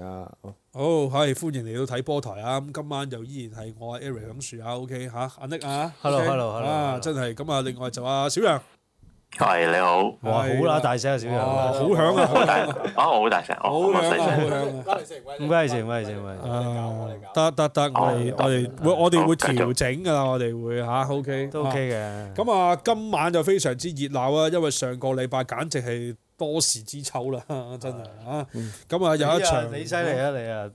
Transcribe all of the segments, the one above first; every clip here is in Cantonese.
好，係歡迎嚟到睇波台啊！咁今晚就依然係我阿 Eric 咁樹下，OK 嚇，Nick 啊，Hello，Hello，Hello 啊，真係咁啊！另外就啊小楊，係你好，好啦，大聲啊，小楊，好響啊，啊，我好大聲，好大聲，好大聲，唔該，成位，唔該，成位，成位，得得得，我哋我哋會我哋會調整噶啦，我哋會吓，OK，都 OK 嘅。咁啊，今晚就非常之熱鬧啊，因為上個禮拜簡直係多事之秋啦，真係嚇！咁啊有一場你犀利啊，你啊，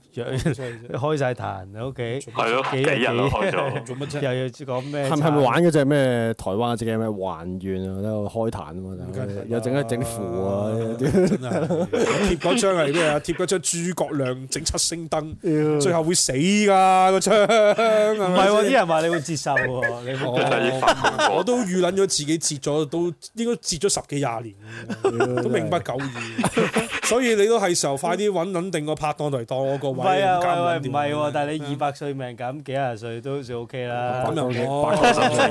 開晒壇喺屋企，係咯，幾日做乜啫？又又講咩？係咪玩嗰隻咩台灣嗰隻咩還願啊？喺度開壇啊嘛！又整一整符啊！真係貼嗰張係咩啊？貼嗰張諸葛亮整七星燈，最後會死㗎個槍。唔係喎，啲人話你會接受喎，我都預諗咗自己折咗，都應該折咗十幾廿年。並不久矣， 所以你都係時候快啲揾揾定個拍檔嚟當我個位，唔係啊，喂喂，唔係喎，但係你二百歲命咁、啊、幾廿歲都算 OK 啦，百 歲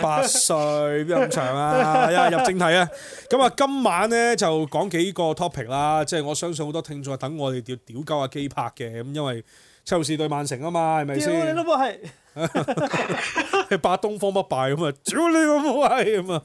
百 Yeah. 歲咁 長啊，啊， 入正題啊，咁啊今晚咧就講幾個 topic 啦，即、就、係、是、我相信好多聽眾係等我哋屌屌鳩阿基拍嘅咁，因為。車路士對曼城啊嘛，係咪先？係， 八東方不敗咁啊！屌你老母係咁啊！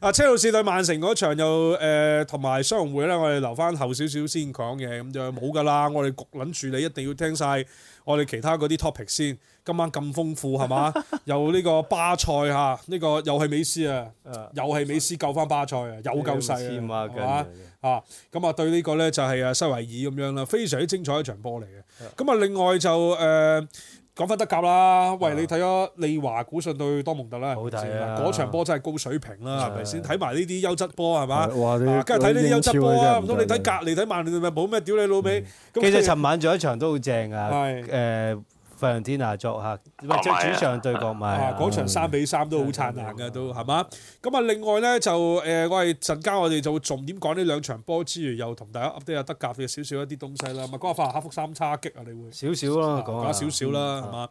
啊， okay，車路士對曼城嗰場又誒，同、呃、埋雙紅會咧，我哋留翻後少少先講嘅，咁就冇㗎啦。我哋焗撚住你，一定要聽晒我哋其他嗰啲 topic 先。今晚咁豐富係嘛？有呢個巴塞嚇，呢個又係美斯啊，又係美斯救翻巴塞啊，又夠勢啊，啊，咁啊對呢個咧就係啊西維爾咁樣啦，非常之精彩一場波嚟嘅。咁啊另外就誒講翻德甲啦，喂，你睇咗利華古遜對多蒙特啦，好睇啊！嗰場波真係高水平啦，係咪先？睇埋呢啲優質波係嘛？啊，梗係睇呢啲優質波啊！唔通你睇隔離睇曼聯咪冇咩屌你老味？其實尋晚做一場都好正啊，誒。費倫天奴作客，即係主場對國米，嗰場三比三都好燦爛嘅，都係嘛？咁啊，另外咧就誒，我哋陣間我哋就會重點講呢兩場波之餘，又同大家 update 下德甲嘅少少一啲東西啦。咪講下法蘭克福三叉戟啊，你會少少啦，講少少啦，係嘛？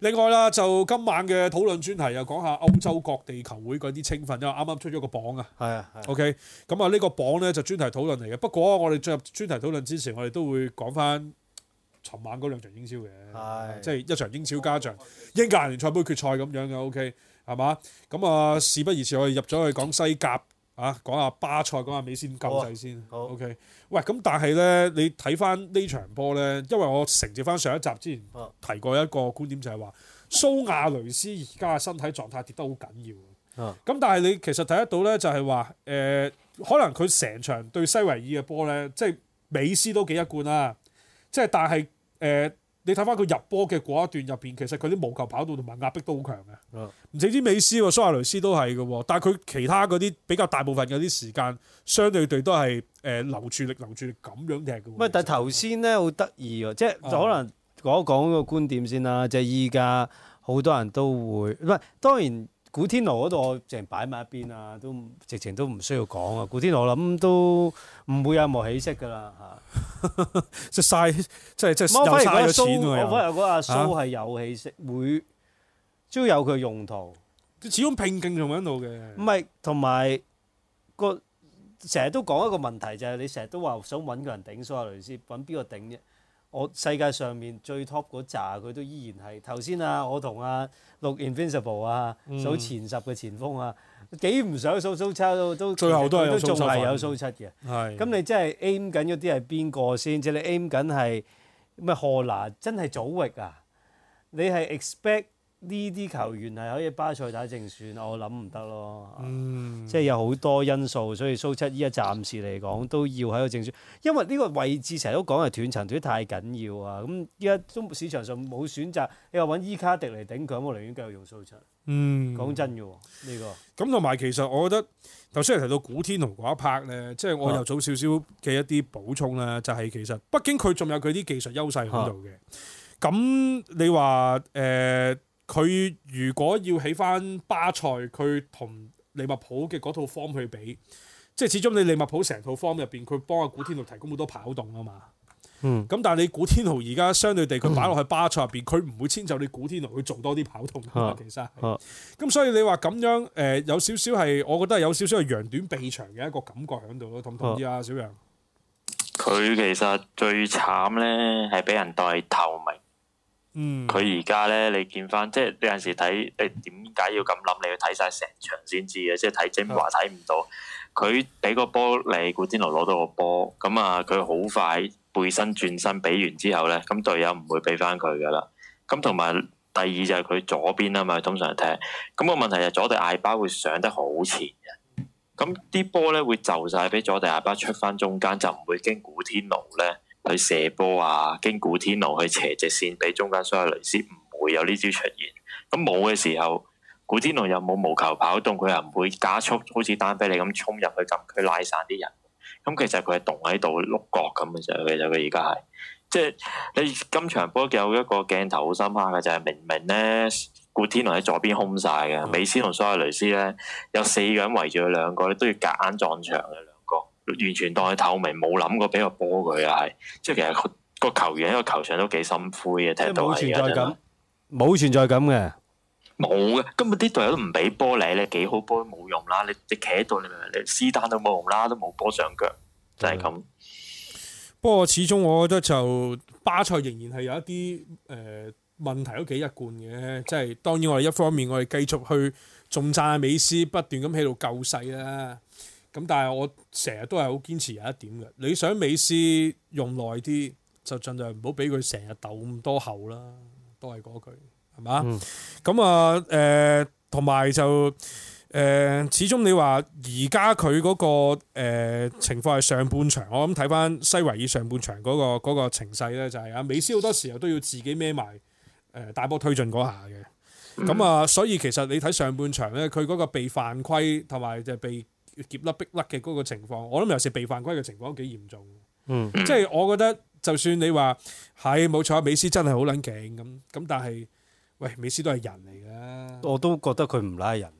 另外啦，就今晚嘅討論專題又講下歐洲各地球會嗰啲青訓，因為啱啱出咗個榜啊。係啊，OK。咁啊，呢個榜咧就專題討論嚟嘅。不過我哋進入專題討論之前，我哋都會講翻，尋晚嗰兩場英超嘅，的即係一場英超加場英格蘭聯賽盃決賽咁樣嘅，O.K. 係嘛？咁啊事不宜遲，我哋入咗去講西甲啊，講下巴塞，講下美斯救濟先，好先，O.K. 好喂，咁但係咧，你睇翻呢場波咧，因為我承接翻上一集之前提過一個觀點就，就係話蘇亞雷斯而家嘅身體狀態跌得好緊要。咁但係你其實睇得到咧，就係話誒，可能佢成場對西維爾嘅波咧，即係美斯都幾一貫啦、啊，即係但係。誒、呃，你睇翻佢入波嘅嗰一段入邊，其實佢啲無球跑動同埋壓迫都好強嘅。唔止啲美斯喎，蘇亞雷斯都係嘅喎。但係佢其他嗰啲比較大部分有啲時間，相對地都係誒留住力、留住力咁樣踢嘅喎。唔但係頭先咧好得意喎，嗯、即係就可能講一講個觀點先啦。即係依家好多人都會唔係當然。古天奴嗰度，我成擺埋一邊啊，都直情都唔需要講啊。古天奴我諗都唔會有幕起色㗎啦，嚇！食曬即係即係又嘥咗錢喎。講翻又講阿蘇係有起色，會主要有佢用途。佢始終拼勁仲喺度嘅。唔係，同埋個成日都講一個問題，就係你成日都話想揾個人頂蘇亞雷斯，揾邊個頂啫？我世界上面最 top 嗰紮佢都依然係頭先啊，我同啊陸 invincible 啊，數前十嘅前鋒啊幾唔想數蘇七都都最後都仲係有蘇七嘅，咁的你真係 aim 緊嗰啲係邊個先？即係你 aim 緊係咩？荷蘭真係祖域啊？你係 expect？呢啲球員係可以巴塞打正選，我諗唔得咯。嗯，即係有好多因素，所以蘇七依家暫時嚟講都要喺度正選，因為呢個位置成日都講係斷層斷太緊要啊。咁依家中市場上冇選擇，你話揾伊卡迪嚟頂佢，咁我寧願繼續用蘇七。嗯，講真嘅喎，呢、呢個。咁同埋其實我覺得頭先係提到古天豪嗰、就是、一拍咧，即係我又做少少嘅一啲補充啦，就係其實畢竟佢仲有佢啲技術優勢喺度嘅。咁、嗯、你話誒？呃佢如果要起翻巴塞，佢同利物浦嘅嗰套 form 去比，即係始終你利物浦成套 form 入邊，佢幫阿古天奴提供好多跑動啊嘛。嗯。咁但係你古天奴而家相對地，佢擺落去巴塞入邊，佢唔、嗯、會遷就你古天奴去做多啲跑動、啊、其實。哦、啊。咁所以你話咁樣，誒，有少少係，我覺得有少少係揚短避長嘅一個感覺響度咯。同唔同意啊，小楊？佢其實最慘咧，係俾人代透明。佢而家咧，你見翻即係有陣時睇，誒點解要咁諗？你要睇晒成場先知嘅，即係睇精華睇唔到。佢俾個波你，古天奴攞到個波，咁啊佢好快背身轉身俾完之後咧，咁、嗯、隊友唔會俾翻佢噶啦。咁同埋第二就係佢左邊啊嘛，通常踢。咁、嗯、個問題就左地艾巴會上得好前嘅，咁啲波咧會就晒俾左地艾巴出翻中間，就唔會經古天奴咧。佢射波啊！經古天奴去斜直線俾中間蘇亞雷斯，唔會有呢招出現。咁冇嘅時候，古天奴又冇無球跑動，佢又唔會加速，好似丹比利咁衝入去咁，佢拉散啲人。咁其實佢係棟喺度六角咁嘅啫。其實佢而家係，即係你今場波有一個鏡頭好深刻嘅就係明明呢，古天奴喺左邊空晒嘅，美斯同蘇亞雷斯呢，有四個人圍住佢兩個你都要夾硬撞牆嘅。完全當佢透明，冇諗過俾個波佢啊！係即係，其實個球員喺個球場都幾心灰嘅，踢到冇存在感，冇存在感嘅，冇嘅。根本啲隊友都唔俾波你咧，幾好波都冇用啦！你你企喺度，你明唔明？你斯丹都冇用啦，都冇波上腳，就係、是、咁。的 不過始終我覺得就巴塞仍然係有一啲誒、呃、問題都幾一貫嘅，即係當然我哋一方面我哋繼續去重讚阿美斯，不斷咁喺度救世啦。咁但係我成日都係好堅持有一點嘅，你想美斯用耐啲，就盡量唔好俾佢成日鬥咁多後啦，都係嗰句係嘛？咁啊誒，同埋、嗯呃、就誒、呃，始終你話而家佢嗰個、呃、情況係上半場，我諗睇翻西維爾上半場嗰、嗰個嗰個情勢咧，就係、是、阿美斯好多時候都要自己孭埋誒大波推進嗰下嘅，咁啊、嗯，所以其實你睇上半場咧，佢嗰個被犯規同埋就係被。要夾逼甩嘅嗰個情況，我諗有時被犯規嘅情況都幾嚴重。嗯，即係我覺得，就算你話係冇錯，美斯真係好撚勁咁，咁但係，喂，美斯都係人嚟㗎。我都覺得佢唔乸係人。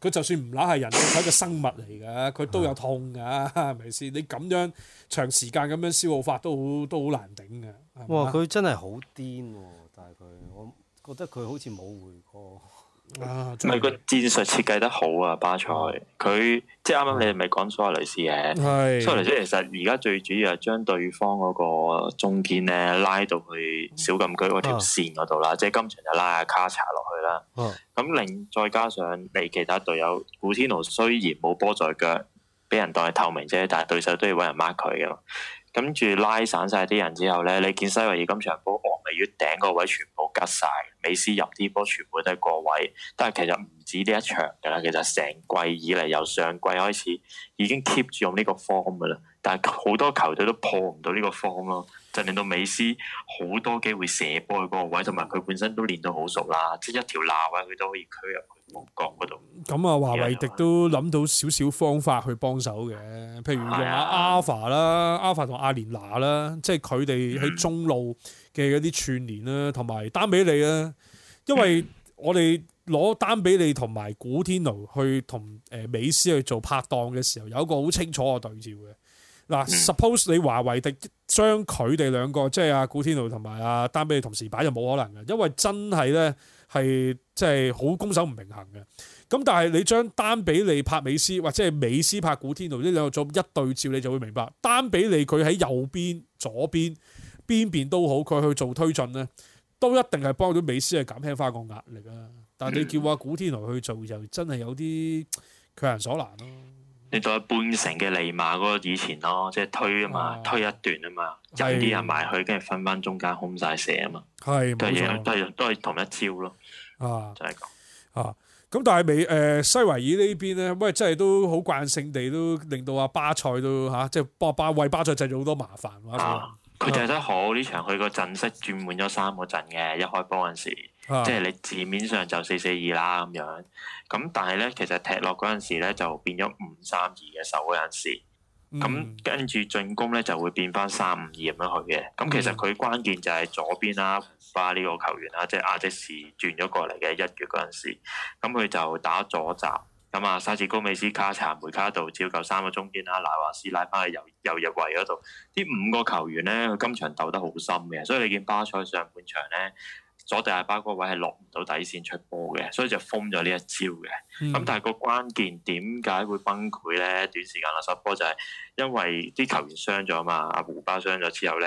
佢就算唔乸係人，佢係一個生物嚟㗎，佢都有痛㗎。美斯的， 你咁樣長時間咁樣消耗法都好都好難頂㗎。係咪？哇！佢真係好癲喎，但係佢，我覺得佢好似冇回過。啊！唔係、個戰術設計得好啊，巴塞佢、嗯、即係啱啱你哋咪講蘇亞雷斯嘅，蘇亞雷斯其實而家最主要係將對方嗰個中堅咧拉到去小禁區嗰條線嗰度啦，嗯啊、即係今場就拉下卡查落去啦。咁、嗯啊、另再加上你其他隊友，古天奴雖然冇波在腳，俾人當係透明啫，但係對手都要揾人 Mark 佢嘅。跟住拉散晒啲人之後呢，你見西維爾今場波往尾於頂個位全部吉晒，美斯入啲波全部都係個位。但係其實唔止呢一場㗎啦，其實成季以嚟由上季開始已經 keep 住用呢個 form 㗎啦。但係好多球隊都破唔到呢個 form 咯，就令到美斯好多機會射波去嗰個位，同埋佢本身都練到好熟啦，即係一條罅位佢都可以區入。國度，咁啊，華為迪都諗到少少方法去幫手嘅，譬如用阿阿法啦，阿法同阿連拿啦，即係佢哋喺中路嘅嗰啲串聯啦，同埋丹比利啦。因為我哋攞丹比利同埋古天奴去同誒美斯去做拍檔嘅時候，有一個好清楚嘅對照嘅。嗱，suppose、嗯、你華為迪將佢哋兩個，即係阿古天奴同埋阿丹比利同時擺就冇可能嘅，因為真係咧。係即係好攻守唔平衡嘅，咁但係你將丹比利拍美斯，或者係美斯拍古天奴呢兩個組一對照，你就會明白，丹比利佢喺右邊、左邊邊邊都好，佢去做推進呢，都一定係幫到美斯係減輕翻個壓力啊。但係你叫阿古天奴去做，就真係有啲強人所難咯、啊。做一半成嘅利馬嗰個以前咯，即係推啊嘛，啊推一段啊嘛，是有啲人埋去，跟住分翻中間空晒射啊嘛，係都係同一招咯，啊就係咁啊，咁、啊、但係美誒西維爾呢邊咧，喂，真係都好慣性地都令到阿巴塞都吓，即係巴巴為巴塞製造好多麻煩，佢淨、啊啊、得好呢、啊、場去陣，去個陣式轉滿咗三個陣嘅，一開波嗰陣時。即係你字面上就四四二啦咁樣，咁但係呢，其實踢落嗰陣時呢，就變咗五三二嘅守。嗰陣時，咁、嗯、跟住進攻呢，就會變翻三五二咁樣去嘅。咁、嗯嗯、其實佢關鍵就係左邊啦，胡巴呢個球員啦，即係阿迪士轉咗過嚟嘅一月嗰陣時，咁、嗯、佢就打左閘，咁、嗯、啊，沙士高美斯卡查梅卡度只要夠三個中堅啦，拿華斯拉翻去右右入位嗰度，啲五個球員呢，佢今場斗得好深嘅，所以你見巴塞上半場呢。鎖定阿巴嗰位係落唔到底線出波嘅，所以就封咗呢一招嘅。咁、嗯嗯、但係個關鍵點解會崩潰呢？短時間嗰首波就係因為啲球員傷咗嘛，阿胡巴傷咗之後呢，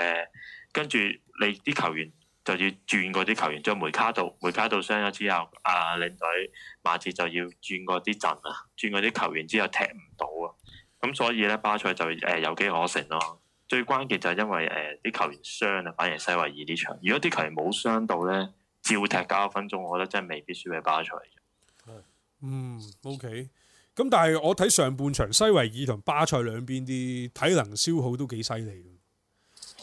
跟住你啲球員就要轉嗰啲球員，將梅卡度梅卡度傷咗之後，阿、啊、領隊馬哲就要轉嗰啲陣啊，轉嗰啲球員之後踢唔到啊，咁所以呢，巴塞就誒、呃、有機可乘咯。最關鍵就係因為誒啲、呃、球員傷啊，反而西維爾呢場。如果啲球員冇傷到呢，照踢九十分鐘，我覺得真係未必輸俾巴塞。係的，嗯，OK。咁但係我睇上半場西維爾同巴塞兩邊啲體能消耗都幾犀利，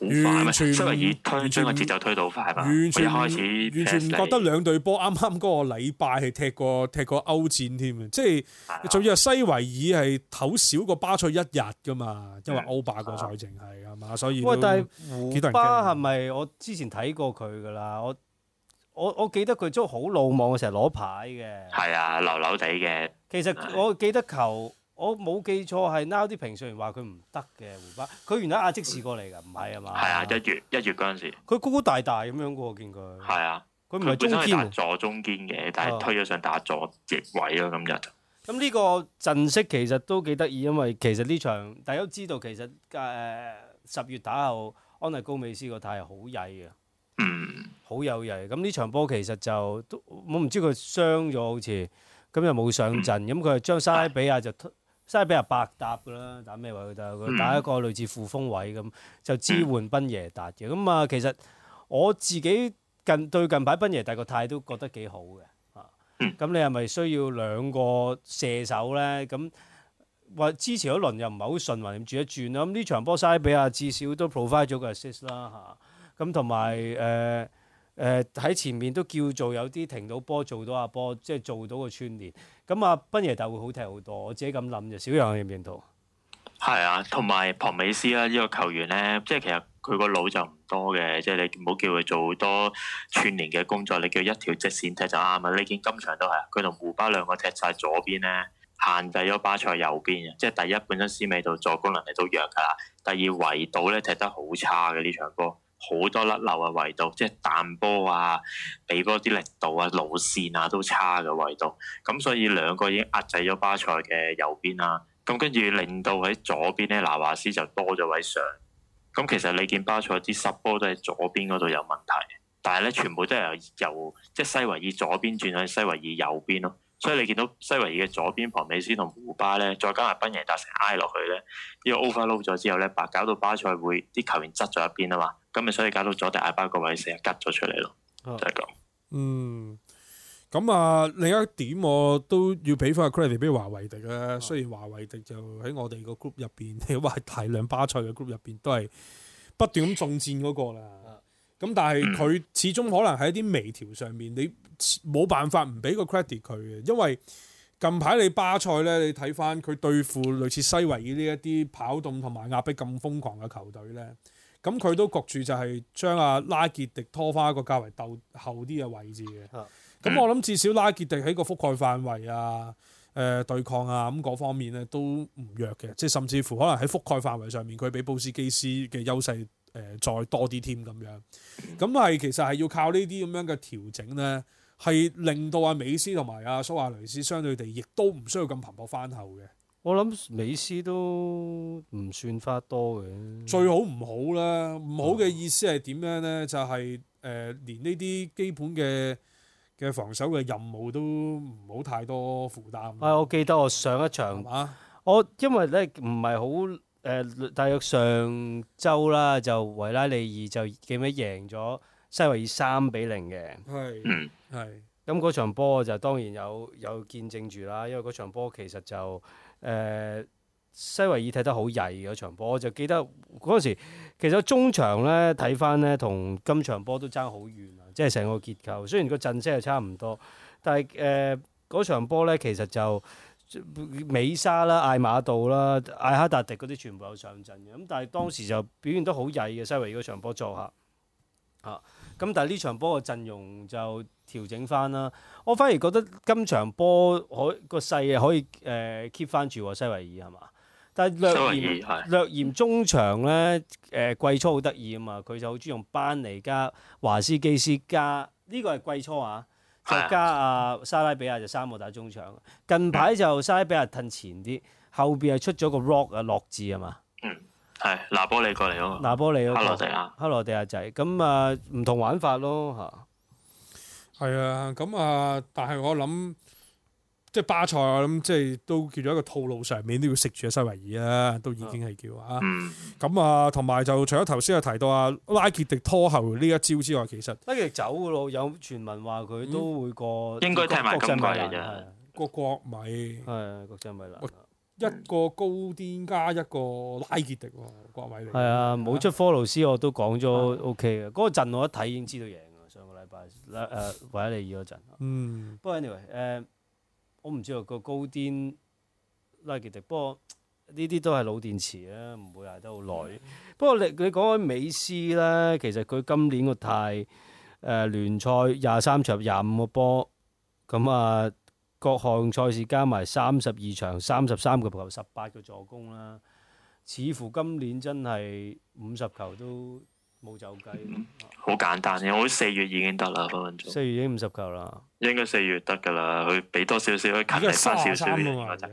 完全，西維爾完全節奏推到好快嘛。我一開始完全唔覺得兩隊波啱啱嗰個禮拜係踢過踢過歐戰添，即係仲要係西維爾係唞少過巴塞一日噶嘛？因為歐霸個賽程係啊嘛，所以喂，但係巴係咪我之前睇過佢噶啦？我我我記得佢都好魯莽，成日攞牌嘅，係啊，流流地嘅。其實我記得球。我冇記錯係啱啱啲評論員話佢唔得嘅湖北，佢原來亞積士過嚟㗎，唔係啊嘛？係啊，一月一月嗰陣時。佢高高大大咁樣個，我見佢。係啊，佢唔係中堅。打左中堅嘅，但係推咗上打左翼位咯，今日。咁呢、嗯、個陣式其實都幾得意，因為其實呢場大家都知道，其實誒十、呃、月打後安達高美斯個態係好曳嘅，好、嗯、有曳。咁呢場波其實就我唔知佢傷咗好似，咁又冇上陣，咁佢又將莎拉比亞就。嗯嗯。西比亞白搭嘅啦，打咩位佢得。佢打一個類似副鋒位咁，就支援賓耶達嘅。咁啊，其實我自己近對近排賓耶達個態都覺得幾好嘅。啊，咁你係咪需要兩個射手咧？咁或支持一輪又唔係好順，橫掂轉一轉啦。咁呢場波西比亞至少都 provide 咗個 assist 啦、啊。嚇，咁同埋誒。誒喺、呃、前面都叫做有啲停到波，做到阿波，即係做到個串連。咁啊，賓爺就會好踢好多。我自己咁諗就，小楊認唔認同？係啊，同埋龐美斯啦、啊，呢、呢個球員咧，即係其實佢個腦就唔多嘅，即係你唔好叫佢做好多串連嘅工作，你叫一條直線踢就啱啊。你見今場都係，佢同胡巴兩個踢晒左邊咧，限制咗巴塞右邊。即係第一本身斯美度助攻能力都弱㗎啦，第二圍堵咧踢得好差嘅呢場波。好多甩漏嘅維度，即係彈波啊、俾波啲力度啊、路線啊都差嘅維度。咁所以兩個已經壓制咗巴塞嘅右邊啦。咁跟住令到喺左邊咧，拿華斯就多咗位上。咁其實你見巴塞啲失波都係左邊嗰度有問題，但係咧全部都係由即係西維爾左邊轉去西維爾右邊咯。所以你見到西維爾嘅左邊旁美斯同胡巴咧，再加埋賓贏達成挨落去咧，呢、這個 overload 咗之後咧，白搞到巴塞會啲球員擠咗一邊啊嘛，咁咪所以搞到左底艾巴個位成日拮咗出嚟咯，啊、就係講。嗯，咁啊，另一點我都要俾翻個 credit 俾華維迪啊，雖然華維迪就喺我哋個 group 入邊，亦或大量巴塞嘅 group 入邊都係不斷咁中箭嗰個啦。咁但係佢始終可能喺一啲微調上面，你冇辦法唔俾個 credit 佢嘅，因為近排你巴塞咧，你睇翻佢對付類似西維爾呢一啲跑動同埋壓迫咁瘋狂嘅球隊咧，咁佢都焗住就係將阿拉傑迪拖返一個較為鬥後啲嘅位置嘅。咁、嗯、我諗至少拉傑迪喺個覆蓋範圍啊、誒、呃、對抗啊咁嗰方面咧都唔弱嘅，即係甚至乎可能喺覆蓋範圍上面佢比布斯基斯嘅優勢。誒、呃、再多啲添咁樣，咁係其實係要靠呢啲咁樣嘅調整咧，係令到阿美斯同埋阿蘇亞雷斯相對地亦都唔需要咁頻撲翻後嘅。我諗美斯都唔算花多嘅。最好唔好啦，唔好嘅意思係點樣咧？嗯、就係、是、誒、呃，連呢啲基本嘅嘅防守嘅任務都唔好太多負擔。係、啊，我記得我上一場，吧我因為咧唔係好。誒、呃，大約上週啦，就維拉利爾就幾米贏咗西維爾三比零嘅。係，係。咁嗰、嗯、場波就當然有有見證住啦，因為嗰場波其實就誒、呃、西維爾踢得好曳嗰場波，我就記得嗰陣時其實中場咧睇翻咧，同今場波都爭好遠啊！即係成個結構，雖然個陣式係差唔多，但係誒嗰場波咧其實就。美莎啦、艾馬道啦、艾哈達迪嗰啲全部有上陣嘅，咁但係當時就表現得好曳嘅西維爾嗰場波做客，啊，咁但係呢場波嘅陣容就調整翻啦。我反而覺得今場波可個勢係可以誒 keep 翻住喎，西維爾係嘛？但係略嫌略嫌中場咧誒、呃、季初好得意啊嘛，佢就好中意用班尼加、華斯基斯加呢、這個係季初啊。再加啊，沙拉比亞就三個打中場，近排就沙拉比亞褪前啲，後邊係出咗個 Rock 啊，樂字啊嘛？嗯，係拿波利過嚟好嘛？拿波利啊，克羅地亞，克羅地亞仔。係咁啊，唔同玩法咯嚇。係啊，咁啊，但係我諗。即係巴塞啊！咁即係都叫做一個套路上面都要食住喺西維爾啊，都已經係叫啊。咁啊，同埋就除咗頭先有提到啊，拉傑迪拖後呢一招之外，其實拉傑迪走嘅路有傳聞話佢都會過，應該踢埋國際米蘭嘅啫，個國米係國際米蘭啦。一個高癲加一個拉傑迪喎，國米嚟。係啊，冇出科路斯我都講咗 O K 嘅。嗰陣我一睇已經知道贏嘅，上個禮拜誒維拉利爾嗰陣。不過 anyway 誒。我唔知個高端拉杰迪，不過呢啲都係老電池啊，唔會捱得好耐。不過、嗯、你你講開美斯呢，其實佢今年個泰誒、呃、聯賽廿三場廿五個波，咁啊各項賽事加埋三十二場三十三個球十八個助攻啦，似乎今年真係五十球都冇走雞。好、嗯、簡單嘅，好似四月已經得啦分分鐘。四月已經五十球啦。應該四月得噶啦，佢俾多少少，佢梗係翻少少嘅，就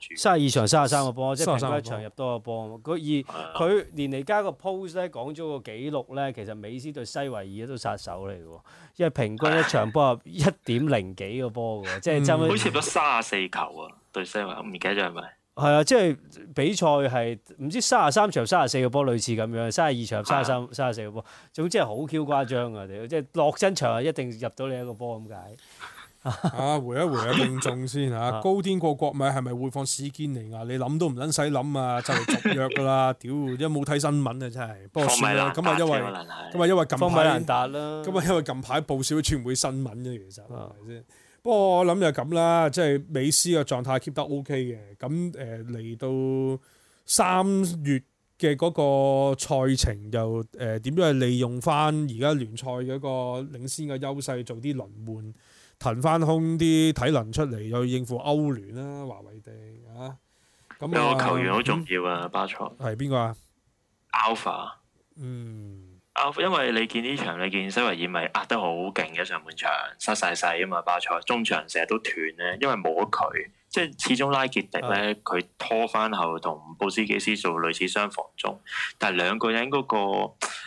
住。卅二後場卅三個波，是即係平均一場入多個波。佢二佢連嚟加個 post 咧，講咗個紀錄咧，其實美斯對西維爾都殺手嚟嘅喎，因為平均一場波入一點零幾個波嘅，即係差唔多。好似入咗卅四球啊，對西維爾，唔記得咗係咪？是係啊，即係比賽係唔知三十三場三十四個波類似咁樣，三十二場三十三三十四個波，總之係好 Q 誇張啊！屌，即係落真場啊，一定入到你一個波咁解。 啊，回一回啊，命中先嚇，高天過國米係咪會放史堅尼啊？你諗都唔撚使諗啊，就嚟續約噶啦！屌，一冇睇新聞啊，真係。不過算啦。咁啊，因為咁啊，因為近排。放米蘭達啦。咁啊，因為近排報銷全部新聞啫，其實係咪先？ 不過我諗就係咁啦，即係美斯嘅狀態 keep 得 OK 嘅，咁誒嚟到三月嘅嗰個賽程又誒點、呃、樣係利用翻而家聯賽嗰個領先嘅優勢做啲輪換，騰翻空啲體能出嚟，又應付歐聯啦、華為地啊，咁呢個球員好重要啊，巴塞係邊個啊？Alpha，嗯。因為你見呢場，你見西維爾咪壓得好勁嘅上半場，失曬勢啊嘛！巴塞中場成日都斷咧，因為冇咗佢，即係始終拉傑迪咧，佢是的 拖翻後同布斯基斯做類似雙防中，但係兩個人嗰個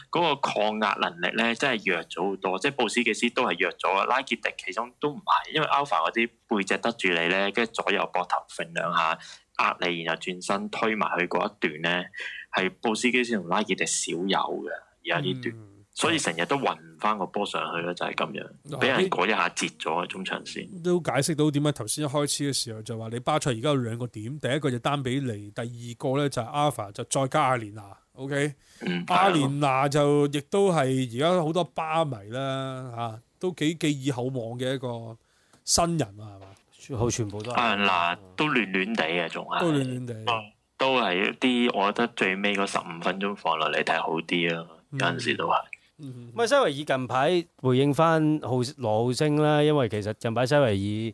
嗰個抗壓能力咧，真係弱咗好多。即係布斯基斯都係弱咗，拉傑迪其中都唔係，因為 Alpha 嗰啲背脊得住你咧，跟住左右膊頭揈兩下壓你，然後轉身推埋去嗰一段咧，係布斯基斯同拉傑迪少有嘅。而家呢段，嗯、所以成日都運翻個波上去咯，就係咁樣，俾人過一下截咗、啊、中場線。都解釋到點解。頭先一開始嘅時候就話你巴塞而家有兩個點，第一個就丹比利，第二個咧就係阿法，就再加阿連拿。OK，嗯、阿連拿就亦都係而家好多巴迷啦嚇、啊，都幾寄以厚望嘅一個新人啊，係嘛？好，全部都係。阿連拿都亂亂地啊，仲係都亂亂地。都係一啲，我覺得最尾嗰十五分鐘放落嚟睇好啲啊。有陣時啊。係，咪西維爾近排回應翻浩羅浩星啦，因為其實近排西維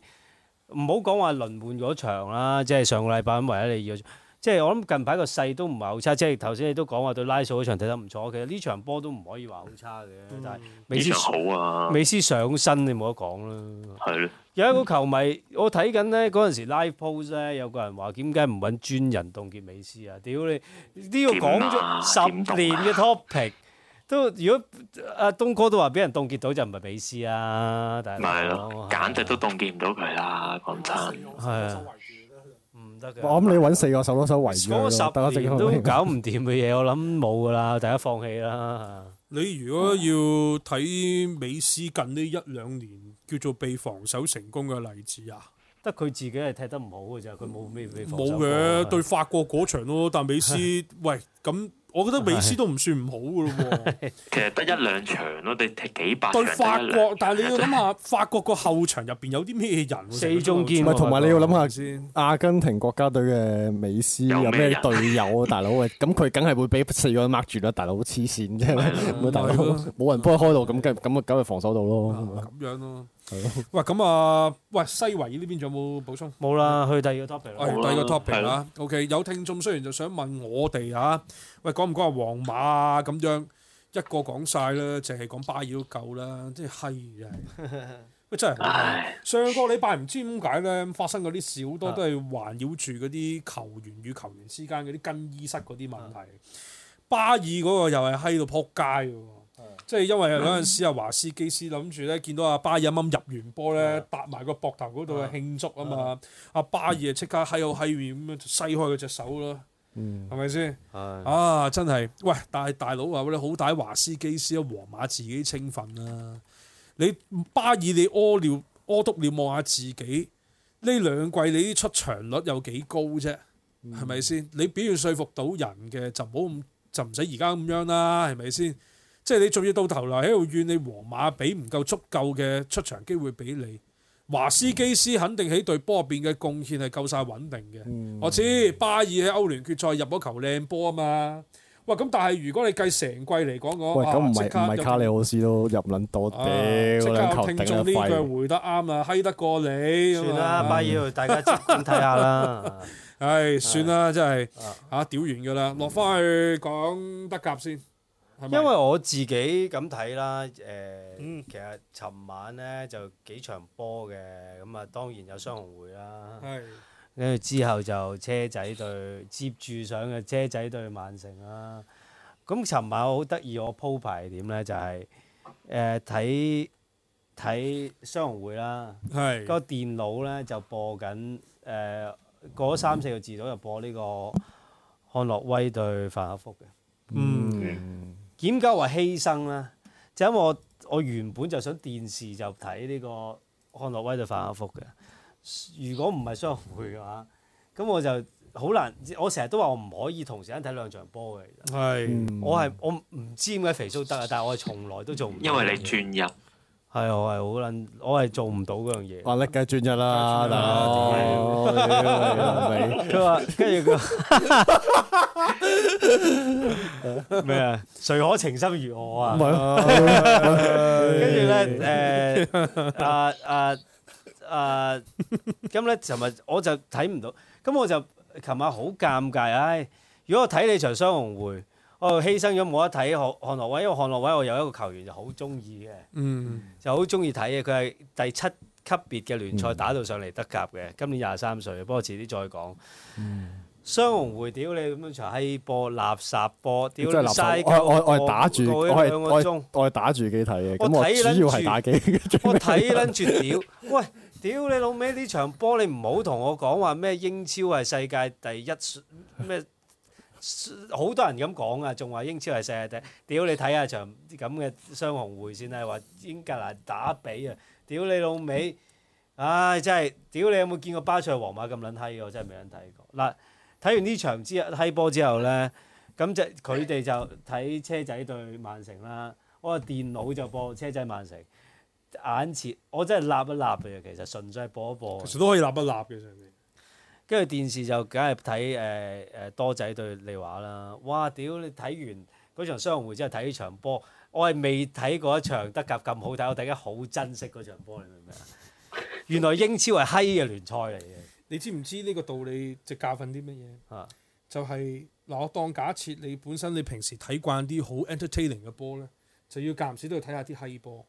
爾唔好講話輪換咗場啦，即係上個禮拜唯一你利，即係我諗近排個勢都唔係好差，即係頭先你都講話對拉素嗰場睇得唔錯，其實呢場波都唔可以話好差嘅，嗯、但係美斯、嗯、好啊，美斯上身你冇得講啦，係咯的，有一個球迷，我睇緊咧嗰陣時 live post 咧，有個人話點解唔揾專人凍結美斯啊？屌你呢個講咗十年嘅 topic。 都如果阿東哥都話俾人凍結到就唔係美斯啊！但係咯，簡直都凍結唔到佢啦！講真係啊，唔得嘅。我諗你揾四個手攞手圍住佢，十年都搞唔掂嘅嘢，我諗冇噶啦，大家放棄啦。你如果要睇美斯近呢一兩年叫做被防守成功嘅例子啊，得佢自己係踢得唔好嘅啫，佢冇咩俾防守。冇嘅，對法國嗰場咯，但係美斯喂咁。我覺得美斯都唔算唔好嘅咯喎，其實得一兩場咯，對踢幾百場對法國，但係你要諗下法國個後場入邊有啲咩人？四中堅唔係同埋你要諗下先，阿根廷國家隊嘅美斯，有咩隊友啊？大佬喂，咁佢梗係會俾四個人掹住啦，大佬黐線啫，大佬冇人幫佢開到，咁梗係咁啊，咁咪防守到咯，咁樣咯。 喂，咁啊，喂，西維呢邊仲有冇補充？冇啦，去第二個 topic 啦，哎。第二個 topic 啦，OK。有聽眾雖然就想問我哋啊，喂，講唔講下皇馬啊？咁樣一個講晒啦，淨係講巴爾都夠啦，即係嗨嘅，真係。真真 上個禮拜唔知點解咧，發生嗰啲事好多都係環繞住嗰啲球員與球員之間嗰啲更衣室嗰啲問題。 巴爾嗰個又係嗨到撲街嘅。即係因為嗰陣時啊，華斯基斯諗住咧，見到阿巴爾啱啱入完波咧，搭埋個膊頭嗰度去慶祝啊嘛。阿巴爾啊，即刻喺度喺面咁樣西開佢隻手咯，係咪先？啊，真係喂！但係大佬話，你好歹華斯基斯啊，皇馬自己青訓啊！你巴爾你屙尿屙督尿望下自己，呢兩季你啲出場率有幾高啫？係咪先？你表現説服到人嘅就唔好就唔使而家咁樣啦，係咪先？即係你仲要到頭嚟喺度怨你皇馬俾唔夠足夠嘅出場機會俾你。華斯基斯肯定喺對波入邊嘅貢獻係夠晒穩定嘅。我知巴爾喺歐聯決賽入咗球靚波啊嘛。喂，咁但係如果你計成季嚟講講，喂，咁唔係唔係卡里奧斯都入撚多啲，即刻有聽眾呢句回得啱啊，閪得過你。算啦，巴爾，大家點睇下啦？唉，算啦，真係吓屌完噶啦，落翻去講德甲先。因為我自己咁睇啦，誒、呃，嗯、其實尋晚咧就幾場波嘅，咁啊當然有雙紅會啦，跟住是之後就車仔隊接住上嘅車仔對曼城啦。咁尋晚我好得意，我鋪排點咧就係誒睇睇雙紅會啦，是個電腦咧就播緊誒、呃、過咗三四個字左右就播呢個漢諾威對凡客福嘅，嗯。嗯。點解為犧牲呢？就係、因為我我原本就想電視就睇呢、這個漢諾威就反下福嘅，如果唔係雙紅會嘅話，咁我就好難。我成日都話我唔可以同時間睇兩場波嘅。係的、嗯，我係我唔知點解肥蘇得啊，但係我從來都做唔到。因為你轉入。係啊，我係好撚，我係做唔到嗰樣嘢。我叻嘅專一啦，大佬。佢話，跟住佢咩啊？誰可情深如我啊？跟住咧，誒啊啊啊！咁咧，琴日我就睇唔到，咁我就琴晚好尷尬。唉，如果我睇你場雙紅會。我犧牲咗冇得睇韓韓諾威，因為韓諾威我有一個球員就好中意嘅，就好中意睇嘅。佢係第七級別嘅聯賽打到上嚟德甲嘅，今年廿三歲。不過遲啲再講。雙紅會，屌你咁樣長閪波垃圾波，屌你曬腳！我我係打住，我係我係打住幾睇嘅。我睇撚住屌，喂！屌你老味！呢場波，你唔好同我講話咩英超係世界第一咩？好多人咁講啊，仲話英超係世界第一。 屌你睇下場啲咁嘅雙紅會先啦，話英格蘭打比啊，屌你老味，唉、啊、真係，屌你有冇見過巴塞皇馬咁撚嗨嘅？我真係未撚睇過。嗱，睇完呢場唔知嗨波之後咧，咁就佢哋就睇車仔對曼城啦。我電腦就播車仔曼城，眼前我真係立一立嘅，其實純粹播一播。其實都可以立一立嘅上面。跟住電視就梗係睇誒誒多仔對利華啦！哇屌你睇完嗰場雙紅會，之後睇呢場波，我係未睇過一場德甲咁好睇，我突然間好珍惜嗰場波，你明唔明啊？原來英超係閪嘅聯賽嚟嘅。你知唔知呢個道理就教訓啲乜嘢？啊！就係、是、嗱、呃，我當假設你本身你平時睇慣啲好 entertaining 嘅波咧，就要間唔時都要睇下啲閪波，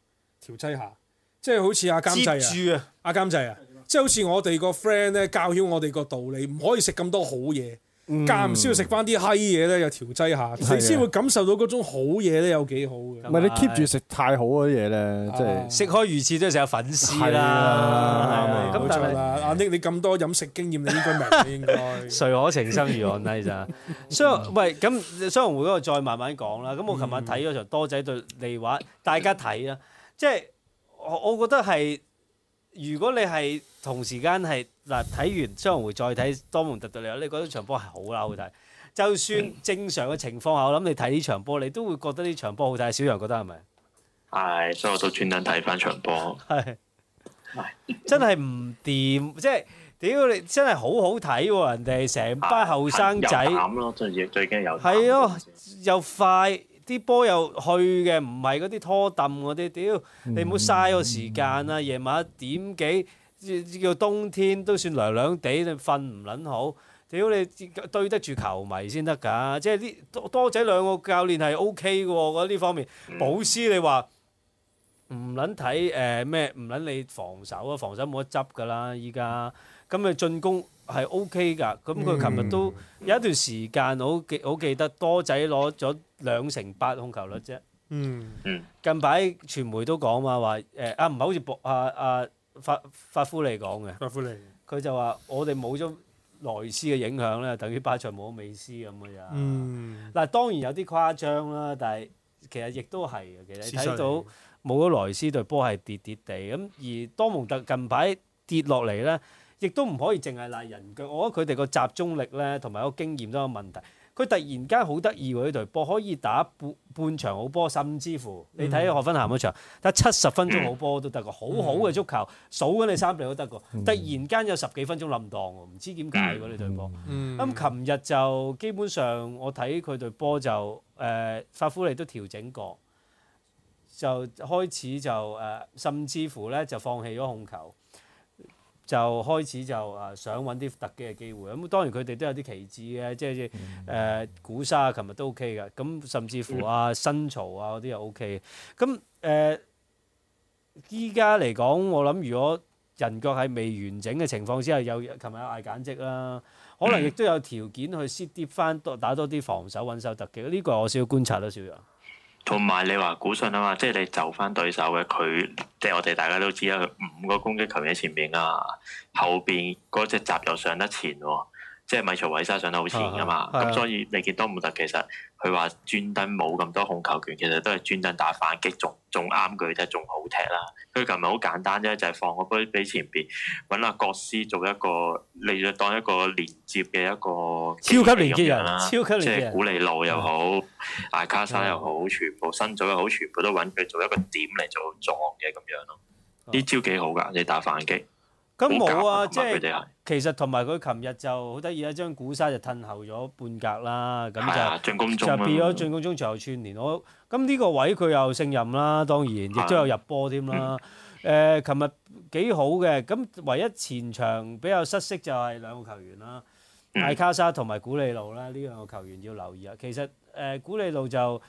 調劑下，即係好似阿、啊、監製啊，阿、啊啊、監製啊。啊。即係好似我哋個 friend 咧教曉我哋個道理，唔可以食咁多好嘢，間唔少要食翻啲閪嘢咧，又調劑下，你先會感受到嗰種好嘢咧，有幾好嘅。唔係你 keep 住食太好嘅嘢咧，即係食開魚翅即係食下粉絲啦。咁但係，阿 Nick 你咁多飲食經驗，你應該明應該。誰可情深如我呢？咋？所以，喂，咁所以嗰度再慢慢講啦。咁我琴日睇嗰時候多仔對嚟話，大家睇啦。即係我我覺得係。如果你係同時間係嗱睇完雙紅會再睇多蒙特特，你，你覺得場波係好啦好睇。就算正常嘅情況下，我諗你睇呢場波，你都會覺得呢場波好睇。小楊覺得係咪？係，所以我都專登睇翻場波。係是， 真係唔掂，即係屌你真係好好睇喎！人哋成班後生仔，又慘咯，最最驚又係咯，又快。啲波又去嘅，唔係嗰啲拖凳嗰啲。屌，你唔好嘥個時間啦！夜晚一點幾，叫冬天都算涼涼哋，你瞓唔撚好？屌，你對得住球迷先得㗎。即係呢多多仔兩個教練係 O K 嘅喎，我覺得呢方面。保斯，你話唔撚睇誒咩？唔撚你防守啊，防守冇得執㗎啦！依家咁你進攻係 O K 㗎。咁佢琴日都有一段時間，我記好記得多仔攞咗。兩成八控球率啫。嗯，近排傳媒都講嘛，話誒啊，唔係好似博啊啊法法夫利講嘅。法夫利。佢就話我哋冇咗萊斯嘅影響咧，等於巴塞冇咗美斯咁嘅咋。嗱、嗯、當然有啲誇張啦，但係其實亦都係嘅。其實你睇到冇咗萊斯、嗯、對波係跌跌地咁，而多蒙特近排跌落嚟咧，亦都唔可以淨係賴人腳。我覺得佢哋個集中力咧，同埋個經驗都有問題。佢突然間好得意喎，呢隊波可以打半半場好波，甚至乎你睇何芬行咸嗰場，得七十分鐘好波都得個好好嘅足球，數緊你三秒都得個。突然間有十幾分鐘冧檔喎，唔知點解喎呢隊波。咁琴 日就基本上我睇佢隊波就誒、呃、法夫利都調整過，就開始就誒、呃、甚至乎咧就放棄咗控球。就開始就誒想揾啲突擊嘅機會咁，當然佢哋都有啲旗志嘅，即係、呃、古沙，琴日都 O K 嘅咁，甚至乎啊新曹啊嗰啲又 O K 咁誒。依家嚟講，我諗如果人腳係未完整嘅情況之下，又有琴日有嗌減績啦，可能亦都有條件去 set 跌翻多打多啲防守揾手特機。呢、這個我少觀察啦，少陽。同埋你話估信啊嘛，即係你就翻對手嘅佢，即係我哋大家都知啊，佢五個攻擊球員喺前面啊，後邊嗰隻閘又上得前喎、哦。即係米曹維沙上得好前噶嘛，咁、嗯嗯嗯、所以你見多姆特其實佢話專登冇咁多控球權，其實都係專登打反擊，仲仲啱佢踢，仲好踢啦。佢琴日好簡單啫，就係、是、放個波俾前邊揾阿國師做一個，你就當一個連接嘅一個超級連接人啦，超級連接人，即係古利路又好，艾、嗯、卡沙又好，全部新組又好，全部都揾佢做一個點嚟做撞嘅咁樣。呢招幾好噶，你打反擊。咁冇啊，即係、就是、其實同埋佢琴日就好得意啊，將古沙就褪後咗半格啦，咁就進、哎、攻、啊、就變咗進攻中場後串聯我。咁呢個位佢又勝任啦，當然亦都有入波添啦。誒、啊，琴日幾好嘅，咁唯一前場比較失色就係兩個球員啦，嗯、艾卡沙同埋古利路啦，呢兩個球員要留意啊。其實誒、呃，古利路就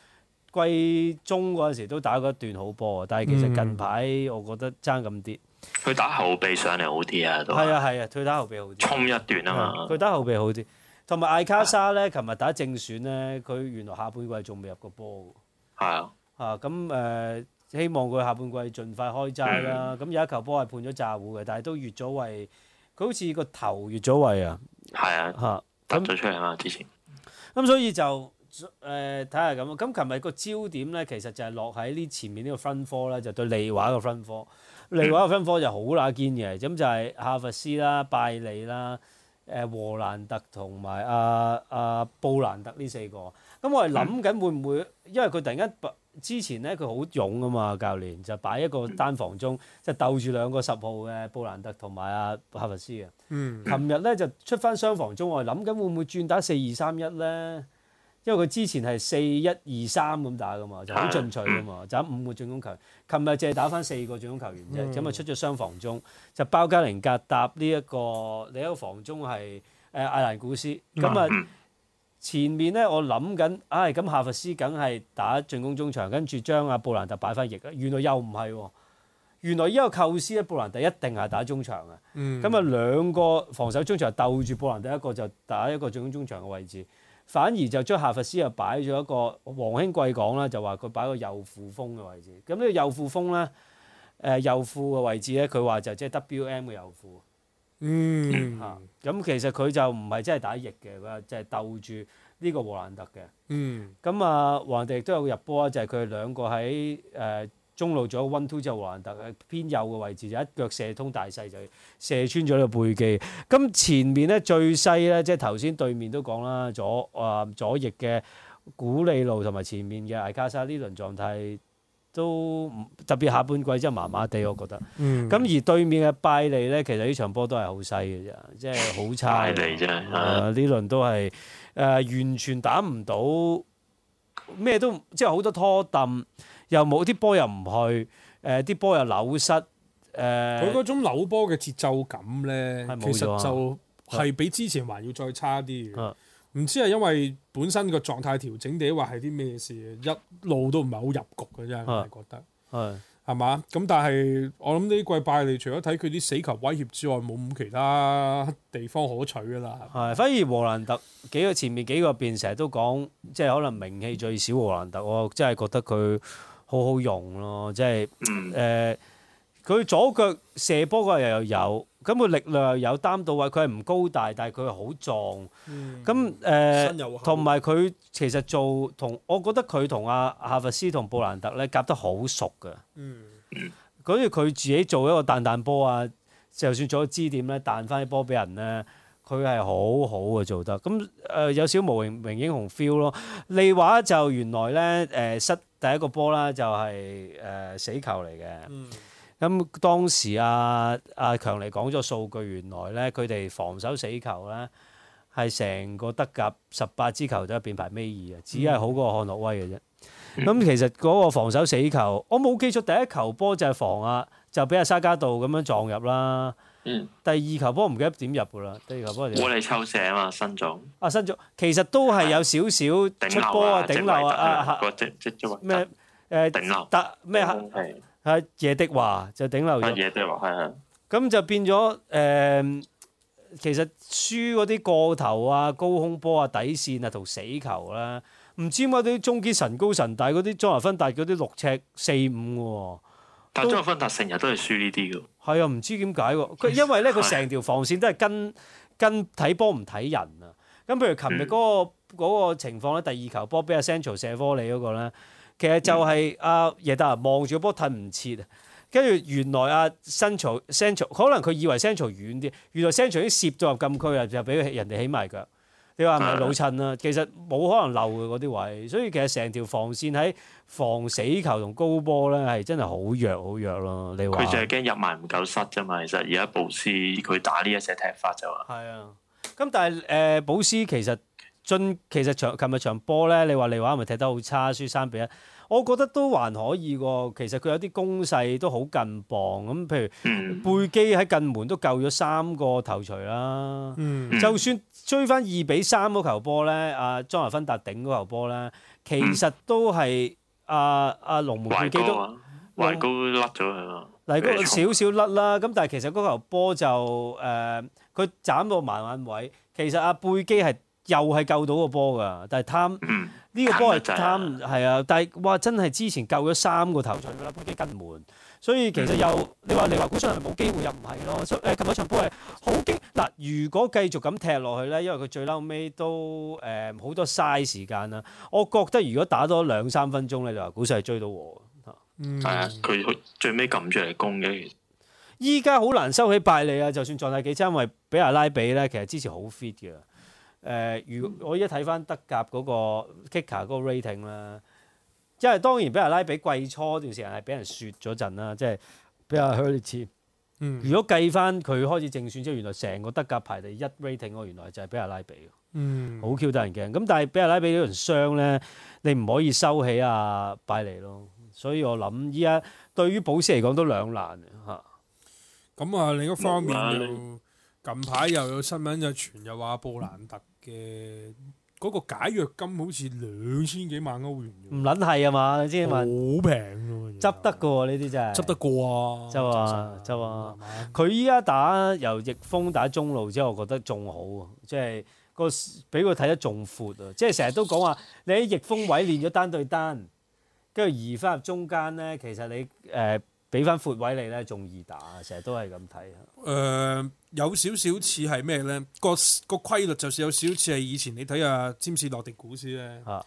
季中嗰陣時都打過一段好波啊，但係其實近排我覺得爭咁啲。嗯佢打後備上嚟好啲啊，都係啊係啊，佢、啊、打後備好啲。衝一段啦、啊、嘛。佢、啊、打後備好啲，同埋艾卡莎咧，琴日打正選咧，佢原來下半季仲未入過波㗎。係啊。嚇咁誒，希望佢下半季盡快開齋啦。咁、啊、有一球波係判咗詐糊嘅，但係都越咗位，佢好似個頭越咗位啊。係啊。嚇、啊，突咗出嚟嘛那之前。咁所以就誒睇下咁。咁琴日個焦點咧，其實就係落喺呢前面呢個分科咧，就、對利華個分科。另外一個分科就好乸堅嘅，咁就係哈佛斯啦、拜利啦、誒、和蘭特同埋阿阿布蘭特呢四個。咁我係諗緊會唔會，因為佢突然間之前咧佢好勇啊嘛，教練就擺一個單防中，嗯、就鬥住兩個十號嘅布蘭特同埋阿哈佛斯嘅。嗯。琴日咧就出翻雙防中，我係諗緊會唔會轉打四二三一咧？因為佢之前係四一二三咁打噶嘛，就好進取噶嘛，就打五個進攻球員。琴日凈係打翻四個進攻球員啫，咁啊、嗯、出咗雙防中，就包加寧格搭呢、這、一個，你、這、一個防中係誒、呃、艾蘭古斯。咁啊、嗯、前面咧，我諗緊，唉、哎，咁夏佛斯梗係打進攻中場，跟住將阿布蘭特擺翻翼啊。原來又唔係喎，原來呢個構思咧，布蘭特一定係打中場嘅。咁啊、嗯、兩個防守中場鬥住布蘭特，一個就打一個進攻中場嘅位置。反而就將夏佛斯又擺咗一個黃興貴講啦，就話佢擺個右輔鋒嘅位置。咁呢個右輔鋒咧，誒右輔嘅位置咧，佢話就即係 WM 嘅右輔。嗯。嚇、啊，咁其實佢就唔係真係打翼嘅，佢係即係鬥住呢個霍蘭特嘅。嗯。咁啊，霍蘭亦都有個入波啊，就係佢哋兩個喺誒。呃中路咗 one two 就華蘭特偏右嘅位置，就一腳射通大細就射穿咗呢個背機。咁前面咧最細咧，即係頭先對面都講啦，左啊左翼嘅古里路同埋前面嘅艾卡沙呢輪狀態都特別，下半季真係麻麻地，我覺得。咁、嗯、而對面嘅拜利咧，其實呢場波都係好細嘅啫，即係好差。拜利啫，呢輪都係誒、呃、完全打唔到，咩都即係好多拖頓。又冇啲波又唔去，誒、呃、啲波又扭失，誒佢嗰種扭波嘅節奏感咧，其實就係比之前還要再差啲。唔的知係因為本身個狀態調整啲，或係啲咩事，一路都唔係好入局嘅，真係覺得係係嘛？咁的的但係我諗呢季拜利，除咗睇佢啲死球威脅之外，冇其他地方可取噶啦。係反而荷蘭特幾個前面幾個入邊成日都講，即、就、係、是、可能名氣最少荷蘭特，我真係覺得佢，好好用咯，即係誒佢左腳射波嘅又又有，咁佢力量又有擔到位。佢係唔高大，但係佢係好壯。咁誒同埋佢其實做同，我覺得佢同阿夏佛斯同布蘭特咧夾得好熟嘅。嗯，跟住佢自己做一個彈彈波啊，就算做個支點咧彈翻啲波俾人咧，佢係好好嘅做得。咁誒有少少無名英雄 feel 咯。利華就原來咧誒、呃、失。第一個波啦、就是，就係誒死球嚟嘅。咁、嗯、當時阿、啊、阿、啊、強尼講咗數據，原來咧佢哋防守死球啦，係成個德甲十八支球隊入邊排尾二嘅，只係好過漢諾威嘅啫。咁、嗯嗯、其實嗰個防守死球，我冇記錯第一球波就係防啊，就俾阿沙加道咁樣撞入啦。嗯，第二球波我記入，第二球波唔記得點入噶啦，第二球波點？你抽射啊嘛，新總。啊，新總，其實都係有少少頂波啊，頂流啊，流啊嚇，咩誒？啊、麼頂流。咩嚇？係。係耶迪華就頂流咗。係耶迪華，係係，咁就變咗誒、呃，其實輸嗰啲個頭啊、高空波啊、底線啊同死球啦、啊，唔知點解啲中堅神高神大嗰啲莊宏分大嗰啲六尺四五喎、啊。但張玉芬達成日都係輸呢啲嘅，係啊，唔知點解喎？佢因為咧，佢成條防線都係跟跟睇波唔睇人啊。咁譬如琴日嗰個情況咧，第二球波俾阿 Sancho 射窩利嗰個咧，其實就係阿耶達望住個波褪唔切，啊。跟住原來阿 Sancho Sancho 可能佢以為 Sancho 遠啲，原來 Sancho 已經攝咗入禁區啊，就俾人哋起埋腳。你話係咪老襯啊？其實冇可能漏嘅嗰啲位，所以其實成條防線喺防死球同高波咧，係真係好弱好弱咯、啊。你話佢就係驚入埋唔夠塞啫嘛。其實而家布斯佢打呢一隻踢法就係。係啊，咁但係誒、呃、保斯其實進其實場琴日場波咧，你話你話係咪踢得好差，輸三比一，我覺得都還可以喎。其實佢有啲攻勢都好近磅咁，譬如背基喺近門都救咗三個頭槌啦。嗯嗯、就算。追翻二比三嗰球波咧，阿、啊、莊華芬達頂嗰球波咧，其實都係阿阿龍門貝基都，嗱嗰甩咗係嘛？嗱嗰少少甩啦，咁但係其實嗰球波就誒，佢、呃、斬到慢慢位，其實阿、啊、貝基係又係救到個波㗎，但係貪呢個波係貪係啊！但係哇，真係之前救咗三個頭進啦，貝基跟門。所以其實又，你話你話股上係冇機會又唔係咯。所誒，琴、呃、日場波係好驚。嗱，如果繼續咁踢落去咧，因為佢最嬲尾都誒好、呃、多嘥時間啦。我覺得如果打多兩三分鐘咧，就話股上係追到我。嚇、嗯，係啊，佢最尾撳住嚟攻嘅。依家好難收起敗利啊！就算狀態幾差，因為比阿拉比咧，其實之前好 fit 嘅。誒、呃，如我而家睇翻德甲嗰、那個 Kicker 嗰個 rating 啦。即係當然，比阿拉比季初段時間係俾人雪咗陣啦，即係比較曲折。嗯，如果計翻佢開始正選之後，原來成個德甲排第一 rating，我原來就係比阿拉比。嗯，好 Q 得人驚。咁但係比阿拉比呢輪傷咧，你唔可以收起阿、啊、拜利咯。所以我諗依家對於保斯嚟講都兩難嚇。咁啊，另一方面又近排又有新聞就傳又話布蘭特嘅。嗯嗰個解約金好似兩千幾萬歐元，唔撚係啊嘛，你知嘛，好平喎，執得噶呢啲真係。執得過啊！就話就話，佢依家打由逆風打中路之後，我覺得仲好喎，即係個俾佢睇得仲闊啊！即係成日都講話你喺逆風位練咗單對單，跟住移翻入中間咧，其實你誒俾翻闊位你咧，仲易打，成日都係咁睇啊。誒。有少少似係咩咧？個個規律就算有少少似係以前你睇下詹士、洛迪古斯咧，佢、啊、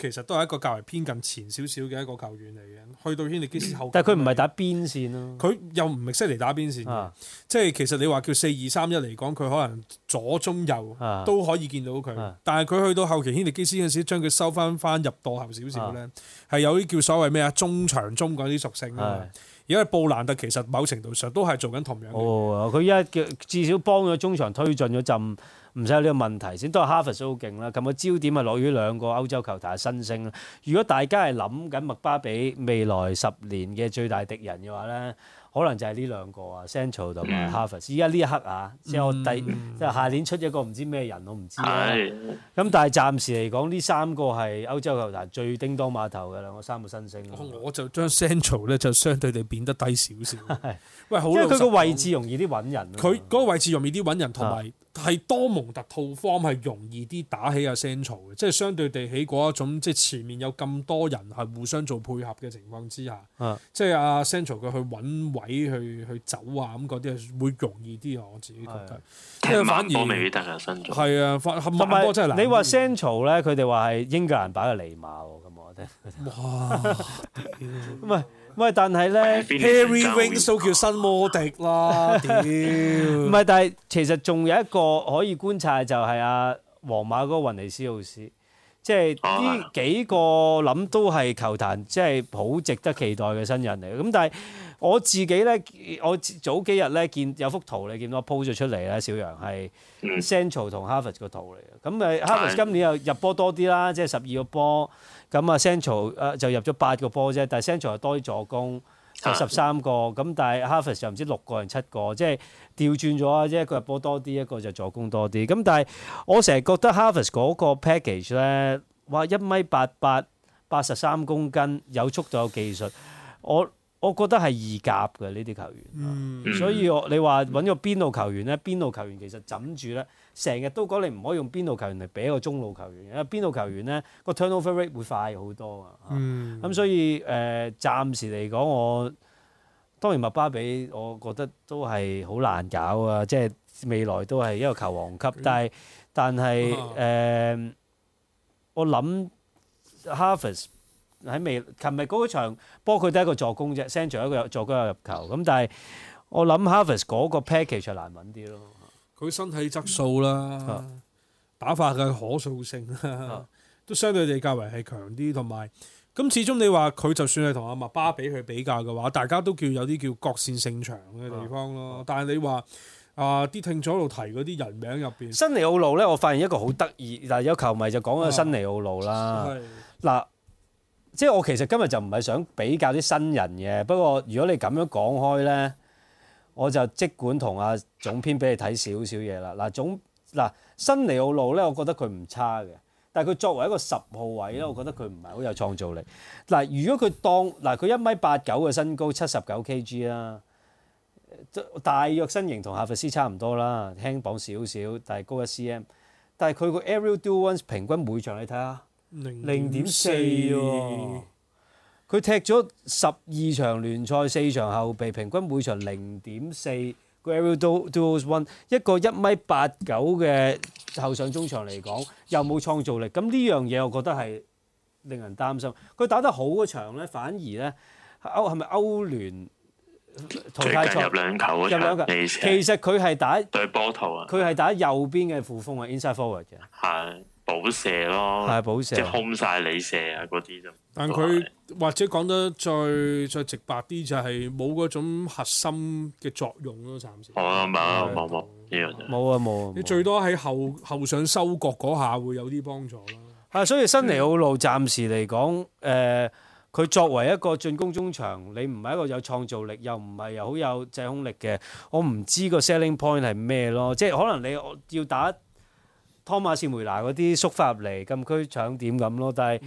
其實都係一個較為偏近前少少嘅一個球員嚟嘅。去到希力基斯後，但係佢唔係打邊線咯、啊。佢又唔係識嚟打邊線、啊、即係其實你話叫四二三一嚟講，佢可能左中右都可以見到佢。啊、但係佢去到後期希力基斯嗰陣時，將佢收翻翻入度後少少咧，係、啊、有啲叫所謂咩啊中場中嗰啲屬性啊。因為布蘭特，其實某程度上都係做緊同樣嘅、哦。佢一嘅至少幫咗中場推進咗陣，唔使有呢個問題先。都係哈佛都好勁啦。咁個焦點啊，落於兩個歐洲球壇新星啦。如果大家係諗緊麥巴比未來十年嘅最大敵人嘅話咧？可能就係呢兩個啊，Central 同埋 Harvard。而家呢一刻啊，即係我第、嗯、即係下年出咗個唔知咩人知，我唔知。咁但係暫時嚟講，呢三個係歐洲球壇最叮噹碼頭嘅兩個三個新星。我就將 Central 咧就相對地變得低少少。係，喂，好，因為佢個位置容易啲揾人。佢嗰個位置容易啲揾人，同埋。係多蒙特套方係容易啲打起阿 Sancho 嘅，即係相對地起嗰一種，即係前面有咁多人係互相做配合嘅情況之下，嗯、即係阿 Sancho 佢去揾位去去走啊咁嗰啲會容易啲啊！我自己覺得，因為反而係啊，反反波真係難。你話 Sancho 咧，佢哋話係英格蘭版嘅尼馬咁，我覺得哇，唔係。喂，但係咧，這個，Harry Winks 都叫新魔迪啦，屌！唔係，但係其實仲有一個可以觀察，就係阿皇馬嗰個雲尼斯奧斯，即係呢幾個諗都係球壇即係好值得期待嘅新人嚟嘅。咁但係。我自己咧，我早幾日咧見有幅圖你見到，我 po 咗出嚟咧。小楊係 Central 同 Harvard 嘅圖嚟嘅。咁誒 Harvard 今年又入波多啲啦，即係十二個波。咁啊，Central 就入咗八個波啫，但係 Central 又多啲助攻，十三個。咁但係 Harvard 又唔知六個人七個，即係調轉咗啊！即係佢入波多啲，一個就助攻多啲。咁但係我成日覺得 Harvard 嗰個 package 咧，哇！一米八八，八十三公斤，有速度有技術，我。我覺得係易夾嘅呢啲球員，嗯、所以我你話揾個邊路球員呢？邊路球員其實枕住呢，成日都講你唔可以用邊路球員嚟比一個中路球員，因為邊路球員呢個 turnover rate 會快好多啊。咁、嗯、所以誒、呃，暫時嚟講，我當然麥巴比，我覺得都係好難搞啊，即係未來都係一個球王級，嗯、但係但係誒、啊呃，我諗 Harvus。喺未？琴日嗰場波佢得一個助攻啫，send 咗一個助攻入入球。咁但係我諗 Harvey 嗰個 package 就難揾啲咯。佢身體質素啦，嗯、打法嘅可塑性、嗯、都相對地較為係強啲，同埋咁始終你話佢就算係同阿麥巴比去比較嘅話，大家都叫有啲叫角線性長嘅地方咯。嗯、但係你話啊，啲、呃、聽咗度提嗰啲人名入邊，新尼奧路咧，我發現一個好得意，嗱有球迷就講啊，新尼奧路啦，嗱、啊。即係我其實今日就唔係想比較啲新人嘅，不過如果你咁樣講開呢，我就即管同阿總編俾你睇少少嘢啦。嗱總嗱新尼奧路呢，我覺得佢唔差嘅，但係佢作為一個十號位呢，我覺得佢唔係好有創造力。嗱、嗯，如果佢當嗱佢一米八九嘅身高，七十九 Kg 啦，大約身形同夏佛斯差唔多啦，輕磅少少，但係高一 CM。但係佢個 aerial duels won 平均每場你睇下。零點四喎，佢踢咗十二場聯賽，四場後備，平均每場零點四。Gravido do one，一個一米八九嘅後上中場嚟講，又冇創造力，咁呢樣嘢我覺得係令人擔心。佢打得好嘅場咧，反而咧歐係咪歐聯淘汰賽入兩球嗰啲？入兩㗎，其實佢係打對波頭啊，佢係打右邊嘅副鋒啊，inside forward 嘅。係。補射咯，蛇即係空晒你射啊，嗰啲就。但佢是或者講得再再直白啲，就係冇嗰種核心嘅作用咯，暫時。冇啊冇冇冇，呢樣就冇啊冇。你最多喺後後上收割嗰下會有啲幫助咯。係、嗯，所以新尼奧路暫時嚟講，誒、呃，佢作為一個進攻中場，你唔係一個有創造力，又唔係又好有制空力嘅，我唔知個 selling point 係咩咯，即係可能你要打，打。湯馬斯梅拿嗰啲縮翻入嚟禁區搶點咁咯，但係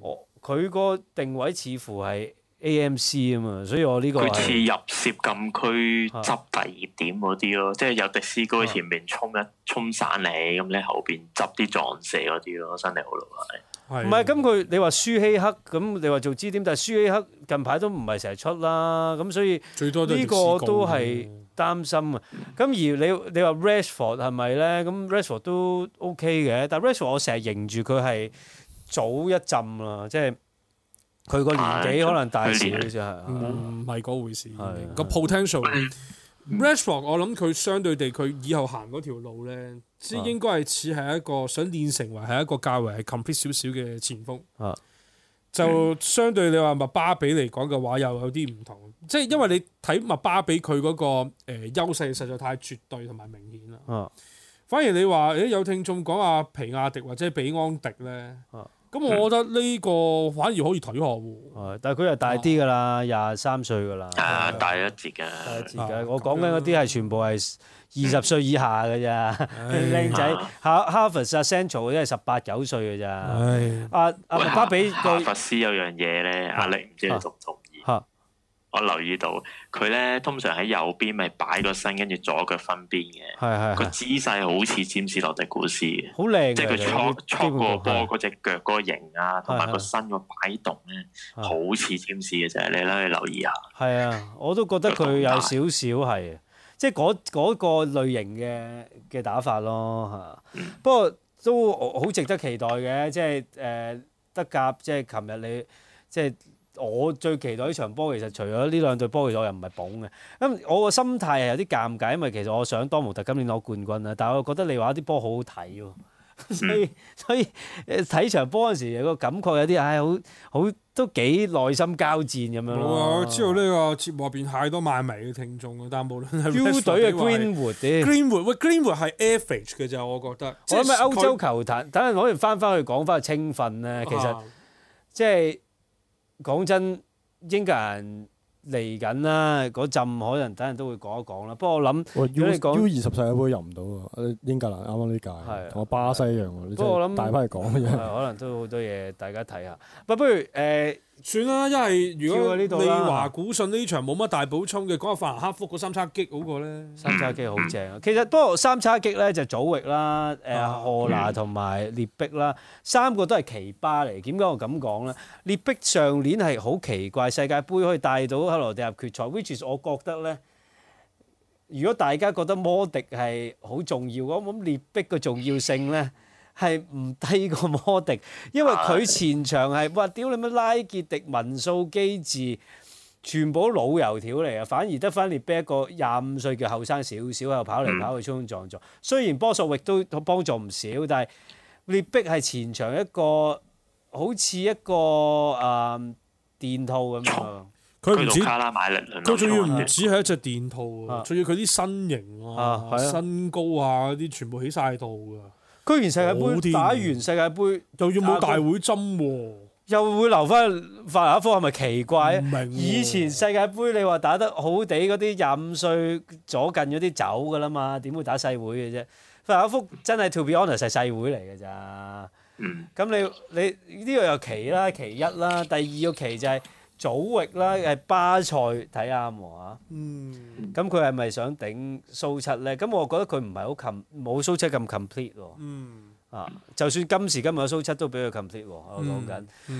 我佢個定位似乎係 AMC 啊嘛，所以我呢個佢似入涉禁區執、啊、第二點嗰啲咯，即係有迪斯哥前面衝一衝散你，咁你、啊、後邊執啲撞射嗰啲咯，真係好落嚟。係唔係咁佢？你話舒希克咁，你話做支點，但係舒希克近排都唔係成日出啦，咁所以呢個都係。啊擔心啊！咁而你你話 Rashford 係咪咧？咁 Rashford 都 OK 嘅，但 Rashford 我成日認住佢係早一浸啊，即係佢個年紀可能大少少係唔係嗰回事。個 potential Rashford 我諗佢相對地佢以後行嗰條路咧，即應該係似係一個想練成為係一個較為係 complete 少少嘅前鋒啊。就相對你話麥巴比嚟講嘅話，又有啲唔同，即係因為你睇麥巴比佢、那、嗰個誒、呃、優勢實在太絕對同埋明顯啦。啊、反而你話，誒有聽眾講話、啊、皮亞迪或者比安迪咧。啊。咁、嗯、我覺得呢個反而可以睇下喎、嗯。但係佢又大啲㗎啦，廿三歲㗎啦。啊、大一截㗎、啊。一截㗎。我講緊嗰啲係全部係二十歲以下㗎咋，啲靚、嗯、仔。哈，哈佛斯阿 Central 嗰啲係十八九歲㗎咋。係、啊啊。阿阿巴比。哈佛斯有樣嘢咧，壓力唔知重唔重。我留意到佢咧，通常喺右邊咪擺個身，跟住左腳分邊嘅，係係個姿勢好似占士洛迪古斯嘅，好靚，即係搓搓過波嗰隻腳嗰個型啊，同埋個身個擺動咧，好似占士嘅啫。你咧去留意下，係啊，我都覺得佢有少少係，即係嗰嗰個類型嘅嘅打法咯。吓，嗯、不過都好值得期待嘅，即係誒德甲，即係琴日你即係。即我最期待呢場波，其實除咗呢兩隊波，其實我又唔係捧嘅。咁我個心態係有啲尷尬，因為其實我想多模特今年攞冠軍啦。但係我覺得你話啲波好好睇喎，所以所以誒睇場波嗰陣時個感覺有啲唉好好都幾內心交戰咁樣、嗯。我知道呢個節目入邊太多曼迷嘅聽眾，但係無論係標隊嘅 Greenwood，Greenwood 喂 Greenwood 係 average 嘅咋，我覺得。就係、我諗喺歐洲球壇，等陣攞完翻翻去講翻去青訓咧，其實即係。啊實講真，英格蘭嚟緊啦，嗰陣可能等人都會講一講啦。不過我諗，如果你講 U 二十世界盃，入唔到英格蘭啱啱呢屆，同的巴西一樣喎。不我諗，大嚟講嘅嘢，可能都好多嘢，大家睇下。不過不如誒。呃算啦，因為如果呢度，你利華古遜呢場冇乜大補充嘅，講下法蘭克福嗰三叉戟好過咧。三叉戟好正啊！其實不過三叉戟咧就祖域啦、誒賀娜同埋列壁啦，嗯、三個都係奇葩嚟。點解我咁講咧？列壁上年係好奇怪，世界盃可以帶到克羅地亞決賽，which is 我覺得咧，如果大家覺得摩迪係好重要，我諗列壁嘅重要性咧。係唔低過摩迪，因為佢前場係哇，屌你乜拉傑迪、文素基治，全部老油條嚟啊！反而得翻列碧一個廿五歲嘅後生少少，又跑嚟跑去衝衝撞撞。嗯、雖然波索域都幫助唔少，但係列碧係前場一個好似一個啊、嗯、電套咁啊！佢唔止，佢仲要唔止係一隻電套，仲、啊、要佢啲身形啊、啊啊身高啊啲全部起晒度㗎。居然世界盃打完世界盃又要冇大會針喎、啊，又會留翻法蘭克福，係咪奇怪？以前世界盃你話打得好啲嗰啲廿五歲左近嗰啲走噶啦嘛，點會打世會嘅啫？法蘭克福真係 to be honest 係世會嚟嘅咋，咁你你呢、這個又奇啦，其一啦，第二個奇就係、是。祖域啦，誒巴塞睇啱喎嚇，咁佢係咪想頂蘇七咧？咁我覺得佢唔係好 com，冇蘇七咁 complete 喎、嗯。啊，就算今時今日嘅蘇七都比佢 complete 喎。我講緊，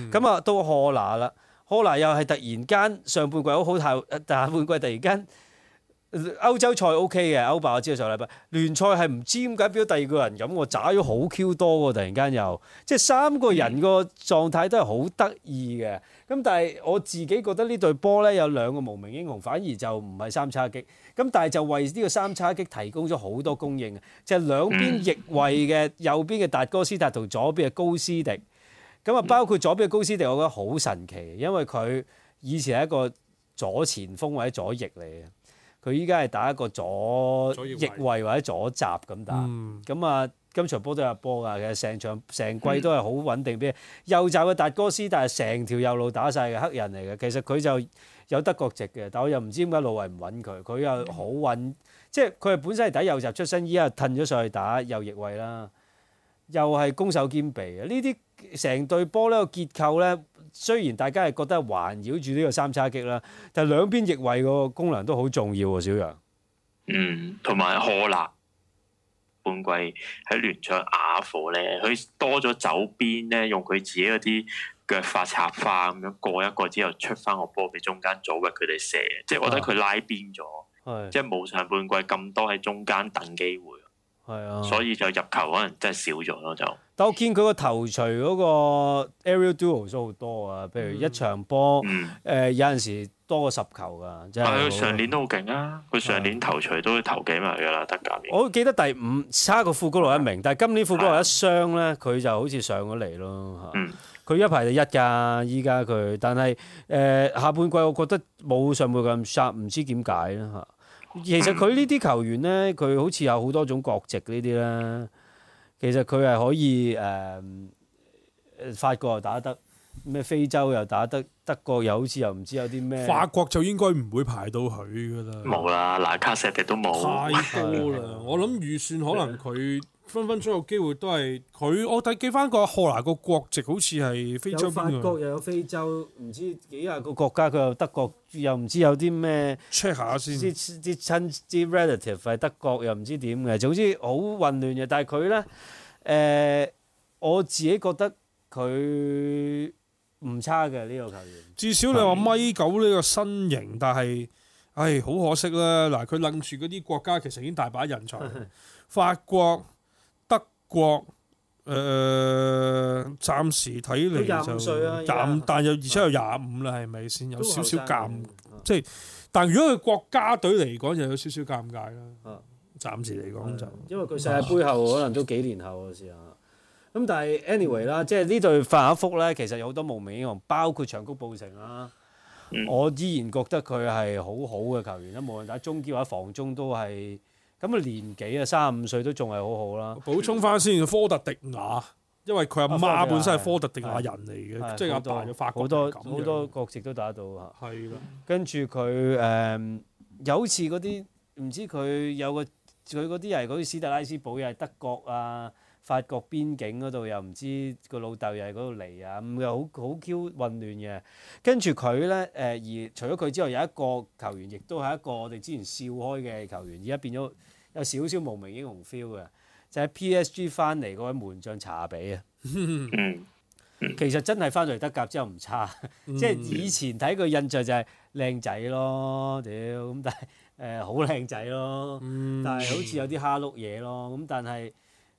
咁、嗯、啊到賀拿啦，賀拿又係突然間上半季好好頭，但係下半季突然間。歐洲賽 O.K. 嘅歐霸，我知道上禮拜聯賽係唔知點解變咗第二個人咁我渣咗好 Q 多喎。突然間又即係三個人個狀態都係好得意嘅。咁但係我自己覺得呢隊波咧有兩個無名英雄，反而就唔係三叉戟咁，但係就為呢個三叉戟提供咗好多供應嘅，即係兩邊翼位嘅右邊嘅達哥斯達同左邊嘅高斯迪咁啊。包括左邊嘅高斯迪，我覺得好神奇，因為佢以前係一個左前鋒或者左翼嚟嘅。佢依家係打一個左翼衛或者左閘咁打，咁、嗯、啊，今場波都有波㗎。其實成場成季都係好穩定嘅。嗯、右閘嘅達哥斯，但係成條右路打晒嘅黑人嚟嘅。其實佢就有德國籍嘅，但我又唔知點解老維唔揾佢。佢又好穩，即係佢係本身係打右閘出身，依家褪咗上去打右翼衛啦，又係攻守兼備。呢啲成隊波呢個結構咧。雖然大家係覺得環繞住呢個三叉戟啦，但兩邊翼位個功能都好重要喎，小楊。嗯，同埋柯辣半季喺聯賽啞火咧，佢多咗走邊咧，用佢自己啲腳法插花咁樣過一過之後出翻個波俾中間組俾佢哋射，即係我覺得佢拉邊咗，啊，即係冇上半季咁多喺中間等機會。係啊，所以就入球可能真係少咗咯，就。但我見佢個頭錘嗰個 Aerial Duel 都好多啊，譬如一場波，誒、嗯呃、有陣時多過十球噶。係佢上年都好勁啊，佢上年頭錘都頭幾萬噶啦，得噶、啊。啊、我記得第五差個副高羅一名，啊、但係今年副高羅一雙咧，佢就好似上咗嚟咯吓。佢、嗯、一排就一噶，依家佢，但係誒、呃、下半季我覺得冇上半季咁殺，唔知點解咧吓。其實佢呢啲球員呢，佢好似有好多種國籍呢啲啦。其實佢係可以誒、呃，法國又打得，咩非洲又打得，德國又好似又唔知有啲咩。法國就應該唔會排到佢㗎啦。冇啦，那卡石迪都冇。太窮啦！ 我諗預算可能佢。分分鐘有機會都係佢。我睇記翻個荷蘭個國籍好似係非洲邊嘅，有法國又有非洲，唔知幾廿個國家。佢有德國，又唔知有啲咩 check 下先。啲啲親啲 relative 喺德國，又唔知點嘅，總之好混亂嘅。但係佢咧，誒、呃，我自己覺得佢唔差嘅呢、呢個球員。至少你話米九呢個身型，但係唉好可惜啦。嗱，佢楞住啲國家其實已經大把人才， 法國。國誒、呃、暫時睇嚟就廿 25, 但又而且又廿五啦，係咪先有少少，少，少，少尷即係？啊、但如果佢國家隊嚟講，又有少少尷尬啦。啊，暫時嚟講就因為佢世界盃後可能都幾年後嘅事啊。咁但係 anyway 啦，即係呢隊法蘭克福咧，其實有好多無名英雄，包括長谷部誠啦。嗯、我依然覺得佢係好好嘅球員啦，無論打中堅或者防中都係。咁啊年紀啊三十五歲都仲係好好啦。補充翻先，的科特迪瓦，因為佢阿媽本身係科特迪瓦人嚟嘅，即係阿爸，好多好多國籍都打到嚇。係啦的。跟住佢誒有次嗰啲唔知佢有個佢嗰啲係嗰啲斯特拉斯堡又係德國啊法國邊境嗰度又唔知個老豆又係嗰度嚟啊，咁又好好 Q 混亂嘅。跟住佢咧誒而除咗佢之外，有一個球員亦都係一個我哋之前笑開嘅球員，而家變咗。有少少無名英雄 feel 嘅，就係 PSG 翻嚟嗰位門將查比啊！ 嗯嗯、其實真係翻到嚟德甲之後唔差，即係、嗯、 以前睇佢印象就係靚仔咯，屌咁但係誒好靚仔咯，但係好似有啲蝦碌嘢咯，咁、嗯、但係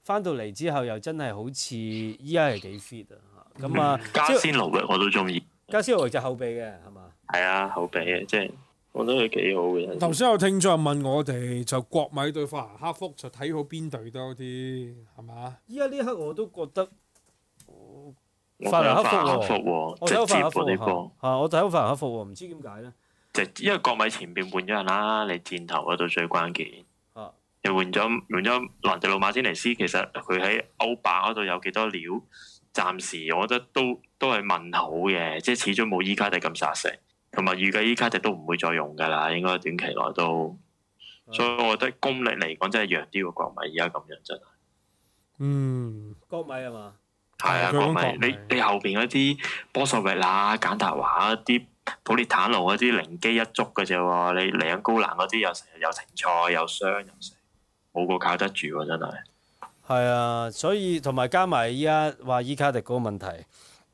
翻到嚟之後又真係好似依家係幾 fit 啊！咁啊，加仙奴嘅我都中意，加仙奴就後備嘅係嘛？係啊，後備嘅，即、就、係、係。我都係幾好嘅人。頭先有聽眾問我哋，就國米對法蘭克福就睇好邊隊多啲，係嘛？依家呢刻我都覺得，我睇法蘭克福喎、啊，即睇法蘭克我睇法蘭克福喎、啊，唔、啊啊、知點解咧？就因為國米前邊換咗人啦、啊，你箭頭嗰、啊、度最關鍵。的你又換咗換咗蘭迪魯馬先尼斯，其實佢喺歐霸嗰度有幾多料？暫時我覺得都都係問號嘅，即、就、係、是、始終冇伊卡迪咁殺食。同埋預計伊、e、卡迪都唔會再用噶啦，應該短期內都，的所以我覺得功力嚟講真係弱啲喎，國米而家咁樣真係。嗯，國米係嘛？係啊，國米，國米你你後邊嗰啲波索維拉、簡達華一啲普列坦路嗰啲靈機一觸嘅啫喎，你嚟緊高蘭嗰啲又成日有停賽有傷又成，冇個靠得住喎真係。係啊，所以同埋加埋依家話伊卡迪嗰個問題。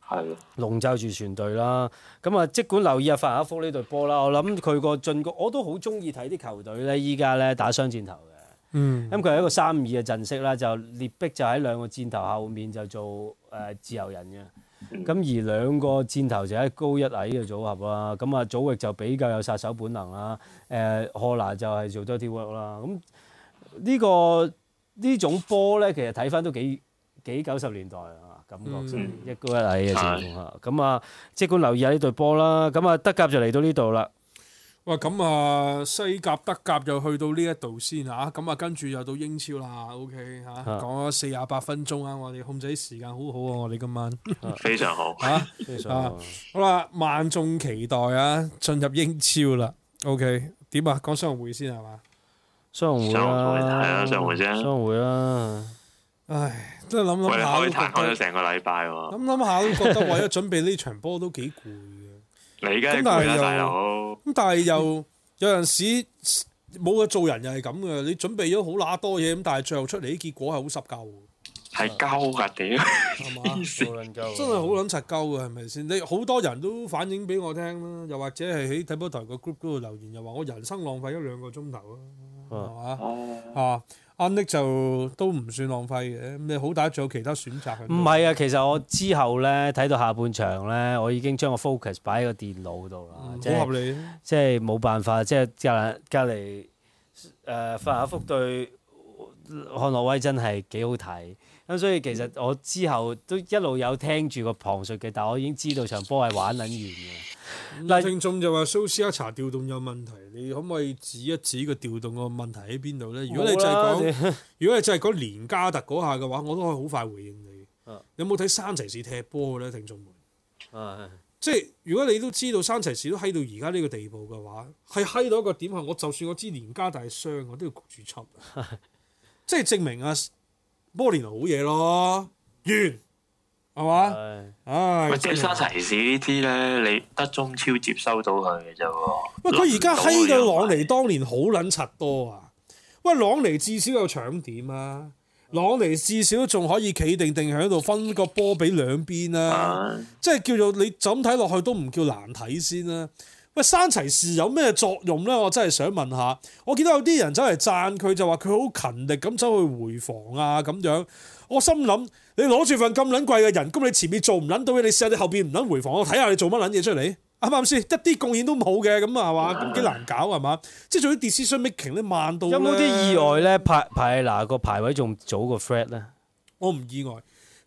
係，籠罩住全隊啦。咁啊，即管留意法蘭克福呢隊波啦。我諗佢個進攻我都好中意睇啲球隊咧。依家咧打雙箭頭嘅，嗯，咁佢係一個三二嘅陣式啦，就列逼就喺兩個箭頭後面就做誒自由人嘅。咁而兩個箭頭就喺高一矮嘅組合啊。咁啊，祖域就比較有殺手本能啦。誒、這個，霍拿就係做多啲 dirty work 啦。咁呢個呢種波咧，其實睇翻都幾幾九十年代啊。感覺啫，一高一矮嘅情況嚇。咁啊，即管留意下呢隊波啦。咁啊，德甲就嚟到呢度啦。哇！咁啊，西甲、德甲又去到呢一度先嚇。咁啊，跟住又到英超啦。OK 嚇，講咗四十八分鐘啊，我哋控制啲時間，好好啊。我哋今晚非常好嚇，非常好。好啦，萬眾期待啊，進入英超啦。OK，點啊？講雙紅會先係嘛？雙紅會啊，係啊，雙紅會啫。雙紅會唉。即係諗諗下，我都覺得。諗諗下都覺得為咗 準備呢場波都幾攰嘅。你而家你而家大佬咁，但係又有陣時冇嘅，做人又係咁嘅。你準備咗好乸多嘢，咁但係最後出嚟啲結果係好濕鳩。係鳩㗎，屌！黐線，真係好撚柒鳩㗎，係咪先？你好吧 多人都反映俾我聽啦，又或者係喺體波台個 group 嗰度留言，又話我人生浪費咗兩個鐘頭 吧啊，係嘛？哦。安力就都唔算浪費嘅，你好歹仲有其他選擇。唔係啊，其實我之後咧睇到下半場咧，我已經將個 focus 擺喺個電腦度啦。嗯、即係是冇辦法，即係隔隔離誒法蘭克福對漢諾、嗯、威真係幾好睇。咁所以其實我之後都一路有聽住個旁述嘅，但係我已經知道場波係玩撚完嘅。嗱，聽眾就話蘇斯喀查調動有問題，你可唔可以指一指個調動個問題喺邊度咧？如果你真係講，如果你就係講,講連加特嗰下嘅話，我都可以好快回應你。啊、你有冇睇山齊士踢波咧，聽眾們？啊、即係如果你都知道山齊士都閪到而家呢個地步嘅話，係閪到一個點？我就算我知連加特傷，我都要焗住出， 即係證明啊摩連奴好嘢咯。完。係嘛？唉，是哎、即係山齊士呢啲咧，你得中超接收到佢嘅啫喎。喂，佢而家閪嘅朗尼當年好撚柒多啊！喂，朗尼至少有搶點啊，嗯、朗尼至少仲可以企定定響度分個波俾兩邊啊！嗯、即係叫做你咁睇落去都唔叫難睇先啦、啊。喂，山齊士有咩作用咧？我真係想問下。我見到有啲人走嚟讚佢，就話佢好勤力咁走去回防啊咁樣。我心諗。你攞住份咁撚貴嘅人工，你前面做唔撚到嘅，你試下你後邊唔撚回防，我睇下你做乜撚嘢出嚟，係啱先？一啲貢獻都冇嘅，咁啊係嘛？咁幾難搞係嘛？即係做啲 decision making 咧，慢到。有冇啲意外咧？排排嗱個排位仲早過 Fred 咧？我唔意外，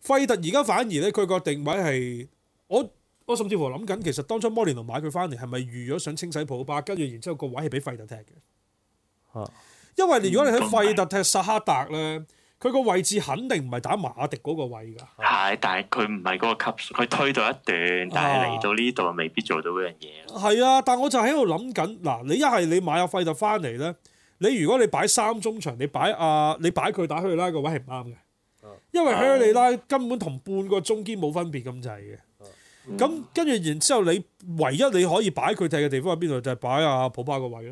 費特而家反而咧，佢個定位係我我甚至乎諗緊，其實當初摩連奴買佢翻嚟係咪預咗上清洗普巴，跟住然之後個位係俾費特踢嘅？嚇呵！因為如果你喺費特踢薩哈，哈達咧。佢個位置肯定唔係打馬迪嗰個位㗎，係、啊，但係佢唔係嗰個級數，佢推到一段，但係嚟到呢度未必做到嗰樣嘢。係啊，啊，但係我就喺度諗緊嗱，你一係你買阿費特翻嚟咧，你如果你擺三中場，你擺啊，你擺佢打去拉個位係唔啱嘅，啊、因為希爾拉根本同半個中堅冇分別咁滯嘅。咁跟住然之後你，你唯一你可以擺佢踢嘅地方喺邊度，就係、是、擺阿、啊、普巴個位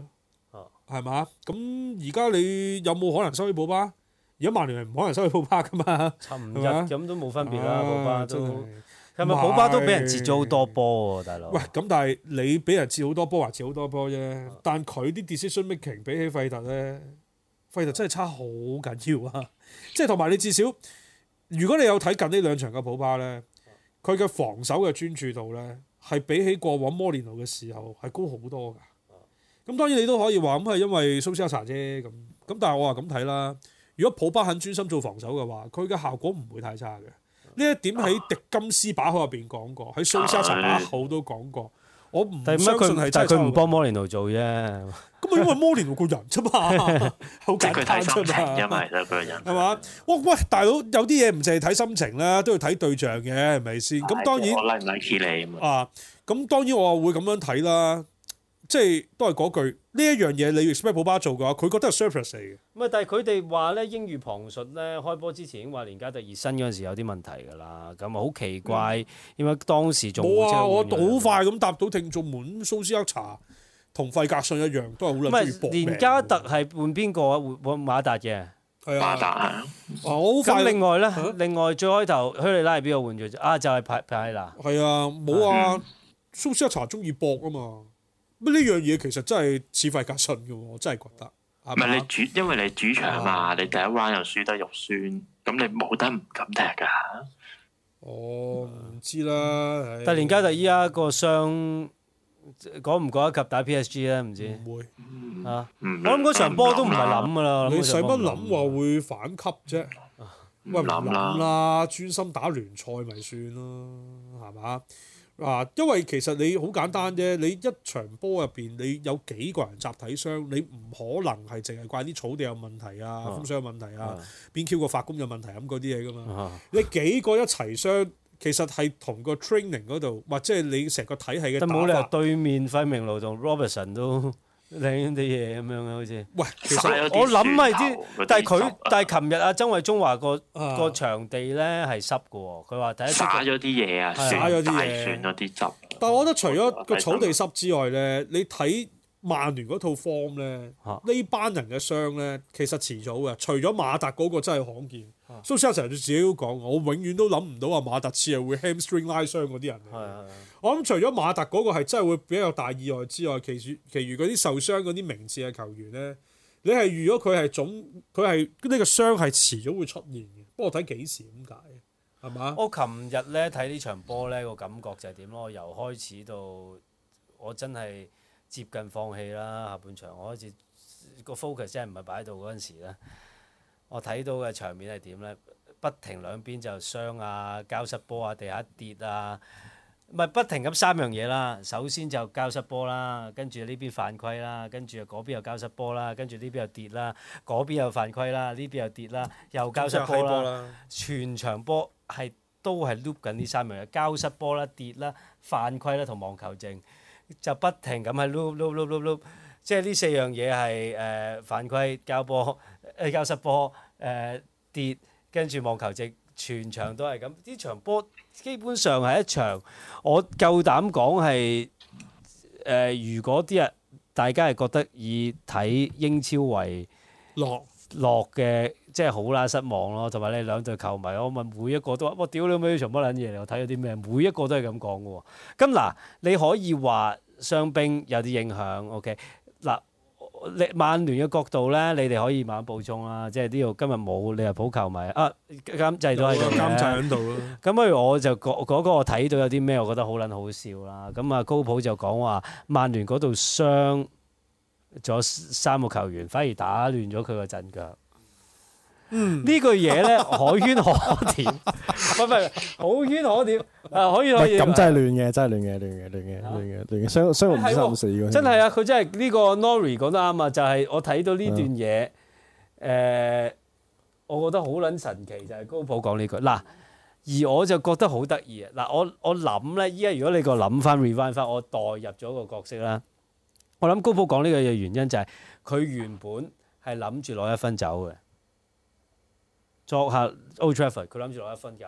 咯，係嘛、啊？咁而家你有冇可能收起普巴？而家曼聯係唔可能收佢普巴噶嘛？尋日咁都冇分別啦，普巴都係咪普巴都俾人截咗好多波喎，大佬喂咁？但係你俾人截好多波，還截好多波啫。但佢啲 decision making 比起費特咧，費特真係差好緊要啊！即係同埋你至少，如果你有睇近呢兩場嘅普巴咧，佢嘅防守嘅專注度咧係比起過往摩連奴嘅時候係高好多㗎。咁當然你都可以話咁係因為蘇斯亞查啫。咁咁，但係我話咁睇啦。如果普巴肯專心做防守嘅話，佢嘅效果唔會太差嘅。呢一點喺迪金斯把口入邊講過，喺蘇薩插把口都講過。我唔相信係真嘅。但係佢唔幫摩連奴做啫。咁啊，因為摩連奴個人啫嘛，好簡單啫嘛。睇佢睇心情啫嘛，其實佢個人。係嘛？哇喂，大佬有啲嘢唔淨係睇心情啦，都要睇對象嘅，係咪先？咁當然我 like 唔 like 你啊？咁當然我會咁樣睇啦。即係都係嗰句呢一樣嘢，你用斯佩普巴做嘅話，佢覺得係 surplus 嚟嘅。咁啊，但係佢哋話咧，英語旁述咧，開波之前已經話連加特熱身嗰陣時有啲問題㗎啦。咁啊，好奇怪，點解當時仲冇啊？我好快咁答到聽眾滿。蘇斯克查同費格遜一樣，都係好撚主博嘅。連加特係換邊個啊？換換馬達嘅。係啊，馬達。好快。另外咧，另外最開頭許利拉係邊個換咗？啊，就係派派拉。係啊，冇啊。蘇斯克查中意博啊嘛。乜呢樣嘢其實真係似費格遜嘅，我真係覺得。係咪？你主，因為你主場嘛，啊、你第一 round 又輸得肉酸，咁你冇得唔敢踢噶。我唔、嗯、知啦。特聯、嗯、是加特依家個傷，講唔講得及打 P S G 咧？唔知。會。吓、啊，會我諗嗰場波都唔係諗噶啦。你使乜諗話會反級啫？唔諗啦，專心打聯賽咪算咯，係嘛？嗱、啊，因為其實你好簡單啫，你一場波入邊你有幾個人集體傷，你唔可能係淨係怪啲草地有問題啊、啊風水有問題啊、邊 Q、啊、個法官有問題咁嗰啲嘢㗎嘛？啊、你幾個一齊傷，其實係同個 training 嗰度，或者係你成個體系嘅。即冇理由對面費明路同 Robertson 都。靚啲嘢咁樣嘅好似。喂，其實我諗係啲，但係佢，但係琴日阿曾偉中話個個場地咧係濕嘅喎，佢話第一次。灑咗啲嘢啊！灑咗啲嘢，算咗啲汁。但我覺得除咗個草地濕之外咧，嗯、你睇曼聯嗰套 form 咧，啊、呢班人嘅傷咧其實遲早嘅，除咗馬達嗰個,個真係罕見。蘇斯亞齊自己都講，我永遠都諗唔到話馬特次係會 hamstring 拉傷嗰啲人。係我諗除咗馬特嗰個係真係會比較大意外之外，其餘其餘嗰啲受傷嗰啲名次嘅球員咧，你係預咗佢係總佢係呢個傷係遲早會出現嘅。不過睇幾時點解，係嘛？我琴日咧睇呢場波咧個感覺就係點咯？由開始到我真係接近放棄啦，下半場我開始個 focus 真係唔係擺喺度嗰陣時啦。我睇到嘅場面係點呢？不停兩邊就傷啊、交失波啊、地下跌啊，咪不停咁三樣嘢啦。首先就交失波啦，跟住呢邊犯規啦，跟住啊嗰邊又交失波啦，跟住呢邊又跌啦，嗰邊又犯規啦，呢邊又跌啦，又交失波啦。全場波係都係 loop 緊呢三樣嘢：交失波啦、跌啦、犯規啦同望球證，就不停咁喺 loop loop loop loop loop。即係呢四樣嘢係誒犯規、交波。誒教實波，誒、呃、跌，跟住網球席，全場都係咁。呢場波基本上係一場，我夠膽講係誒。如果啲人大家係覺得以睇英超為落落嘅，即係好啦失望咯。同埋你兩隊球迷，我問每一個都話：我屌你媽！呢場乜撚嘢？你睇咗啲咩？每一個都係咁講嘅喎。咁嗱，你可以話傷兵有啲影響。OK，嗱。你曼聯嘅角度咧，你哋可以慢慢補充啦。即係呢度今日冇你又普球迷啊，監製都係監製喺度，咁不如我就嗰嗰個，我睇到有啲咩，我覺得好撚好笑啦。咁啊高普就講話曼聯嗰度傷咗三個球員，反而打亂咗佢個陣腳。嗯呢，呢句嘢咧，可圈可點，唔係唔係可圈可點，誒可以可以咁真係亂嘅，真係亂嘅，亂嘅，是是亂嘅，亂嘅，亂嘅，相相死真係啊，佢真係呢個 Nori 講得啱啊，就係、是、我睇到呢段嘢，誒、嗯呃，我覺得好撚神奇，就係、是、高普講呢句嗱，而我就覺得好得意啊嗱，我我諗咧，依家如果你個諗翻 revive 翻，我代入咗個角色啦，我諗高普講呢句嘢，原因就係、是、佢原本係諗住攞一分走嘅。作客 Old Trafford 佢諗住攞一分球，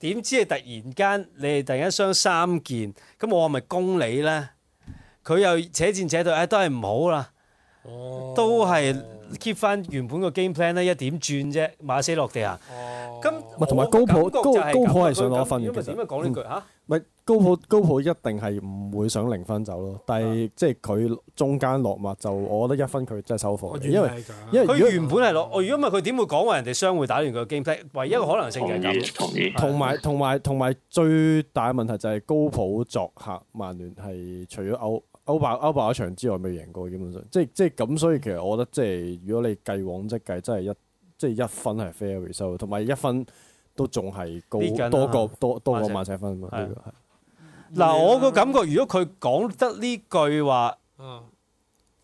點知你突然間你哋突然間傷三件，咁我係咪攻你咧？佢又扯戰扯到，誒都係唔好啦，都係、oh. keep 翻原本個 game plan 咧，一點轉啫，馬死落地行。Oh. 咁同埋高普高高普係想攞分嘅其實，點解講呢句嚇？唔高普高普一定係唔會想零分走咯，但係即係佢中間落墨就，我覺得一分佢真係收貨因為因為佢原本係攞，如果唔係佢點會講話人哋雙紅會打亂佢嘅 game？唯一嘅可能性係咁。同埋同埋同埋最大嘅問題就係高普作客曼聯係除咗歐歐霸歐霸一場之外未贏過，基本上即係即係咁，所以其實我覺得即係如果你計往績計，真係一。即係一分係 fair 收，同埋一分都仲係高多過多多過曼市分。係嗱，我個感覺，如果佢講得呢句話，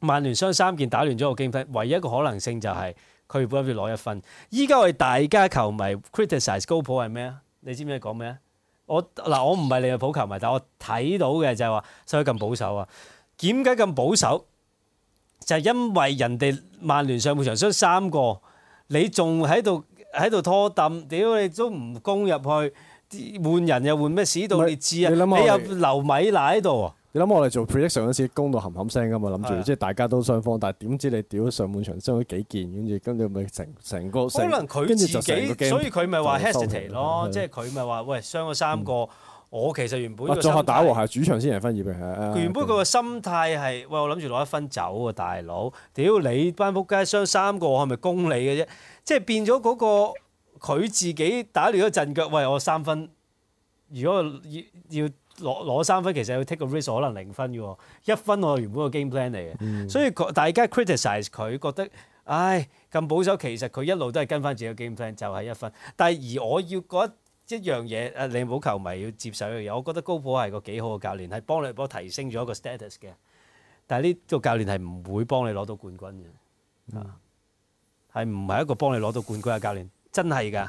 曼、嗯、聯傷三件打亂咗個 game plan，唯一一個可能性就係佢唔諗住攞一分。依家我哋大家球迷 criticise 高普係咩啊？你知唔知講咩啊？我嗱，我唔係利物浦球迷，但我睇到嘅就係話，所以咁保守啊？點解咁保守？就係、是、因為人哋曼聯上半場傷三,三個。你仲喺度喺度拖凳，屌你都唔攻入去，換人又換咩史杜列治啊？你諗下，你有留米娜喺度啊？你諗我哋做 prediction 嗰時攻到冚冚聲噶嘛？諗住的即係大家都雙方，但係點知你屌上半場傷咗幾件，跟住跟住咪成成個，個可能佢自己。所以佢咪話 hesitate 咯，即係佢咪話喂傷咗三個。嗯我其實原本個心打和係主場先贏分易嘅，佢原本個心態係，喂我諗住攞一分走喎，大佬，屌你班撲街，雙三個我係咪攻你嘅啫？即係變咗嗰個佢自己打亂咗陣腳，喂我三分，如果要要攞攞三分，其實要 take 個 risk 可能零分嘅喎，一分我原本個 game plan 嚟嘅，所以大家 criticize 佢覺得，唉咁保守，其實佢一路都係跟翻自己 game plan，就係一分。但係而我要嗰。一樣嘢，誒，利物浦球迷要接受一樣嘢。我覺得高普係個幾好嘅教練，係幫利物浦提升咗一個 status 嘅。但係呢個教練係唔會幫你攞到冠軍嘅，係唔係一個幫你攞到冠軍嘅教練？真係㗎，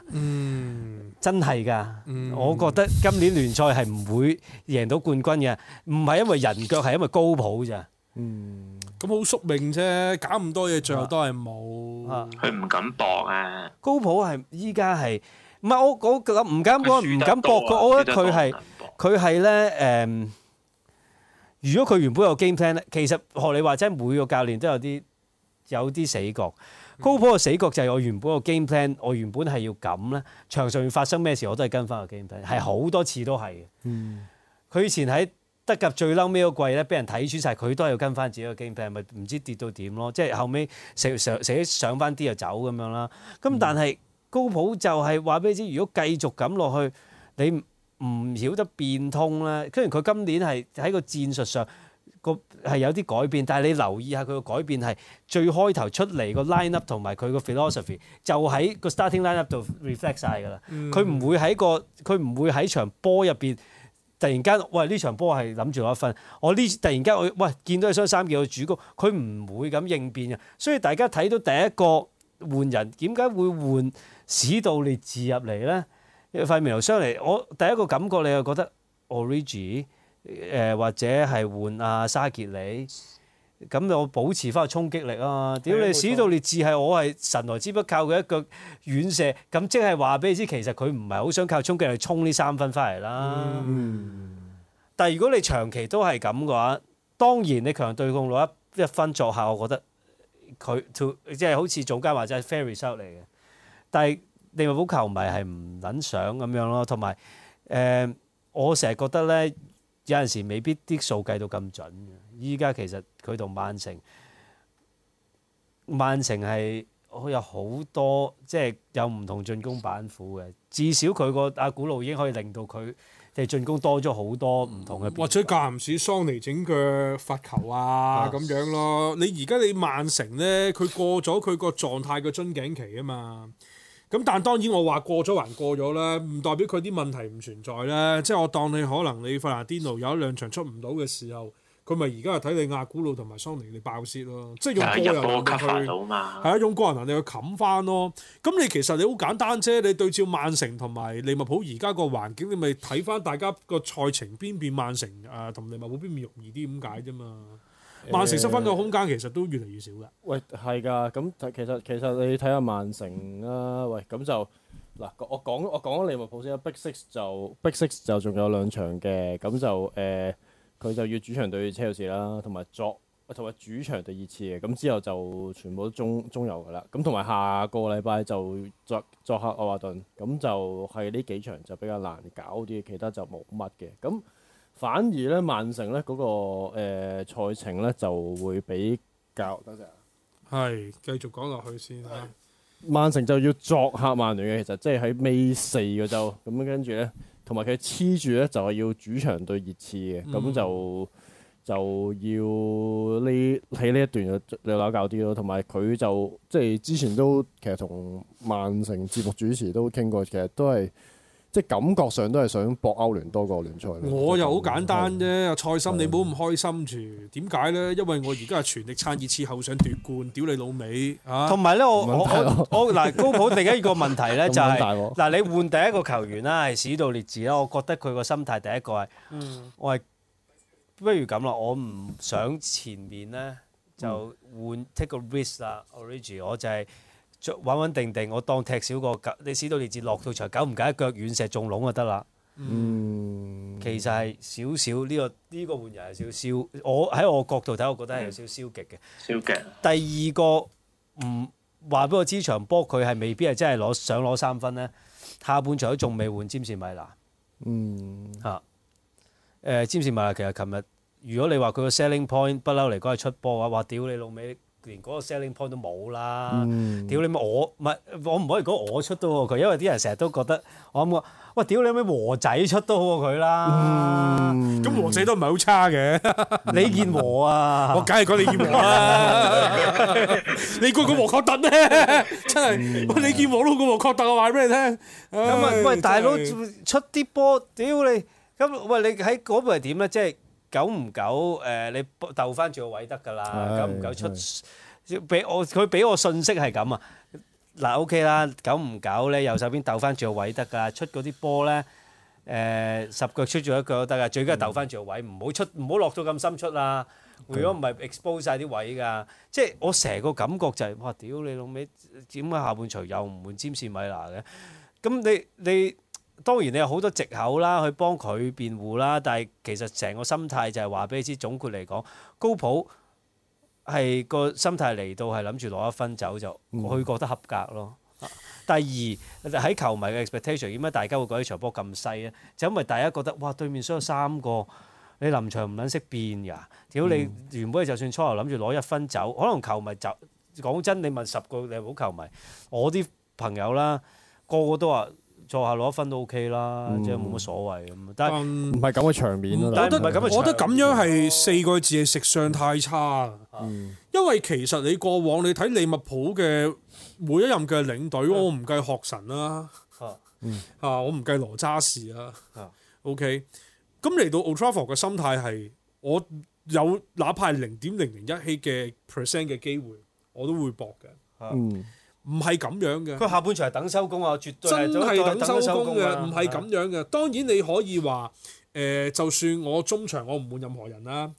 真係㗎。我覺得今年聯賽係唔會贏到冠軍嘅，唔係因為人腳，係因為高普咋。嗯，咁好宿命啫，搞咁多嘢，最後都係冇。佢唔敢搏啊。高普係依家係。唔係我唔敢講，唔敢駁個。我覺得佢係佢係咧誒。如果佢原本有 game plan 咧，其實學你話齋每個教練都有啲有啲死角。高普嘅死角就係我原本個 game plan，我原本係要咁咧。場上面發生咩事，我都係跟翻個 game plan，係好、嗯、多次都係嘅。佢、嗯、以前喺德甲最撈尾嗰季咧，俾人睇穿晒，佢都係要跟翻自己個 game plan，咪唔知跌到點咯。即係後屘成日上上上翻啲就走咁樣啦。咁但係。嗯但高普就係話俾你知，如果繼續咁落去，你唔曉得變通啦。雖然佢今年係喺個戰術上個係有啲改變，但係你留意下佢個改變係最開頭出嚟個 lineup 同埋佢個 philosophy 就喺個 starting lineup 度 reflect 晒㗎啦。佢唔會喺個佢唔會喺場波入邊，突然間，喂，呢場波係諗住攞一分，我呢突然間我喂，見到一雙三叫佢主攻，佢唔會咁應變啊。所以大家睇到第一個換人點解會換？史杜烈治入嚟咧，塊面由上嚟，我第一個感覺你又覺得，Origi 誒、呃、或者係換阿、啊、沙傑里，咁我保持翻個衝擊力啊！屌你、嗯，史杜烈治係我係神來之不靠嘅一腳遠射，咁即係話俾你知，其實佢唔係好想靠衝擊力衝呢三分翻嚟啦。嗯嗯、但係如果你長期都係咁嘅話，當然你強對攻攞一一分作下，我覺得佢即係好似早間話齋、就是、fair result 嚟嘅。但係利物浦球迷係唔捻想咁樣咯，同埋誒，我成日覺得咧，有陣時未必啲數計到咁準。依家其實佢同曼城，曼城係佢有好多即係、就是、有唔同進攻板斧嘅，至少佢個阿古路已經可以令到佢嘅進攻多咗好多唔同嘅。或者間唔時桑尼整腳發球啊咁、啊、樣咯。你而家你曼城咧，佢過咗佢個狀態嘅樽頸期啊嘛。咁但當然我話過咗還過咗啦，唔代表佢啲問題唔存在咧。即係我當你可能你費蘭甸奴有一兩場出唔到嘅時候，佢咪而家係睇你阿古路同埋桑尼你爆蝕咯。即係用個人能力去係一種個人能力去冚翻咯。咁你其實你好簡單啫。你對照曼城同埋利物浦而家個環境，你咪睇翻大家個賽程邊邊曼城誒同、呃、利物浦邊邊，邊容易啲，咁解啫嘛。曼城失分嘅空間其實都越嚟越少嘅，啊。喂，係㗎。咁其實其實你睇下曼城啦。喂，咁就嗱，我講我講咗利物浦先啦。Big Six 就 Big Six 就仲有兩場嘅。咁就誒，佢、呃、就要主場對車路士啦，同埋作，同埋主場對熱刺嘅。咁之後就全部都中中游㗎啦。咁同埋下個禮拜就作作客愛華頓。咁就係呢幾場就比較難搞啲，其他就冇乜嘅。咁。反而咧，曼城咧、那、嗰個誒、呃、賽程咧就會比較多謝。係繼續講落去先啦。是是曼城就要作客曼聯嘅，其實即係喺尾四個週。咁跟住咧，同埋佢黐住咧就係、是、要主場對熱刺嘅，咁、嗯、就就要呢喺呢一段又又攪搞啲咯。同埋佢就即係、就是、之前都其實同曼城節目主持都傾過，其實都係。即係感覺上都係想博歐聯多過聯賽，我又好簡單啫，嗯、蔡心你唔好咁開心住。點解咧？因為我而家係全力撐熱刺後想奪冠，屌你老味。同埋咧，我我我嗱 高普第一個問題咧 就係、是、嗱，你換第一個球員啦，係史度列治啦。我覺得佢個心態第一個係、嗯，我係不如咁啦，我唔想前面咧就換、嗯、take a risk 啦，Origi 我就係、是。著穩穩定定，我當踢少個你史到利自落到場，狗唔計一腳軟石中籠就得啦。嗯，其實係少少呢個呢、呢個換人係少少。我喺我角度睇，我覺得係有少少極嘅。嗯、極第二個唔話俾我知場波佢係未必係真係攞想攞三分呢。下半場都仲未換詹士米拿。嗯嚇。誒詹、嗯嗯、士米拿其實琴日，如果你話佢個 selling point 不嬲嚟講係出波嘅話，話屌你老味。連嗰個 selling point 都冇啦！屌你咪我，唔係，我唔可以講我出都好過佢，因為啲人成日都覺得我諗過，喂，屌你咪和仔出都好過佢啦！咁、mm. 和仔都唔係好差嘅，李 健和啊！ 我梗係講李健和啦，你估個和確特咩？為真係喂李健和都個和確特，我話俾你聽。咁啊喂，大佬出啲波，屌你咁喂你喺嗰邊係點咧？即係。久唔久誒？你鬥翻住個位得㗎啦。久唔久出？俾我佢俾我信息係咁啊！嗱 OK 啦。久唔久咧？右手邊鬥翻住個位得㗎。出嗰啲波咧誒，十腳出咗一腳都得㗎。最緊係鬥翻住個位，唔好出，唔好落到咁深出啦。如果唔係 expose 曬啲位㗎。即係我成個感覺就係哇！屌你老味點解下半場又唔換詹士米拿嘅？咁你你。當然你有好多藉口啦，去幫佢辯護啦。但係其實成個心態就係話俾你知，總括嚟講，高普係個心態嚟到係諗住攞一分走，就佢覺得合格咯。嗯、第二喺球迷嘅 expectation 點解大家會覺得場波咁細咧？就係、因為大家覺得哇對面所有三個，你臨場唔撚識變㗎。屌你原本就算初頭諗住攞一分走，可能球迷就講真，你問十個利物浦球迷，我啲朋友啦，個個都話。坐下攞一分都 OK 啦，即係冇乜所謂咁。但係唔係咁嘅場面，但係吧我覺得咁樣係四個字，係食相太差。嗯。因為其實你過往你睇利物浦嘅每一任嘅領隊，嗯、我唔計學神啦。啊。嗯、啊，我唔計羅渣士啦。啊。嗯、OK。咁嚟到 Ultra 嘅心態係，我有哪怕零點零零一起嘅 percent 嘅機會，我都會搏嘅。嗯。嗯唔係咁樣嘅，佢下半場係等收工啊，絕對真係等收工嘅，唔係咁樣嘅。是的 當然你可以話誒、呃，就算我中場我唔換任何人啦、啊。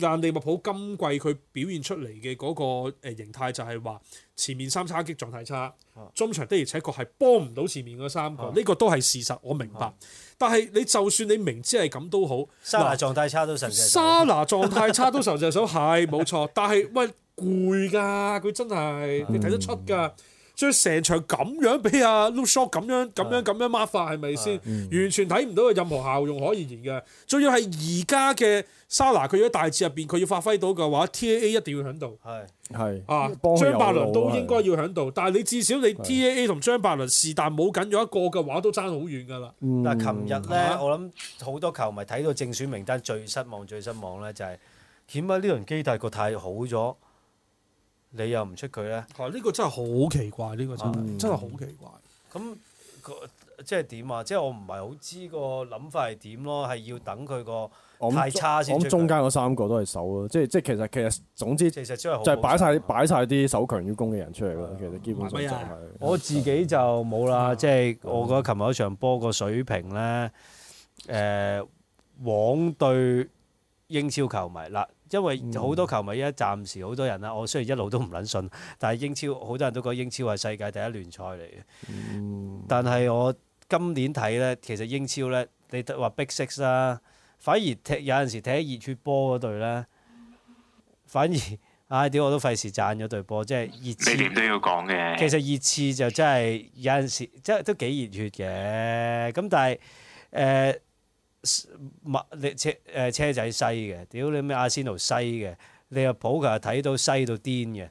但利物浦今季佢表現出嚟嘅嗰個形態就係話前面三叉戟狀態差，中場的而且確係幫唔到前面嗰三個，呢、啊、個都係事實，我明白。嗯啊、但係你就算你明知係咁都好，嗯啊、說沙拿狀態差都受著，沙拿狀態差都受著手，係冇錯。但係喂。攰噶，佢真係你睇得出噶，將成、嗯、場咁樣俾阿 Luke Shaw 咁樣咁樣咁樣 mark 法係咪先？是是嗯、完全睇唔到佢任何效用可以言嘅。仲要係而家嘅 Sara，佢喺大致入邊，佢要發揮到嘅話，TAA 一定要喺度。係係啊，張伯倫都應該要喺度。是但係你至少你 TAA 同張伯倫是但冇緊咗一個嘅話，都爭好遠㗎啦。嗱、嗯，琴日咧，嗎我諗好多球迷睇到正選名單最失望、最失望咧、就係，望就係點解呢輪機大個太好咗。你又唔出佢咧？呢、啊呢個真係好奇怪，呢、呢個真係、嗯、真係好奇怪。咁即係點啊？即係我唔係好知個諗法係點咯，係要等佢個太差先出咁中間嗰三個都係守咯，即係即係其實其實總之即係擺晒擺曬啲守強於攻嘅人出嚟咯。啊、其實基本上就係、是啊啊、我自己就冇啦。即係、啊、我覺得琴日嗰場波個水平咧，誒、呃、枉對英超球迷嗱。因為好多球迷依家暫時好多人啦，嗯、我雖然一路都唔撚信，但係英超好多人都覺得英超係世界第一聯賽嚟嘅。嗯、但係我今年睇咧，其實英超咧，你話 Big Six 啦，反而踢有陣時踢熱血波嗰隊咧，反而唉，屌、哎、我都費事讚咗隊波，即係熱刺都要講嘅。其實熱刺就真係有陣時即係都幾熱血嘅，咁但係誒。呃曼力車，誒車仔西嘅，屌你咩阿仙奴西嘅，利物浦佢係睇到西到癲嘅。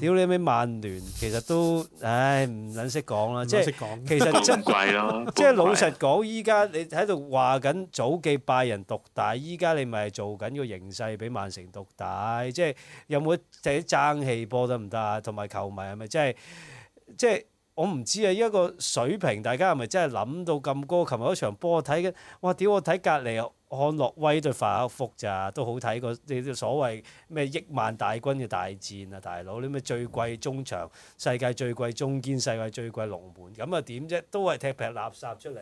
屌你咩曼聯其實都，唉，唔撚識講啦，即係其實真即係老實講，依家你喺度話緊早期拜仁獨大，依家你咪係做緊個形勢俾曼城獨大，即係有冇睇爭氣波得唔得啊？同埋球迷係咪即係即係？我唔知啊，依一個水平，大家係咪真係諗到咁高？琴日嗰場波睇嘅，哇屌！我睇隔離漢諾威呢對法蘭克福咋，都好睇過你啲所謂咩億萬大軍嘅大戰啊，大佬你咩最貴中場、世界最貴中堅、世界最貴龍門，咁啊點啫？都係踢劈垃圾出嚟。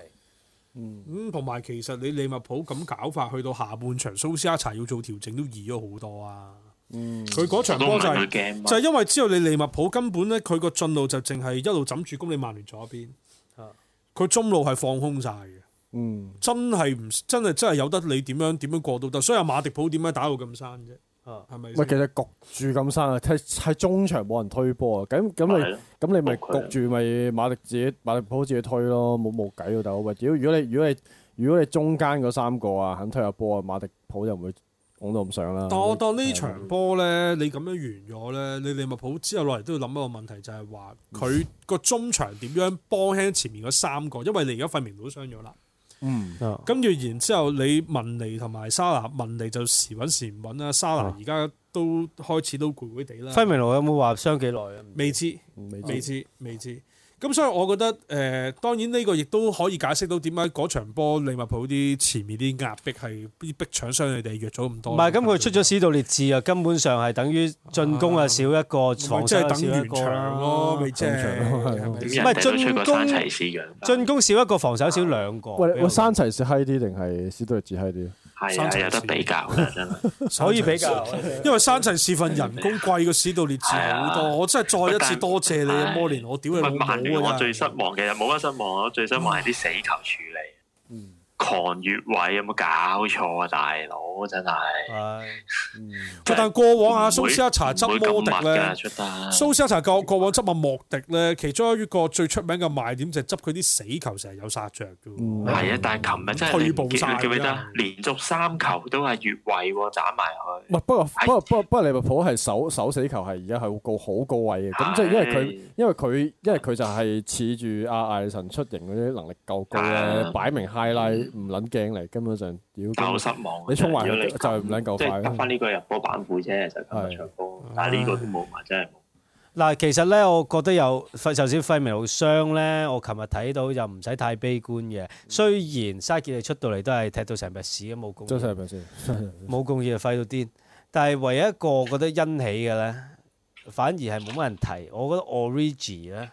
嗯。同埋、嗯、其實你利物浦咁搞法，去到下半場，蘇斯克查要做調整都易咗好多啊。嗯，佢嗰場波就係、是、就係因為知道你利物浦根本咧，佢個進路就淨係一路枕住攻你曼聯左邊，啊，佢中路係放空晒嘅，嗯，真係唔真係真係有得你點樣點樣過都得，所以阿馬迪普點解打到咁山啫？啊，係咪？喂，其實焗住咁山啊，喺中場冇人推波啊，咁咁你咁你咪焗住咪馬迪自己馬迪普自己推咯，冇冇計啊！大佬，喂，如果如果你，如果你，如果你如果你中間嗰三個啊肯推下波啊，馬迪普就唔會。我都唔想啦。但我當呢場波咧，你咁樣完咗咧，你利物浦之後落嚟都要諗一個問題，就係話佢個中場點樣幫輕前面嗰三個？因為你而家費明奴都傷咗啦。嗯，咁要然之後，然後你問，你文尼同埋沙拿，文尼就時揾時唔揾啦，沙拿而家都開始都攰攰地啦。費明奴有冇話傷幾耐啊？未知，未知，未知。咁所以我覺得誒，當然呢個亦都可以解釋到點解嗰場波利物浦啲前面啲壓迫係啲逼搶傷佢哋弱咗咁多。唔係，咁佢出咗史杜列治啊，根本上係等於進攻啊少一個，防守少一個咯，咪進攻進攻少一個，防守少兩個。喂，喂，山齊是嗨啲定係史杜列治嗨啲？係啊，有得比較，真係所以比較。因為山層是份人工貴過史度列治好多， 我真係再一次多謝，謝你， 摩連我屌你老老，曼聯點我最失望嘅其實冇乜失望，我最失望係啲死球柱。 狂越位，有冇搞錯啊，大佬，真係。但係過往阿蘇斯阿查執莫迪咧，蘇斯阿查過往執阿莫迪咧，其中一個最出名嘅賣點就係執佢啲死球成日有殺着嘅。係啊，但係琴日真係退步晒，連續三球都係越位，斬埋去。唔係，不過不過不過不過利物浦係守守死球係而家係好高好高位嘅，咁即係因為佢因為佢因為佢就係恃住阿艾神出營嗰啲能力夠高咧，擺明 high line 唔撚鏡嚟，根本上，屌！教失望，你衝埋咗嚟，就係唔撚夠快。即係得翻呢個入波板斧啫，就今日唱歌，但係呢個都冇埋，真係冇。嗱，其實咧，我覺得又費頭先費眉路傷咧，我琴日睇到又唔使太悲觀嘅。雖然沙傑你出到嚟都係踢到成日屎咁冇功，真係成日屎，冇功而係費到癲。但係唯一一個覺得欣喜嘅咧，反而係冇乜人提。我覺得 Origi 咧。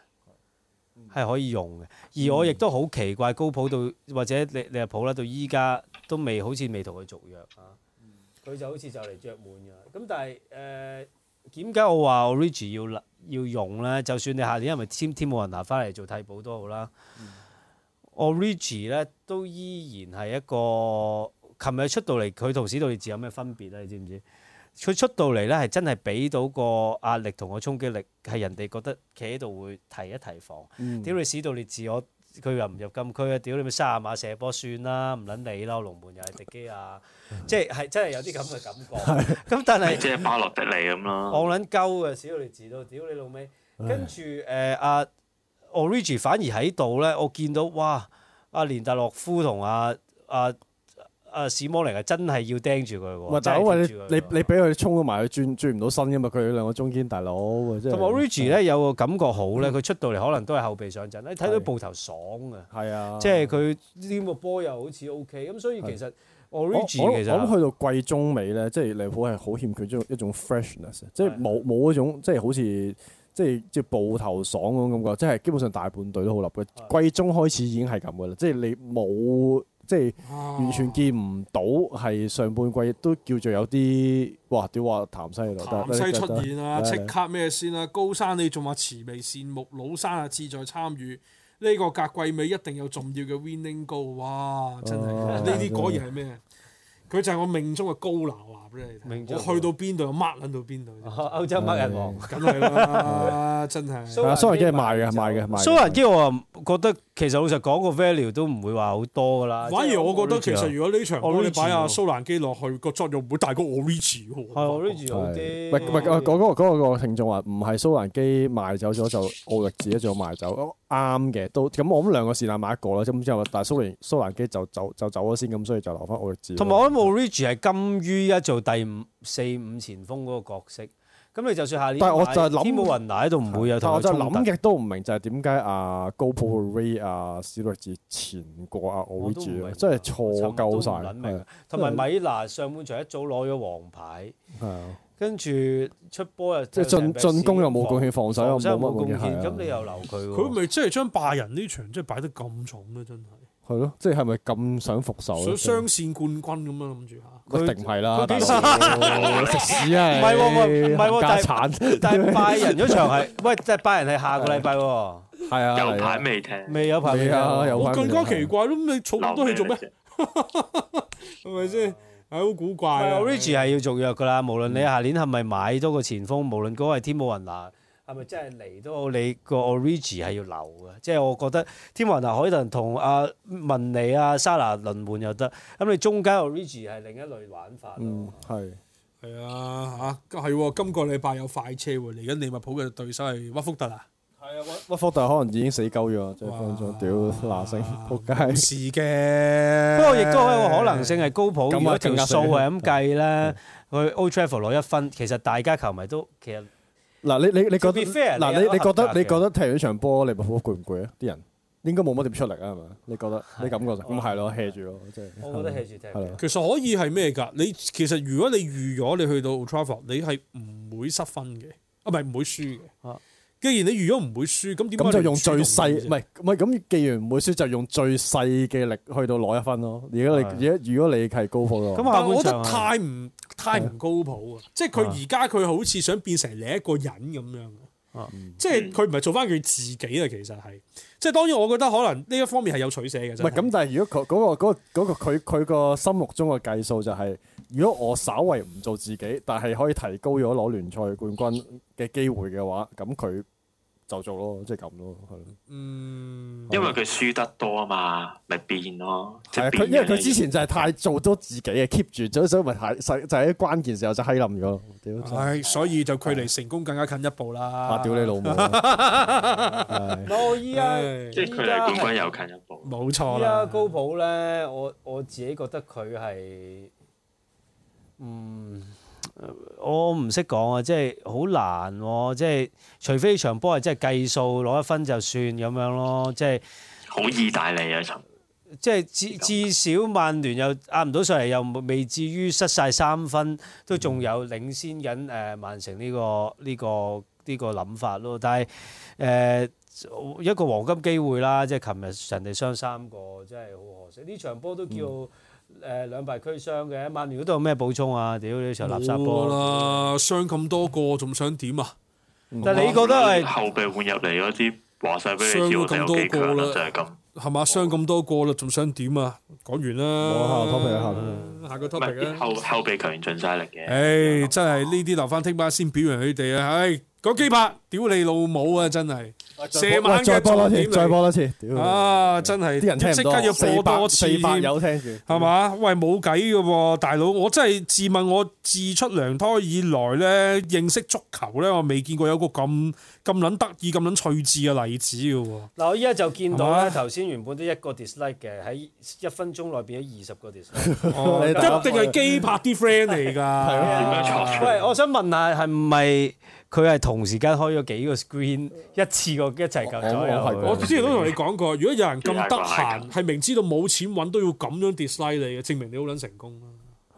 係可以用嘅，而我亦都好奇怪，嗯、高普到或者你你又普啦，到依家都未好似未同佢續約。啊。佢，嗯、就好似就嚟着滿㗎。咁但係誒點解我話我 Origi 要要用咧？就算你下年係咪天天冇人拿翻嚟做替補都好啦，我 Origi 咧都依然係一個琴日出到嚟，佢同史杜列治有咩分別咧？你知唔知？佢出到嚟咧，係真係俾到個壓力同個衝擊力，係人哋覺得企喺度會提一提防。屌、嗯、你史杜列治我佢又唔入禁區啊！屌你咪三十碼射波算啦，唔撚理咯。龍門又係迪基亞，嗯、即係係真係有啲咁嘅感覺。咁 但係即係巴洛迪利咁咯。戇撚鳩嘅史杜列治到，屌你老味。跟住誒阿 Origi 反而喺度咧，我見到哇阿連達洛，洛夫同阿阿。啊 uh, 誒史摩尼係真係要釘住佢喎！但係因為你你俾佢衝咗埋，佢轉轉唔到身㗎嘛？佢兩個中堅大佬，同埋 Origi 咧有個感覺好咧，佢出到嚟可能都係後備上陣。你睇到部頭爽啊！係啊，即係佢呢個波又好似 O K。咁所以其實 Origi 其實我諗去到季中尾咧，即係利物浦係好欠缺一種 freshness，即係冇冇一種即係好似即係即係部頭爽嗰種感覺。即係基本上大半隊都好立嘅。季中開始已經係咁㗎啦，即係你冇。即係完全見唔到，係上半季都叫做有啲哇！屌話潭西落潭西出現啦，即刻咩先啦？高山你仲話慈眉善目，老山啊志在參與，呢個隔季尾一定有重要嘅 winning goal。哇！真係呢啲果然係咩？佢就係我命中嘅高樓啊！你明我去到邊度 mark 撚到邊度？歐洲 mark 人王，梗係啦，真係。蘇仁基賣嘅賣嘅賣。蘇仁基我覺得。其實老實講個 value 都唔會話好多㗎啦。反而我覺得其實如果呢場我哋擺阿蘇蘭基落去，個作用唔會大過 Origi。喎、哦。係啊對，啲唔好啲。唔係唔係，嗰個嗰個、那個聽眾話唔係蘇蘭基賣走咗就奧力治一早賣走。啱嘅、哦，都咁我諗兩個是但買一個啦，咁之後但係蘇蘭蘇蘭基就走就走咗先，咁所以就留翻奧力治。同埋我諗 Origi 係甘於一做第五、四五前鋒嗰個角色。咁你就算下呢啲天母雲帶都唔會有，我就諗極都唔明，就係點解阿高普瑞阿斯洛治前過阿奧會住啊？真係錯夠曬。同埋米拿上半場一早攞咗黃牌，跟住出波又即進進攻又冇貢獻，防守又冇乜貢獻，咁你又留佢？佢咪即係將拜仁呢場即係擺得咁重咧？真係係咯，即係係咪咁想復仇？想雙線冠軍咁樣諗住佢定係啦，食屎啊！唔係喎，唔係喎，但係但係拜仁嗰場係，喂，即係拜仁係下個禮拜喎。係啊，有排未聽？未有排未啊？我更加奇怪，咁你儲咁多嘢做咩？係咪先？係好古怪。Rich 係要續約㗎啦，無論你下年係咪買多個前鋒，無論嗰個係天母雲拿。係咪真係嚟到你個 origin 係要留嘅，即係我覺得天皇拿海倫同阿文尼阿莎娜輪換又得。咁你中間 origin 係另一類玩法。嗯，係係啊嚇，係喎。今個禮拜有快車喎，嚟緊利物浦嘅對手係屈福特啊。係啊，屈屈福特可能已經死鳩咗，真係放縱屌嗱聲撲街。是嘅，不過亦都有一個可能性係高普，如果淨係數係咁計咧，去 Old Trafford 攞一分，其實大家球迷都其實。嗱，你你你覺得，嗱你你覺得，你覺得踢完場波你個火攰唔攰啊？啲人應該冇乜點出力啊，係咪？你覺得你感覺就係咁咯，hea 住咯，即係我覺得 hea 住踢。其實可以係咩㗎？你其實如果你預咗你去到 travel，你係唔會失分嘅，啊唔係唔會輸嘅。既然你預咗唔會輸，咁點解？咁就用最細唔係唔係咁？既然唔會輸，就用最細嘅力去到攞一分咯。如果你如果你係高火嘅，咁我覺得太唔～太唔高普啊！即係佢而家佢好似想變成另一個人咁樣啊！嗯、即係佢唔係做返佢自己啊！其實係即係當然，我覺得可能呢一方面係有取捨嘅。唔係咁，但係如果佢、嗰、嗰個嗰、嗰個佢佢、嗰個、個心目中嘅計數就係、係，如果我稍為唔做自己，但係可以提高咗攞聯賽冠軍嘅機會嘅話，咁佢。就做咯，即係咁咯，係咯。嗯，因為佢輸得多啊嘛，咪變咯。的即係因為佢之前就係太做多自己啊，keep 住咗，所以咪係，就喺、是、關鍵時候就閪冧咗。屌，哎、所以就距離成功更加近一步啦。啊，屌你老母！老姨呀！即係距離冠軍又近一步，冇錯啦。依家高普咧，我我自己覺得佢係，嗯。我唔識講啊，即係好難喎，即係除非呢場波係真係計數攞一分就算咁樣咯，即係好意大利啊，就即係至至少曼聯又壓唔到上嚟，又未至於失晒三分，都仲有領先緊誒曼城呢個呢、呢個呢、呢個諗法咯。但係誒、呃、一個黃金機會啦，即係琴日人哋傷三個，真係好可惜。呢場波都叫。嗯誒，兩敗俱傷嘅曼聯嗰度有咩補充啊？屌呢場垃圾波啦，傷咁多個，仲想點啊？但係你覺得係後備換入嚟，嗰啲話晒俾你知，我哋幾強啦，就係咁。係嘛？傷咁多個啦，仲想點啊？講完啦，下個 topic 啦，後後備球員盡晒力嘅。誒，真係呢啲留翻聽晚先表揚佢哋啊，誒。嗰機拍屌你老母啊！真係射萬幾播多次，再播多次，啊真係啲人聽唔多，即刻要四百四有聽住係嘛？喂，冇計嘅喎，大佬，我真係自問我自出娘胎以來咧，認識足球咧，我未見過有個咁咁撚得意、咁撚趣致嘅例子嘅喎。嗱，我依家就見到咧，頭先原本都一個 dislike 嘅，喺一分鐘內變咗二十個 dislike，一定係機拍啲 friend 嚟㗎。係咯，喂，我想問下係唔係？佢係同時間開咗幾個 screen，一次過一齊嚿咗，嗯、是我之前都同你講過，如果有人咁得閒，係明知道冇錢揾都要咁樣 dislike 你嘅，證明你好捻成功啦。係啊，唔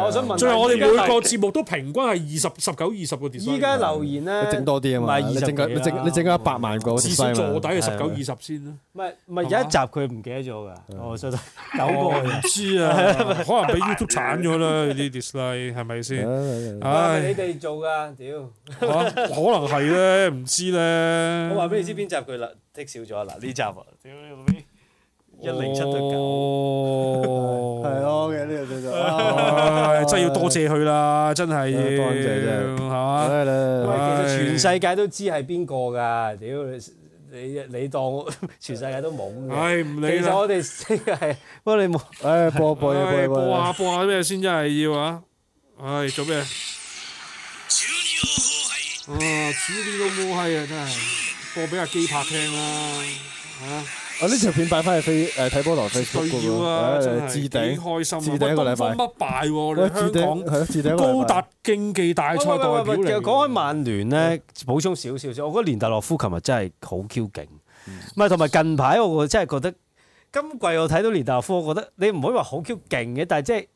係我想問。最後我哋每個節目都平均係二十、十九、二十個。依家留言咧，你整多啲啊嘛，唔係二十，你整你整緊一百萬個。至少坐底係十九、二十先咯。唔係唔係，有一集佢唔記得咗㗎。哦，真係九個，唔知啊，可能俾 YouTube 鏟咗啦啲 dislike 係咪先？唉，你哋做㗎屌，可能係咧，唔知咧。我話俾你知邊集佢剔少咗，嗱呢集啊，屌你老味。一零七都搞，係咯，呢個叫做，真係要多謝佢啦，真係，多謝真，係嘛，係啦。其實全世界都知係邊個噶，屌你你你當全世界都懵嘅，係唔理啦。其實我哋即係不過你冇，誒播播嘢，播下播下咩先真係要啊，係做咩？啊，此地無銀啊，真係播俾阿機拍聽啦，吓。我呢、啊、條片擺翻去飛誒睇波羅飛，最、呃、要啊！真係幾開心、啊置，置頂一個禮拜。香港係咯，置頂一個禮拜。高達競技大賽度嘅代表。其實講開、啊啊、曼聯咧，補充少少先。我覺得連達洛夫琴日真係好 Q 勁，唔係同埋近排我真係覺得今季我睇到連達洛夫，我覺得你唔可以話好 Q 勁嘅，但係即係。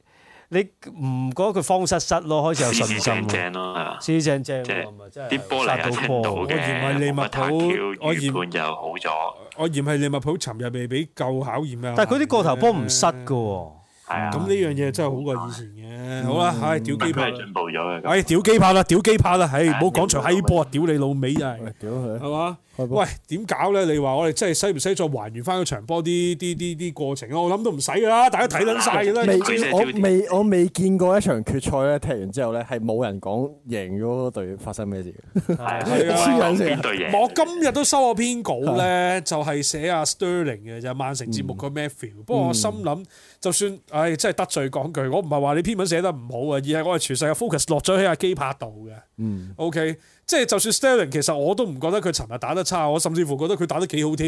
你唔覺得佢慌失失咯？開始有信心正正咯，係嘛？四四正正，即係啲波璃到嘅。我嫌唔係利物浦，我嫌好咗。我嫌係利物浦，尋日未俾夠考驗啊！但係佢啲個頭波唔失嘅喎，係咁呢樣嘢真係好過以前嘅。好啦，係屌機拍啦，哎，屌機拍啦，屌機拍啦，哎，唔好講場閪波，屌你老尾啊！屌佢，係嘛？喂，點搞咧？你話我哋真係使唔使再還原翻嗰場波啲啲啲啲過程咧？我諗都唔使噶啦，大家睇緊晒嘅啦。我未我未見過一場決賽咧，踢完之後咧係冇人講贏咗隊發生咩事。邊隊贏？ 我今日都收我篇稿咧， 就係、是、寫阿 Sterling 嘅，就曼城節目個 Matthew、嗯。不過我心諗，就算唉，真係得罪講句，我唔係話你篇文寫得唔好啊，而係我係全世界 focus 落咗喺阿基柏度嘅。嗯，OK。即係就算 Sterling 其實我都唔覺得佢尋日打得差，我甚至乎覺得佢打得幾好添，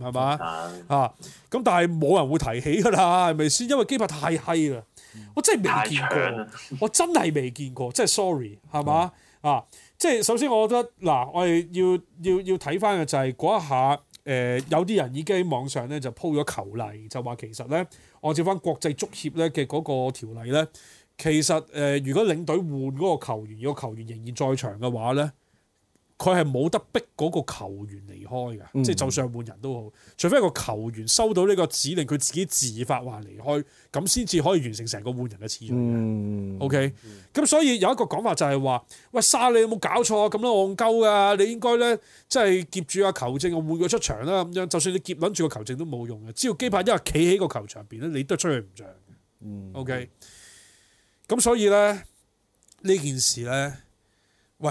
係嘛？嗯、啊，咁但係冇人會提起㗎啦，係咪先？因為基帕太閪啦，我真係未見過，我真係未見過，即係 sorry，係嘛？嗯、啊，即係首先我覺得嗱、啊，我哋要要要睇翻嘅就係、是、嗰一下，誒、呃、有啲人已經喺網上咧就鋪咗球例，就話其實咧按照翻國際足協咧嘅嗰個條例咧，其實誒、呃、如果領隊換嗰個球員，而、那個球員仍然在場嘅話咧，佢係冇得逼嗰個球員離開嘅，即係、嗯、就算換人都好，除非個球員收到呢個指令，佢自己自發話離開，咁先至可以完成成個換人嘅次序。O K，咁所以有一個講法就係話，喂沙利，你有冇搞錯咁多戇鳩噶？你應該咧，即係劫住阿球證，我換個出場啦咁樣，就算你劫穩住個球證都冇用嘅。只要基帕一日企喺個球場入邊咧，你都出佢唔像。O K，咁所以咧呢件事咧，喂。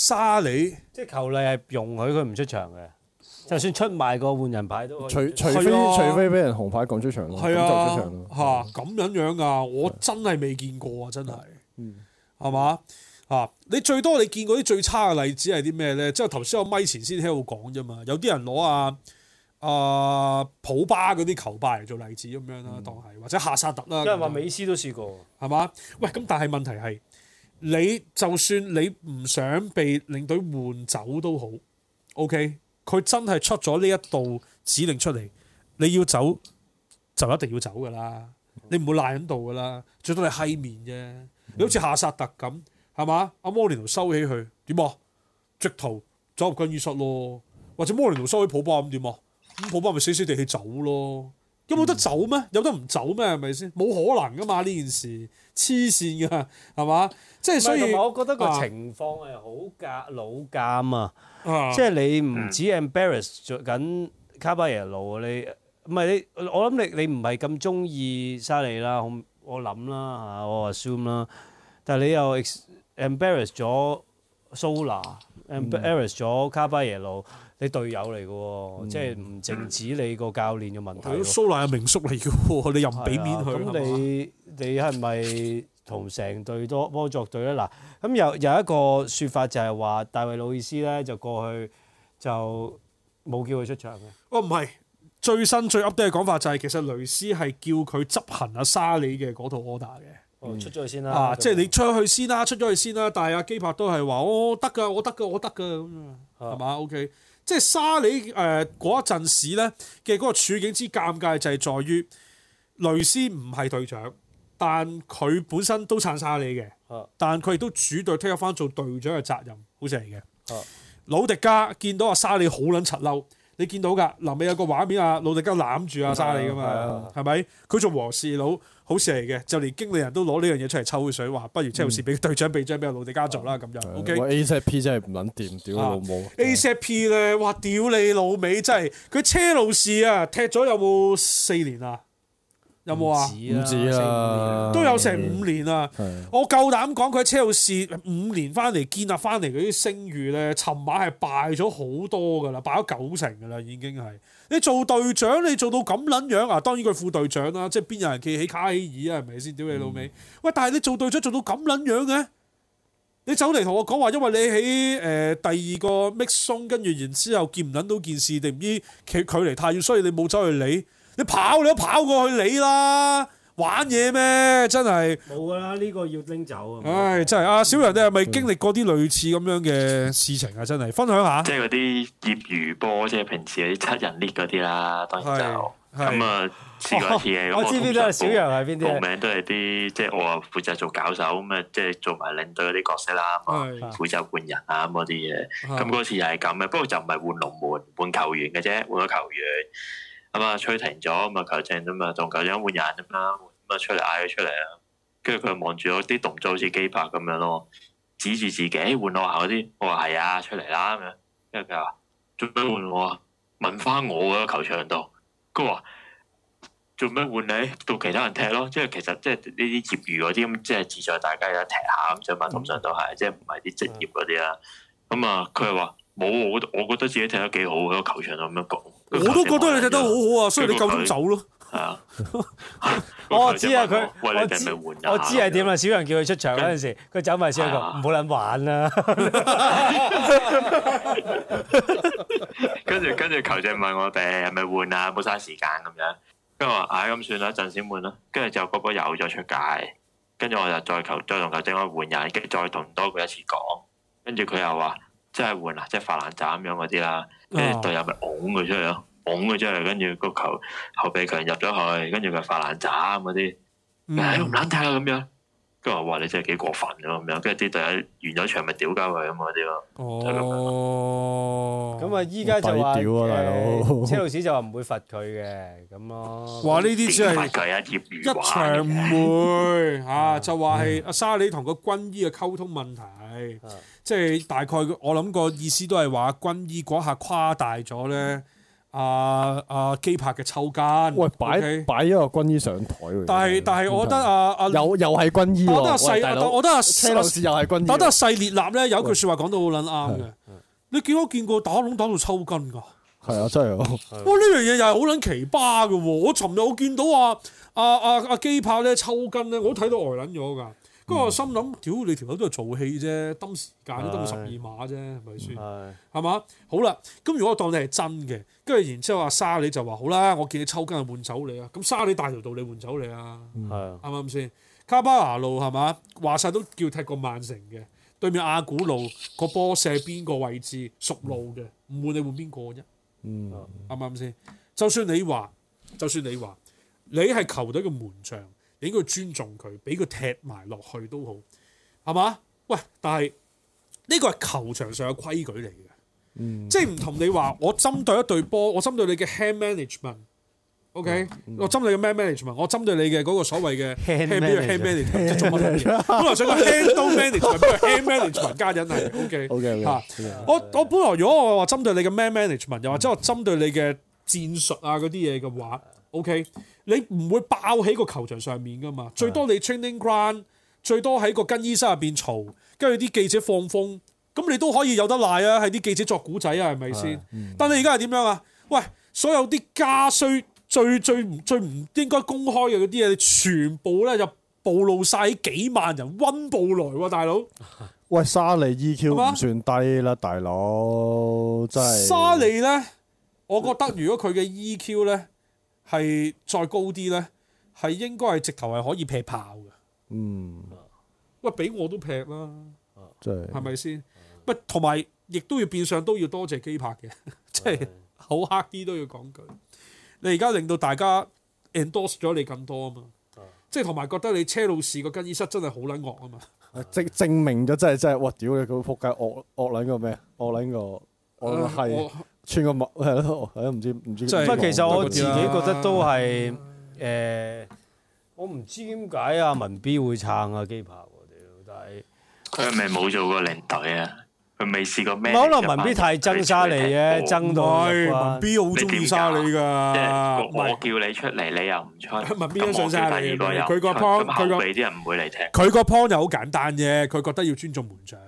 沙里，即係，球例係容許佢唔出場嘅，就算出埋個換人牌都。除非是、啊、除非除非俾人紅牌趕出場咯。係是啊，啊，吓，咁樣樣啊，我真係未見過是的、嗯、啊，真係。嗯。係嘛？吓，你最多你見過啲最差嘅例子係啲咩咧？即係頭先我咪前先聽我講啫嘛，有啲人攞阿阿普巴嗰啲球霸嚟做例子咁樣啦、啊，當係或者夏薩特啦，即係話美斯都試過，係嘛？喂，咁但係問題係。你就算你唔想被領隊換走都好，OK，佢真係出咗呢一道指令出嚟，你要走就一定要走噶啦，你唔會賴喺度噶啦，最多你係氣面啫。你好似夏薩特咁，係嘛？阿、啊、摩連奴收起佢點啊？直頭走入更衣室咯，或者摩連奴收起普巴咁點啊？咁普巴咪死死地氣走咯。有冇得走咩？有得唔走咩？係咪先？冇可能噶嘛呢件事，黐線噶係嘛？即係所以，我覺得個情況係好尷老尷啊！即係你唔止 embarrass 咗緊卡巴耶路，你唔係你我諗你你唔係咁中意莎莉啦，我諗啦嚇，我 assume 啦。但係你又 embarrass 咗蘇拿，embarrass 咗卡巴耶路。你隊友嚟嘅喎，嗯、即係唔淨止你個教練嘅問題。嗯、蘇納係名宿嚟嘅喎，你又唔俾面佢。咁你係係 你係咪同成隊多波作對咧？嗱，咁有有一個説法就係話，大衛魯伊斯咧就過去就冇叫佢出場嘅。哦、啊，唔係最新最 update 嘅講法就係其實雷斯係叫佢執行阿沙里嘅嗰套 order 嘅。哦、嗯，出咗去先啦。即係、啊就是、你出去先啦，出咗去先啦。但係阿基柏都係話：哦，得㗎，我得㗎，我得㗎咁啊，係嘛？OK。即係沙裏誒嗰一陣時咧嘅嗰個處境之尷尬就係在於，雷斯唔係隊長，但佢本身都撐沙裏嘅，啊、但佢亦都主隊推翻做隊長嘅責任，好似嚟嘅。老、啊、迪加見到阿沙裏好撚柒嬲。你見到噶，嗱，你有個畫面迪啊，魯迪加攬住阿沙尼噶嘛，係咪？佢做和事佬好事嚟嘅，就連經理人都攞呢樣嘢出嚟抽水，話不如車路士俾隊長臂章俾魯迪加做啦咁樣。OK，AZP 真係唔撚掂，屌、啊、老母。AZP 咧，哇，屌你老味，真係，佢車路士啊，踢咗有冇四年啊？有冇啊？唔止啦，啊，都有成五年啦，啊。我夠膽講佢喺車路士五年翻，啊，嚟的建立翻嚟嗰啲聲譽咧，尋晚係敗咗好多噶啦，敗咗九成噶啦，已經係。你做隊長，你做到咁撚樣、樣啊？當然佢副隊長啦，啊，即係邊有人企起卡希爾啊？係咪先？屌你老味，嗯、喂，但係你做隊長做到咁撚樣嘅，你走嚟同我講話，因為你喺誒，呃、第二個 mix zone，跟住然之後見唔撚到件事，定唔知距離太遠，所以你冇走去理。你跑你都跑過去你啦，玩嘢咩？真係冇噶啦，呢個要拎走啊！唉，真係阿小楊，你係咪經歷過啲類似咁樣嘅事情啊？真係分享下。即係嗰啲業餘波，即係平時嗰啲七人 lift 嗰啲啦，當然就咁啊，試過一次嘅。我知邊啲係小楊，係邊啲報名都係啲，即係我啊負責做搞手咁啊，即係做埋領隊嗰啲角色啦，負責換人啊咁嗰啲嘢。咁嗰次又係咁嘅，不過就唔係換龍門換球員嘅啫，換咗球員。啊嘛，吹停咗，咪球證啫嘛，同球長換人啫嘛，咁啊出嚟嗌佢出嚟啊，跟住佢望住我啲動作好似機拍咁樣咯，指住自己換、欸、我下嗰啲，我話係啊，出嚟啦咁樣，跟住佢話做咩換我，我啊？問翻我個球場度，佢話做咩換你？到其他人踢咯，即係其實即係呢啲業餘嗰啲，咁即係自在大家有踢下咁就嘛，通常都係，即係唔係啲職業嗰啲啦。咁啊，佢係話。冇，我覺得自己踢得幾好喺個球場度咁樣講。我都覺得你踢得好好啊，為所以你咁人走咯。係啊，我知啊，佢我知，我知係點啊。小楊叫佢出場嗰陣時，佢走埋少一個，唔好撚玩啦。跟住跟住，球證問我哋係咪換啊？冇嘥時間咁樣。跟住我話：唉、啊，咁、啊嗯、算啦，一陣先換啦。跟住就個個又再出界。跟住我就再,求再球再同球證去換人，再跟再同多佢一次講。跟住佢又話。真係換即啦，即係發爛渣咁樣嗰啲啦，啲隊友咪拱佢出嚟咯，拱佢出嚟，跟住個球後備強入咗去，跟住佢發爛渣嗰啲，mm hmm. 哎唔撚聽啦咁樣。咁啊，話你真係幾過分咯咁樣，跟住啲第一完咗場咪屌交佢啊嘛啲咯，哦，咁樣。咁啊，依家就屌啊大佬，車路士就話唔會罰佢嘅咁咯。話呢啲只係一一場唔會吓，就話係阿沙里同個軍醫嘅溝通問題，即係 大概我諗個意思都係話軍醫嗰下誇大咗咧。阿阿、啊啊、基柏嘅抽筋，喂擺擺 Okay? 一個軍醫上台，但係是但係我覺得阿阿又又係軍醫，我、啊、覺、啊、得細，我覺、啊、得阿、啊啊、車又係軍醫，覺得細列立咧有一句話說話講到好撚啱嘅，喂你見冇見過打龍打到抽筋噶？係啊真係啊，呢樣嘢又係好撚奇葩嘅，我尋日我見到阿阿阿阿基柏咧抽筋咧，我都睇到呆撚咗噶。不過、嗯、心諗，屌你條友都係做戲啫，掟時間都到十二碼啫，係咪先？係、係嘛？好啦，咁如果我當你係真嘅，跟住然之後阿沙你就話好啦，我見你抽筋啊，換走你啊，咁沙你大條道你換走你啊，啱啱先？卡巴納路係嘛？話晒都叫踢過曼城嘅，對面阿古路個波射邊個位置熟路嘅，唔換你換邊個啫？嗯，啱啱先？就算你話，就算你話，你係球隊嘅門將。你應該尊重佢，俾佢踢埋落去都好，係嘛？喂，但係呢個係球場上有規矩嚟嘅，即係唔同你話我針對一隊波，我針對你嘅 hand management，OK？我針對你嘅 Man management？我針對你嘅嗰個所謂嘅 hand Management，咩？原來想講 hand management，咩 hand management？加引係 OK？OK？嚇！我我本來如果我話針對你嘅 man management，m n a 又或者我針對你嘅戰術啊嗰啲嘢嘅話。O、okay, K，你唔會爆喺個球場上面噶嘛？的最多你 training ground，最多喺個更衣室入邊嘈，跟住啲記者放風，咁你都可以有得賴啊！係啲記者作古仔啊，係咪先？嗯、但你而家係點樣啊？喂，所有啲家私最最唔最唔應該公開嘅嗰啲嘢，你全部咧就暴露晒。喺幾萬人溫布萊喎、啊，大佬。喂，沙利 E Q 唔算低啦，嗎大佬真係。沙利咧，我覺得如果佢嘅 E Q 咧。係再高啲咧，係應該係直頭係可以劈炮嘅。嗯，喂，俾我都劈啦，係咪先？不，同埋亦都要變相都要多謝機拍嘅，即係好黑啲都要講句。你而家令到大家 endorse 咗你咁多啊嘛，即係同埋覺得你車路士個更衣室真係好撚惡啊嘛。證證明咗真係真係，哇！屌你，個仆街惡惡撚個咩啊？惡撚個惡係。穿個襪係咯，我都唔知唔知。不過其實我自己覺得都係誒，我唔知點解阿文 B 會撐阿基柏喎，調底。佢係咪冇做過領隊啊？佢未試過咩？唔係可能文 B 太憎沙利嘅憎對，文 B 好中意沙利㗎。即係我叫你出嚟，你又唔出。文 B 想沙利，佢個 point 佢個佢啲人唔會嚟聽。佢個 point 又好簡單嘅，佢覺得要尊重門將。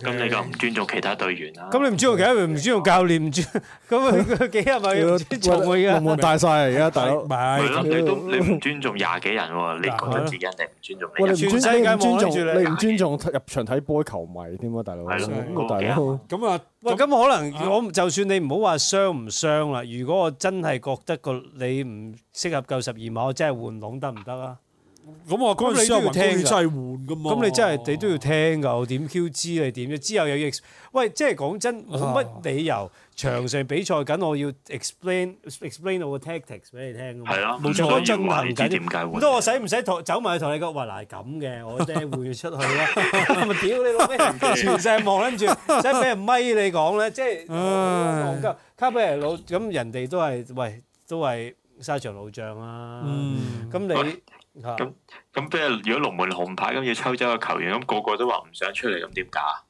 咁你就唔尊重其他隊員啦？咁你唔尊重其他，唔尊重教練，唔尊咁啊？幾日咪要尊重佢？龍門大晒嚟，噶大佬，咪你都你唔尊重廿幾人喎？你覺得自己唔尊重你？全世界唔尊重你，你唔尊重入場睇波球迷添啊？大佬係咯，咁啊，喂，咁可能我就算你唔好話傷唔傷啦，如果我真係覺得個你唔適合夠十二碼，我真係換籠得唔得啊？咁我咁你都要聽嘅，咁你真係你都要聽㗎。我點 Q 知你點？之後有 ex，喂，即係講真冇乜理由。場上比賽緊，我要 explain explain 我個 tactics 俾你聽㗎嘛。係咯，冇錯。進行緊，咁我使唔使同走埋去同你講？喂，嗱係咁嘅，我即係換出去啦。咪屌你老味？全世界望緊住，使咩咪咪你講咧？即係講夠，給人攞咁人哋都係喂，都係沙場老將啦。咁你？咁咁，即、嗯嗯、如果龍門紅牌，咁要抽走個球員，咁、嗯、個個都話唔想出嚟，咁點解啊？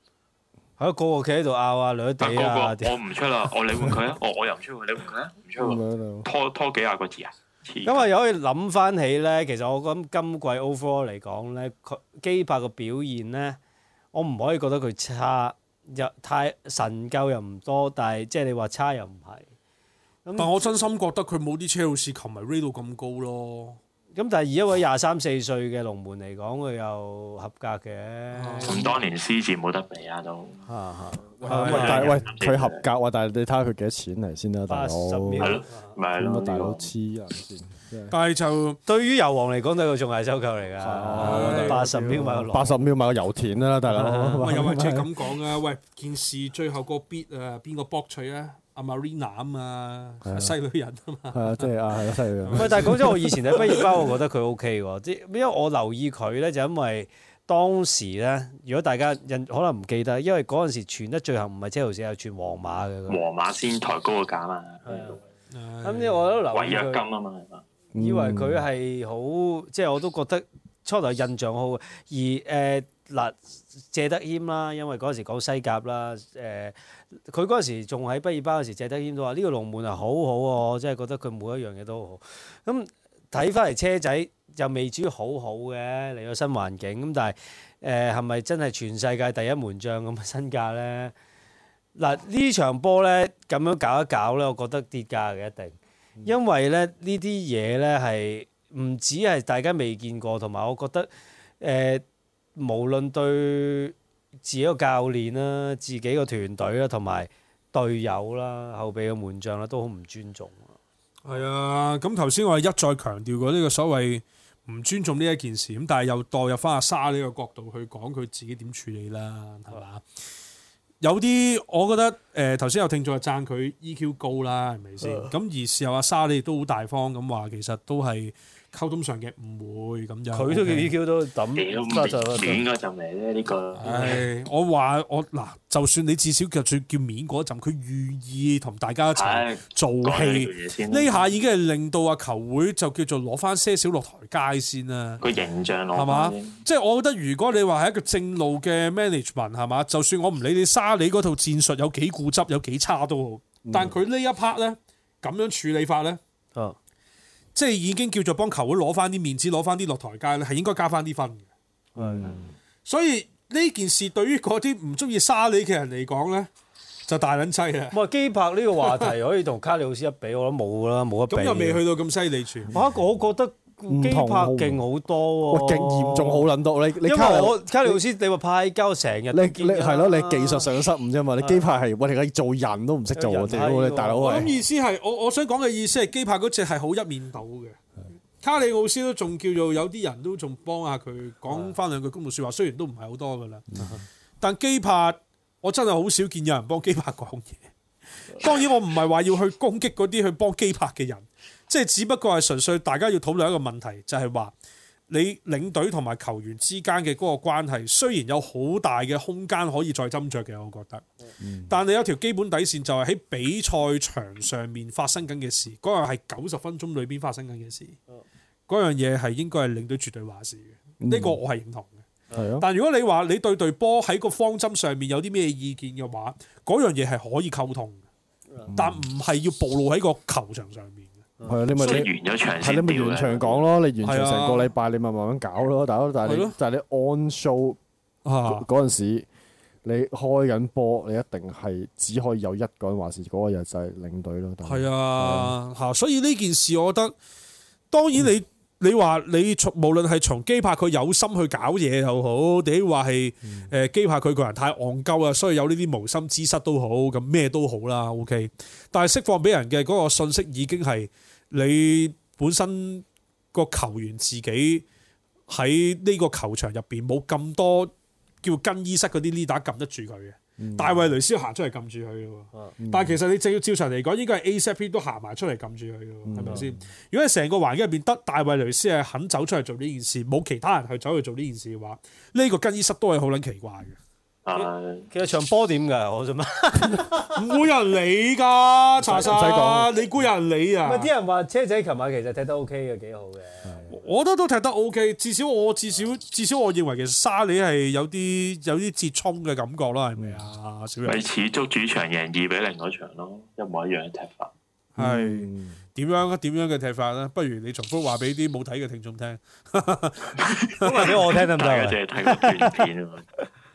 吓，個個企喺度拗啊，兩底 啊。我唔出啦，我你換佢啊。我我又唔出，你換佢啊。唔出喎。拖拖幾廿個字啊？咁啊，又可以諗翻起咧。其實我諗今季 O four 嚟講咧，佢基柏個表現咧，我唔可以覺得佢差，又太神救又唔多，但係即係你話差又唔係。嗯嗯、但我真心覺得佢冇啲車路士球迷 reach 到咁高咯。咁但係而一位廿三四歲嘅龍門嚟講，佢又合格嘅。咁當年獅子冇得比啊都。嚇嚇。但係佢合格啊，但係你睇下佢幾多錢嚟先啦，大佬。八十秒。係咯。咁啊大佬黐啊線。但係就對於油王嚟講，就仲係收購嚟㗎。八十秒買個龍，八十秒買個油田啦，大佬。喂，又或者咁講啊？喂，件事最後個 bit 啊，邊個博取啊？阿 Marina 啊嘛，ma, 西女人啊嘛，係、就是、啊，即係阿係西女人。唔係，但係講真，我以前喺畢業班，我覺得佢 O K 喎。即因為我留意佢咧，就是、因為當時咧，如果大家印可能唔記得，因為嗰陣時傳得最後唔係車路士，係傳皇馬嘅。皇馬先抬高個價嘛。係啊。咁、哎嗯、所以我都留意佢。違約金啊嘛係嘛。嗯、以為佢係好，即、就、係、是、我都覺得初頭印象好。而誒嗱、呃，謝德謙啦，因為嗰陣時講西甲啦，誒。誒誒誒佢嗰時仲喺畢業班嗰時，謝德軒都話：呢個龍門啊，好好喎，我真係覺得佢每一樣嘢都好。咁睇翻嚟車仔又未至於好好嘅，嚟咗新環境咁，但係誒係咪真係全世界第一門將咁嘅身價咧？嗱、呃、呢場波咧咁樣搞一搞咧，我覺得跌價嘅一定，因為咧呢啲嘢咧係唔止係大家未見過，同埋我覺得誒、呃、無論對。自己個教練啦，自己個團隊啦，同埋隊友啦，後備嘅門將啦，都好唔尊重。係啊，咁頭先我一再強調過呢個所謂唔尊重呢一件事，咁但係又代入翻阿沙呢個角度去講佢自己點處理啦，係咪啊？有啲我覺得誒頭先有聽眾讚佢 EQ 高啦，係咪先？咁而事後阿沙，你亦都好大方咁話，其實都係。溝通上嘅唔會咁樣，佢都叫都抌，應該就嚟咧呢個。係唉麼我話我嗱，就算你至少叫做叫面嗰陣，佢願意同大家一齊做戲，呢下已經係令到阿、啊、球會就叫做攞翻些少落台階先啦。個形象攞翻，即係吧吧我覺得，如果你話係一個正路嘅 management，係嘛？就算我唔理你沙裏嗰套戰術有幾固執，有幾差都好，嗯、但佢呢一 part 咧咁樣處理法咧。呢即係已經叫做幫球會攞翻啲面子，攞翻啲落台階咧，係應該加翻啲分嘅。係、嗯，所以呢件事對於嗰啲唔中意沙利嘅人嚟講咧，就大撚淒啦。唔係基柏呢個話題可以同卡里奧斯一比，我覺得冇啦，冇得比。咁又未去到咁犀利處嚇，我覺得。機拍，勁好多喎！勁嚴重。好撚多，你你卡里卡里奧斯，你話派交成日，你你係咯，你技術上嘅失誤啫嘛，你機拍係哋，你係做人都唔識做，我哋大佬。咁意思係我我想講嘅意思係，機拍嗰隻係好一面倒嘅。卡里奧斯都仲叫做有啲人都仲幫下佢講翻兩句公道説話，雖然都唔係好多噶啦，但機拍我真係好少見有人幫機拍講嘢。當然我唔係話要去攻擊嗰啲去幫機拍嘅人。即係只不過係純粹大家要討論一個問題，就係話你領隊同埋球員之間嘅嗰個關係，雖然有好大嘅空間可以再斟酌嘅，我覺得。但係有條基本底線就係喺比賽場上面發生緊嘅事，嗰樣係九十分鐘裏邊發生緊嘅事，嗰樣嘢係應該係領隊絕對話事嘅。呢個我係認同嘅。係咯。但如果你話你對對波喺個方針上面有啲咩意見嘅話，嗰樣嘢係可以溝通，但唔係要暴露喺個球場上。係你咪你係你咪完場講咯，你完場成個禮拜，你咪慢慢搞咯。大佬對但係你對但係你，吧你 on show 啊嗰陣時，你開緊波，你一定係只可以有一個人話事。嗰個日就係領隊咯。係啊吓，嗯、所以呢件事，我覺得當然你、嗯、你話你從無論係從基帕佢有心去搞嘢又好，或者話係誒基帕佢個人太戇鳩啊，所以有呢啲無心之失都好，咁咩都好啦。OK，但係釋放俾人嘅嗰個信息已經係。你本身個球員自己喺呢個球場入邊冇咁多叫更衣室嗰啲 leader 撳得住佢嘅。嗯、大衛雷斯行出嚟撳住佢咯。嗯、但係其實你淨要正照常嚟講，應該係 A、C、P 都行埋出嚟撳住佢咯，係咪先？如果係成個環境入邊得大衛雷斯係肯走出嚟做呢件事，冇其他人去走去做呢件事嘅話，呢、呢個更衣室都係好捻奇怪嘅。其實場波點噶，我做乜唔會有人理噶？唔使講，你估有人理啊！咪啲人話車仔琴日其實踢得 OK 嘅，幾好嘅。我覺得都踢得 OK，至少我至少至少我認為其實沙里係有啲有啲折衷嘅感覺啦，係咪啊？少人。為始足主場贏二比零嗰場咯，一模一樣嘅踢法。係點樣？點樣嘅踢法咧？不如你重複話俾啲冇睇嘅聽眾聽，講埋俾我聽得唔得啊？大家淨係睇短片。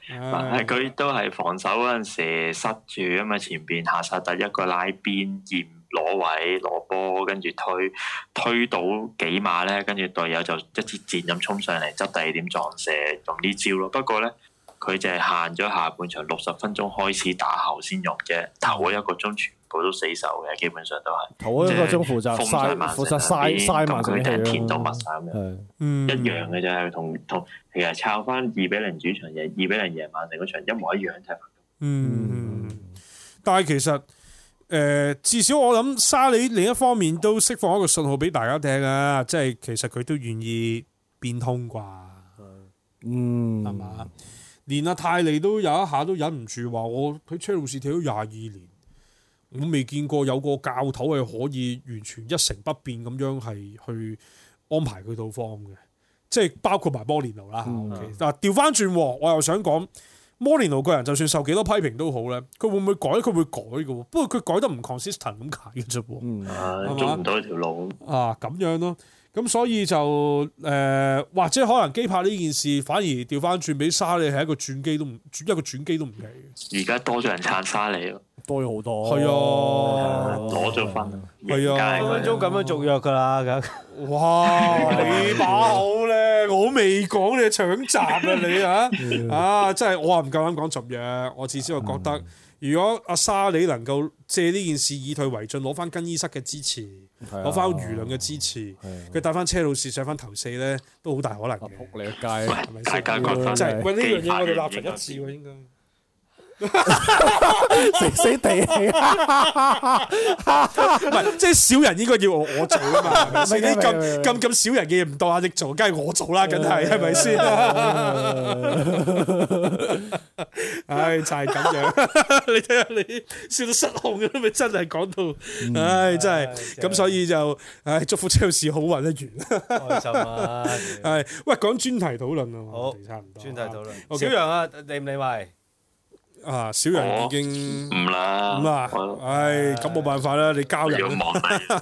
Yeah, yeah. 但係佢都係防守嗰陣時塞住啊嘛，因為前邊下殺特一個拉邊墊攞位攞波，跟住推推到幾碼咧，跟住隊友就一支箭咁衝上嚟執第二點撞射用呢招咯。不過咧，佢淨係限咗下半場六十分鐘開始打後先用啫，我一個鐘全。我都死守嘅，基本上都係即係負責，負責晒晒埋咁，佢填到密晒咁樣，是嗯，一樣嘅啫，同同其實抄翻二比零主場嘅二比零贏曼城個場一模一樣，1, 嗯，但係其實誒、呃，至少我諗沙利另一方面都釋放一個信號俾大家聽啊，即係其實佢都願意變通啩，吧嗯，係嘛，連阿泰利都有一下都忍唔住話我喺車路士踢咗廿二年。我未見過有個教頭係可以完全一成不變咁樣係去安排佢套方案嘅，即係包括埋摩連奴啦。嗱 Okay,、嗯，調翻轉，我又想講摩連奴個人，就算受幾多批評都好咧，佢會唔會改？佢會改嘅，不過佢改得唔 consistent 咁解嘅啫喎。嗯，走唔吧到一條路啊，咁樣咯。咁所以就誒，或、呃、者可能機拍呢件事，反而調翻轉俾沙利係一個轉機都唔，一個轉機都唔起嘅。而家多咗人撐沙利咯，多咗好多。係啊，攞咗分。係啊，了分分鐘咁樣續約㗎喇咁。哇！ 你把口咧，我未講你搶閘啊你啊 啊！真係我啊唔夠膽講續約，我至少係覺得。嗯如果阿沙你能夠借呢件事以退為進，攞翻更衣室嘅支持，攞翻輿論嘅支持，佢、啊、帶翻車路士上翻頭四咧，都好大可能。撲你、啊、一街，係咪覺得即係喂呢樣嘢我哋立場一致喎，應該。死死地啊！唔係，即係少人應該要我我做啊嘛！你咁咁咁少人嘅嘢唔多啊，你做梗係我做啦，梗係係咪先啊？唉，就係咁樣。你睇下你笑到失控嘅，咪真係講到唉，真係咁，所以就唉，祝福超市好運一圓。開心啊！係喂，講專題討論啊嘛，好，差唔多。專題討論，小楊啊，理唔理咪？啊！少人已經唔啦，唔啦，唉，咁冇辦法啦，你交人。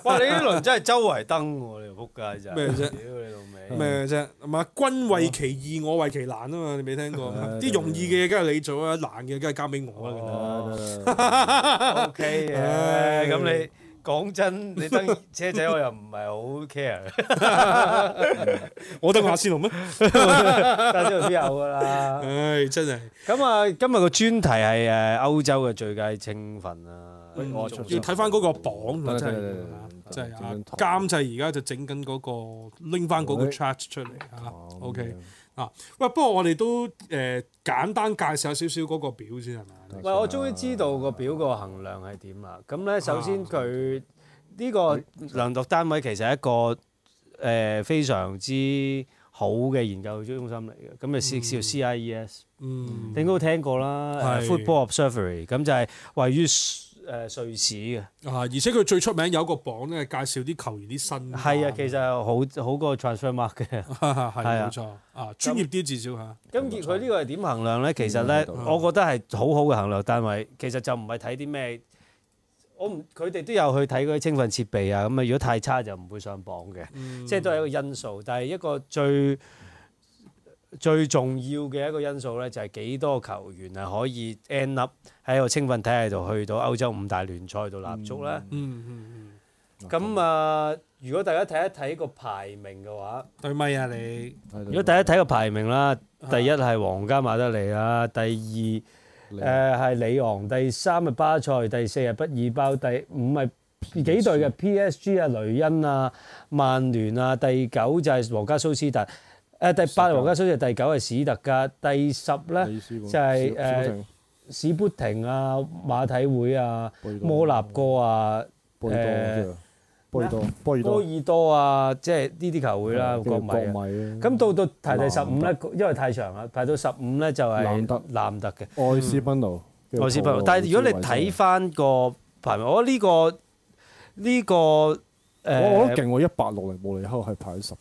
哇！你呢輪真係周圍燈喎，你仆街真。咩啫？屌你老味！咩啫？唔係君為其易，我為其難啊嘛！你未聽過？啲容易嘅嘢梗係你做啦，難嘅梗係交俾我啦。OK 嘅，咁你。講真，你登車仔我又唔係好 care。我登亞視路咩？亞視路邊有㗎啦。唉，真係。咁、嗯、啊，今日個專題係誒歐洲嘅最佳青訓啊。要睇翻嗰個榜，真係真係監製而家就整緊嗰個拎翻嗰個 chart 出嚟啊。 糖 OK。啊！喂，不過我哋都誒、呃、簡單介紹少少嗰個表先係嘛？喂，我終於知道個表個衡量係點啦。咁咧，首先佢呢個量度單位其實係一個誒、呃、非常之好嘅研究中心嚟嘅。咁就先介紹 CIES、嗯、你應該都聽過啦。是 uh, Football Observatory 咁就係位於，誒、呃、瑞士嘅，啊！而且佢最出名有個榜咧，介紹啲球員啲身，係啊，其實好好過 Transfermarkt 嘅，係冇錯啊，專業啲至少吓。咁佢、啊、呢個係點衡量咧？其實咧，嗯、我覺得係好好嘅衡量單位。其實就唔係睇啲咩，我唔佢哋都有去睇嗰啲青訓設備啊。咁啊，如果太差就唔會上榜嘅，即係、嗯、都係一個因素。但係一個最最重要嘅一個因素咧，就係幾多球員係可以 end 粒喺個青訓體系度去到歐洲五大聯賽度立足咧。嗯嗯嗯。咁、嗯、啊、嗯呃，如果大家睇一睇個排名嘅話，對咪啊你？如果大家睇個排名啦，第一係皇家馬德里啊，第二誒係里昂，第三係巴塞，第四係不爾包，第五係幾隊嘅 PSG 啊、PS G. PS G, 雷恩啊、曼聯啊，第九就係皇家蘇斯特。誒第八皇家蘇塞，第九係史特加，第十咧就係誒史普廷啊、馬體會啊、摩納哥啊、誒波爾多、波爾多、波爾多啊，即係呢啲球會啦，國米。咁到到排第十五咧，因為太長啦。排到十五咧就係南特南特嘅愛斯賓奴。愛斯賓奴。但係如果你睇翻個排名，我覺得呢個呢個。嗯、我我好勁喎，一百六零冇釐溝係排喺十九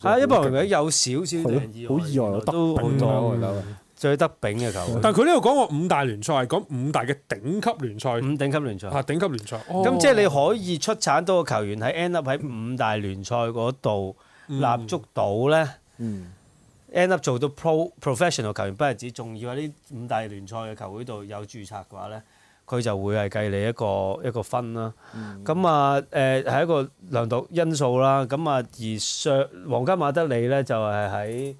喎。啊，一百六零有少少，好意外啊，外得丙球，嗯、得最得丙嘅球、嗯。但係佢呢度講過五大聯賽，講五大嘅頂級聯賽，五頂級聯賽，啊，頂級聯賽。咁、哦、即係你可以出產多個球員喺 end up 喺五大聯賽嗰度立足到咧。嗯嗯、end up 做到 pro professional 球員不係只，仲要喺呢五大聯賽嘅球會度有註冊嘅話咧。佢就會係計你一個一個分啦。咁啊，誒係一個量度因素啦。咁啊，而上皇家馬德里咧就係喺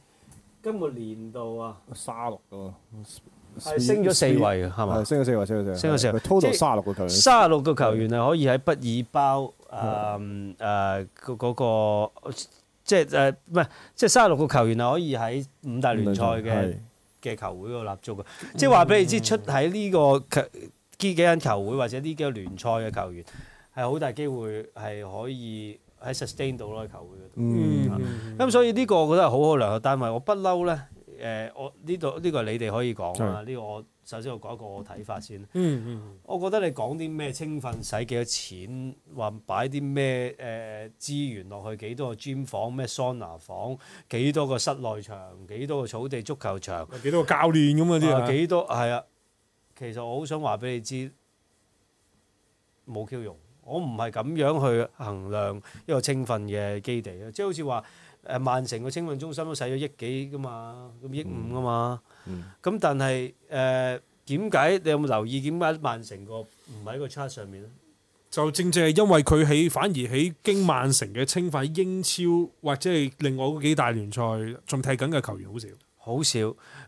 今個年度啊，卅六個係升咗四位，係咪？升咗四位，升咗四位。升咗四位 total 卅六個球。卅六個球員啊，可以喺畢爾包誒誒，嗰個即係誒，唔係即係，卅六個球員啊，可以喺五大聯賽嘅嘅球會度立足嘅。即係話俾你知，出喺呢個啲幾間球會或者啲幾個聯賽嘅球員係好大機會係可以喺 sustain 到咯，喺球會嗰度。嗯嗯。咁所以呢個我覺得係好好良好嘅單位。我不嬲咧，誒，我呢度呢個係你哋可以講啦。呢個我首先我講一個我睇法先。嗯嗯嗯。我覺得你講啲咩青訓使幾多錢，話擺啲咩誒資源落去幾多個 gym 房，咩桑拿房，幾多個室內場，幾多個草地足球場，幾多個教練咁嗰啲，幾多係啊？其實我好想話俾你知冇 Q 用，我唔係咁樣去衡量一個青訓嘅基地嘅，即係好似話誒曼城個青訓中心都使咗億幾㗎嘛，咁億五㗎嘛。咁、嗯、但係誒點解你有冇留意點解曼城個唔喺個 chart 上面咧？就正正係因為佢喺反而喺經曼城嘅青訓英超或者係另外嗰幾大聯賽仲踢緊嘅球員好少。好少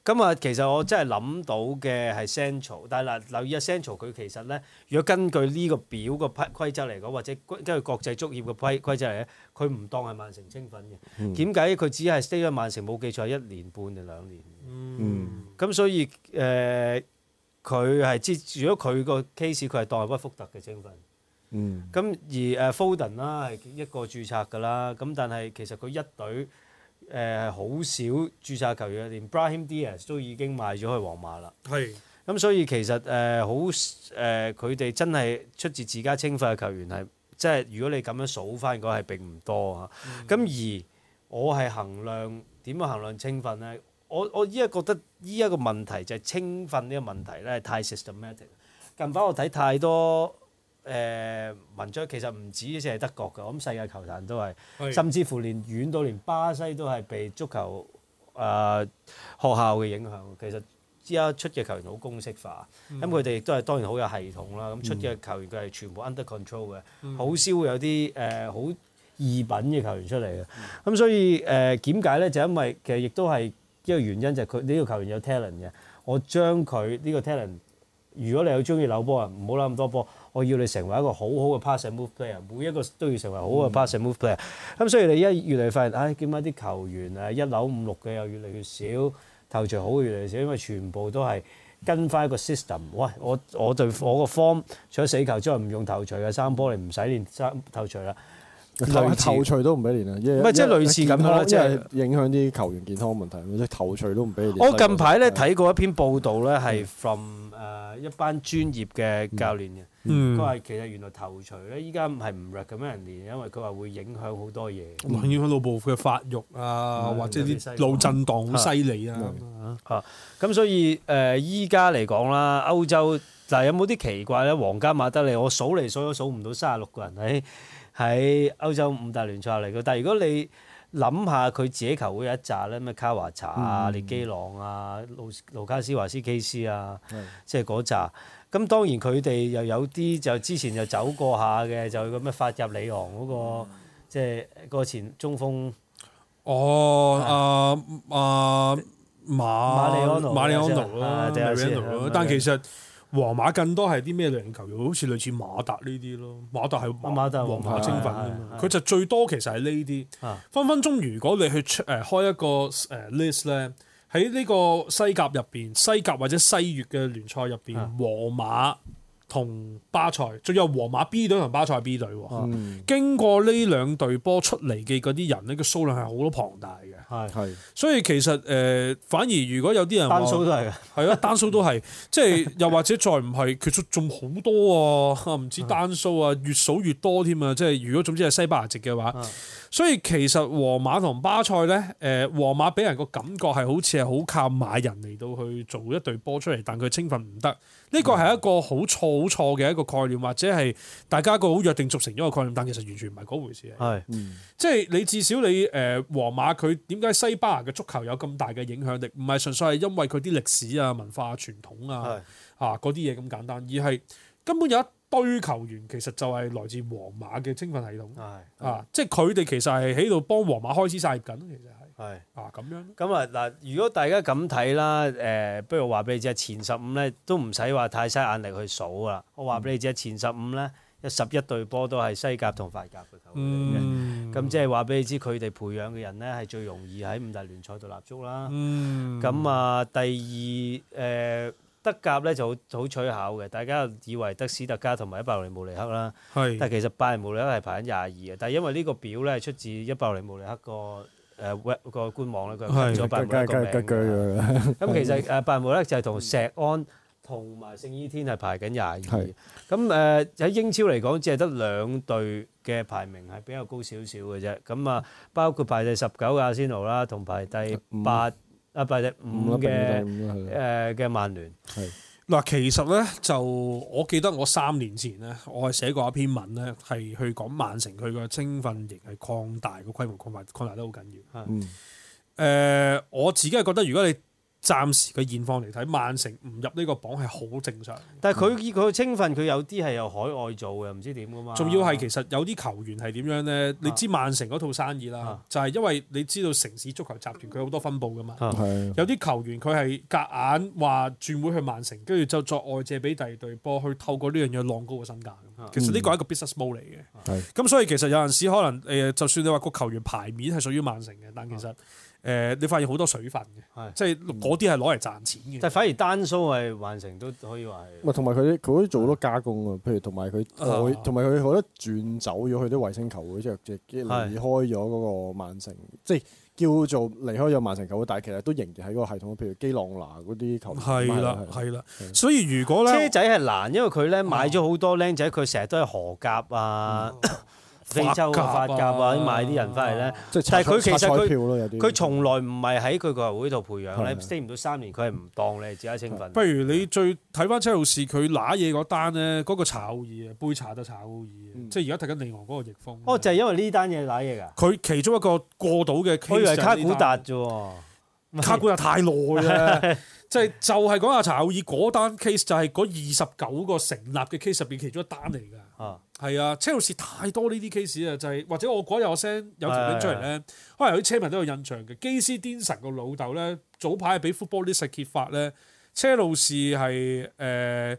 咁啊！其實我真係諗到嘅係 Central，但係嗱留意啊，Central 佢其實咧，如果根據呢個表個規規則嚟講，或者跟根據國際足協嘅規規則嚟咧，佢唔當係曼城青訓嘅。點解佢只係 stay 咗曼城冇記錯一年半定兩年？嗯，咁所以誒，佢係即如果佢個 case 佢係當係屈福特嘅青訓。嗯，咁而誒 Foden 啦係一個註冊㗎啦，咁但係其實佢一隊。誒好、呃、少注冊球員，連 Brahim Diaz 都已經賣咗去皇馬啦。係咁是、嗯，所以其實誒好誒，佢、呃、哋、呃、真係出自自家青訓嘅球員係，即係如果你咁樣數翻，嗰係並唔多嚇。咁、啊嗯、而我係衡量點樣衡量青訓呢？我我依家覺得依一個問題就係青訓呢個問題咧，太 systematic。近排我睇太多，誒文章其實唔止隻係德國㗎，咁世界球壇都係，是甚至乎連遠到連巴西都係被足球誒、呃、學校嘅影響。其實依家出嘅球員好公式化，咁佢哋亦都係當然好有系統啦。咁出嘅球員佢係全部 under control 嘅，好、嗯、少會有啲誒好異品嘅球員出嚟嘅。咁、嗯、所以誒點解咧？就因為其實亦都係一個原因，就係佢呢個球員有 talent 嘅，我將佢呢個 talent，如果你有中意扭波啊，唔好扭咁多波。我要你成為一個好好嘅 pass and move player，每一個都要成為好嘅 pass and move player。咁、嗯嗯、所以你一越嚟越發現，唉，點解啲球員啊一樓五六嘅又越嚟越少，頭槌好越嚟越少，因為全部都係跟翻一個 system。喂，我我對我個 form 除咗死球之外唔用頭槌嘅，生波你唔使練生頭槌啦。頭頭槌都唔俾你練啊！唔係即係類似咁咯，即係影響啲球員健康問題。即係頭槌都唔俾你練。我近排咧睇過一篇報道咧，係 from 誒一班專業嘅教練嘅，佢話其實原來頭槌咧依家係唔 recommend 人練，因為佢話會影響好多嘢。影響腦部嘅發育啊，或者啲腦震盪好犀利啊！咁所以誒，依家嚟講啦，歐洲就係有冇啲奇怪咧？皇家馬德里我數嚟數都數唔到三十六個人喺。喺歐洲五大聯賽嚟嘅，但係如果你諗下佢自己球會有一紮咧，咩卡華查啊、列、嗯、基朗啊、盧卡斯華斯基斯啊，即係嗰紮。咁當然佢哋又有啲就之前就走過下嘅，就咁樣發入里昂嗰、那個即係、就是、個前中鋒。哦，阿阿是、啊啊啊、馬馬里安奴咯，但係其實。皇馬更多係啲咩類型球員？好似類似馬達呢啲咯，馬達係皇馬，馬，馬精品。佢對就最多其實係呢啲。對對對，分分鐘，如果你去出誒、呃、開一個誒 list 咧，喺呢個西甲入邊、西甲或者西乙嘅聯賽入邊，皇對馬同巴塞，仲有皇馬 B 隊同巴塞 B 隊，嗯、經過呢兩隊波出嚟嘅嗰啲人呢個數量係好多龐大嘅，係，係。所以其實誒、呃、反而如果有啲人單數都係嘅，係咯的，單數都係， 即係又或者再唔係決出仲好多啊，唔、啊、止單數啊，越數越多添啊，即係如果總之係西班牙籍嘅話，是所以其實皇馬同巴塞咧，誒、呃、皇馬俾人個感覺係好似係好靠買人嚟到去做一隊波出嚟，但佢青訓唔得，呢個係一個好錯。冇錯嘅一個概念，或者係大家個好約定俗成咗嘅概念，但其實完全唔係嗰回事。係，嗯、即係你至少你誒，皇、呃、馬佢點解西班牙嘅足球有咁大嘅影響力？唔係純粹係因為佢啲歷史啊、文化傳、啊、統啊，吓嗰啲嘢咁簡單，而係根本有一堆球員其實就係來自皇馬嘅青訓系統。啊，是嗯、即係佢哋其實係喺度幫皇馬開始晒入緊，其實係咁樣咁啊嗱，如果大家咁睇啦，誒，不如話俾你知啊，前十五咧都唔使話太嘥眼力去數啦。我話俾你知啊，前十五咧有十一隊波都係西甲同法甲嘅球隊嘅。咁即係話俾你知，佢哋培養嘅人咧係最容易喺五大聯賽度立足啦。咁啊，第二誒德甲咧就好取巧嘅。大家以為德斯特加同埋一百六零慕尼黑啦，但係其實拜仁慕尼黑係排緊廿二嘅。但係因為呢個表咧係出自一百六零慕尼黑個，誒 w 個官網咧，佢換咗八號個名啊！咁其實誒八號咧就係同石安同埋聖伊天係排緊廿二。咁誒喺英超嚟講，只係得兩隊嘅排名係比較高少少嘅啫。咁啊，包括排第十九嘅阿仙奴啦，同排第八五，啊，排第五嘅誒嘅曼聯。嗱，其實咧就我記得我三年前咧，我係寫過一篇文咧，係去講曼城佢個青訓營係擴大個規模大，同埋擴大得好緊要。嗯，誒、呃，我自己係覺得如果你暫時嘅現況嚟睇，曼城唔入呢個榜係好正常。但係佢佢青訓佢有啲係由海外做嘅，唔知點㗎嘛。仲要係其實有啲球員係點樣咧？啊、你知曼城嗰套生意啦，啊、就係因為你知道城市足球集團佢好多分佈㗎嘛。啊、有啲球員佢係夾硬話轉會去曼城，跟住就作外借俾第二隊，波去透過呢樣嘢浪高個身價。啊、其實呢個係一個 business model 嚟嘅。咁是所以其實有陣時可能誒，就算你話個球員牌面係屬於曼城嘅，但其實、嗯。誒，你發現好多水分嘅，即係嗰啲係攞嚟賺錢嘅。但係反而丹 so 係曼城都可以話係。同埋佢佢都做好多加工㗎，譬如同埋佢同埋佢好多轉走咗佢啲衛星球會，即係即係離開咗嗰個曼城，即係叫做離開咗曼城球會，但係其實都仍然喺嗰個系統，譬如基朗拿嗰啲球員。係啦，係啦。所以如果車仔係難，因為佢咧買咗好多靚仔，佢成日都係荷甲啊。非洲發或者買啲人翻嚟咧，但係佢其實佢佢從來唔係喺佢球會度培養咧，stay 唔到三年，佢係唔當你係自家青訓。不如你最睇翻車路士佢拿嘢嗰單咧，嗰個查奧爾啊，杯茶都查奧爾，即係而家睇緊另外嗰個逆風。哦，就係因為呢單嘢拿嘢㗎。佢其中一個過到嘅，以為卡古達啫喎，卡古達太耐啦，即係就係講下查奧爾嗰單 case 就係嗰二十九個成立嘅 case 入邊其中一單嚟㗎。係啊，車路士太多呢啲 case 啊，就係、是、或者我嗰日我 send 有條片出嚟咧，的可能有啲車迷都有印象嘅。基斯甸臣個老豆咧，早排係俾 Football Leaks 揭發咧，車路士係誒、呃、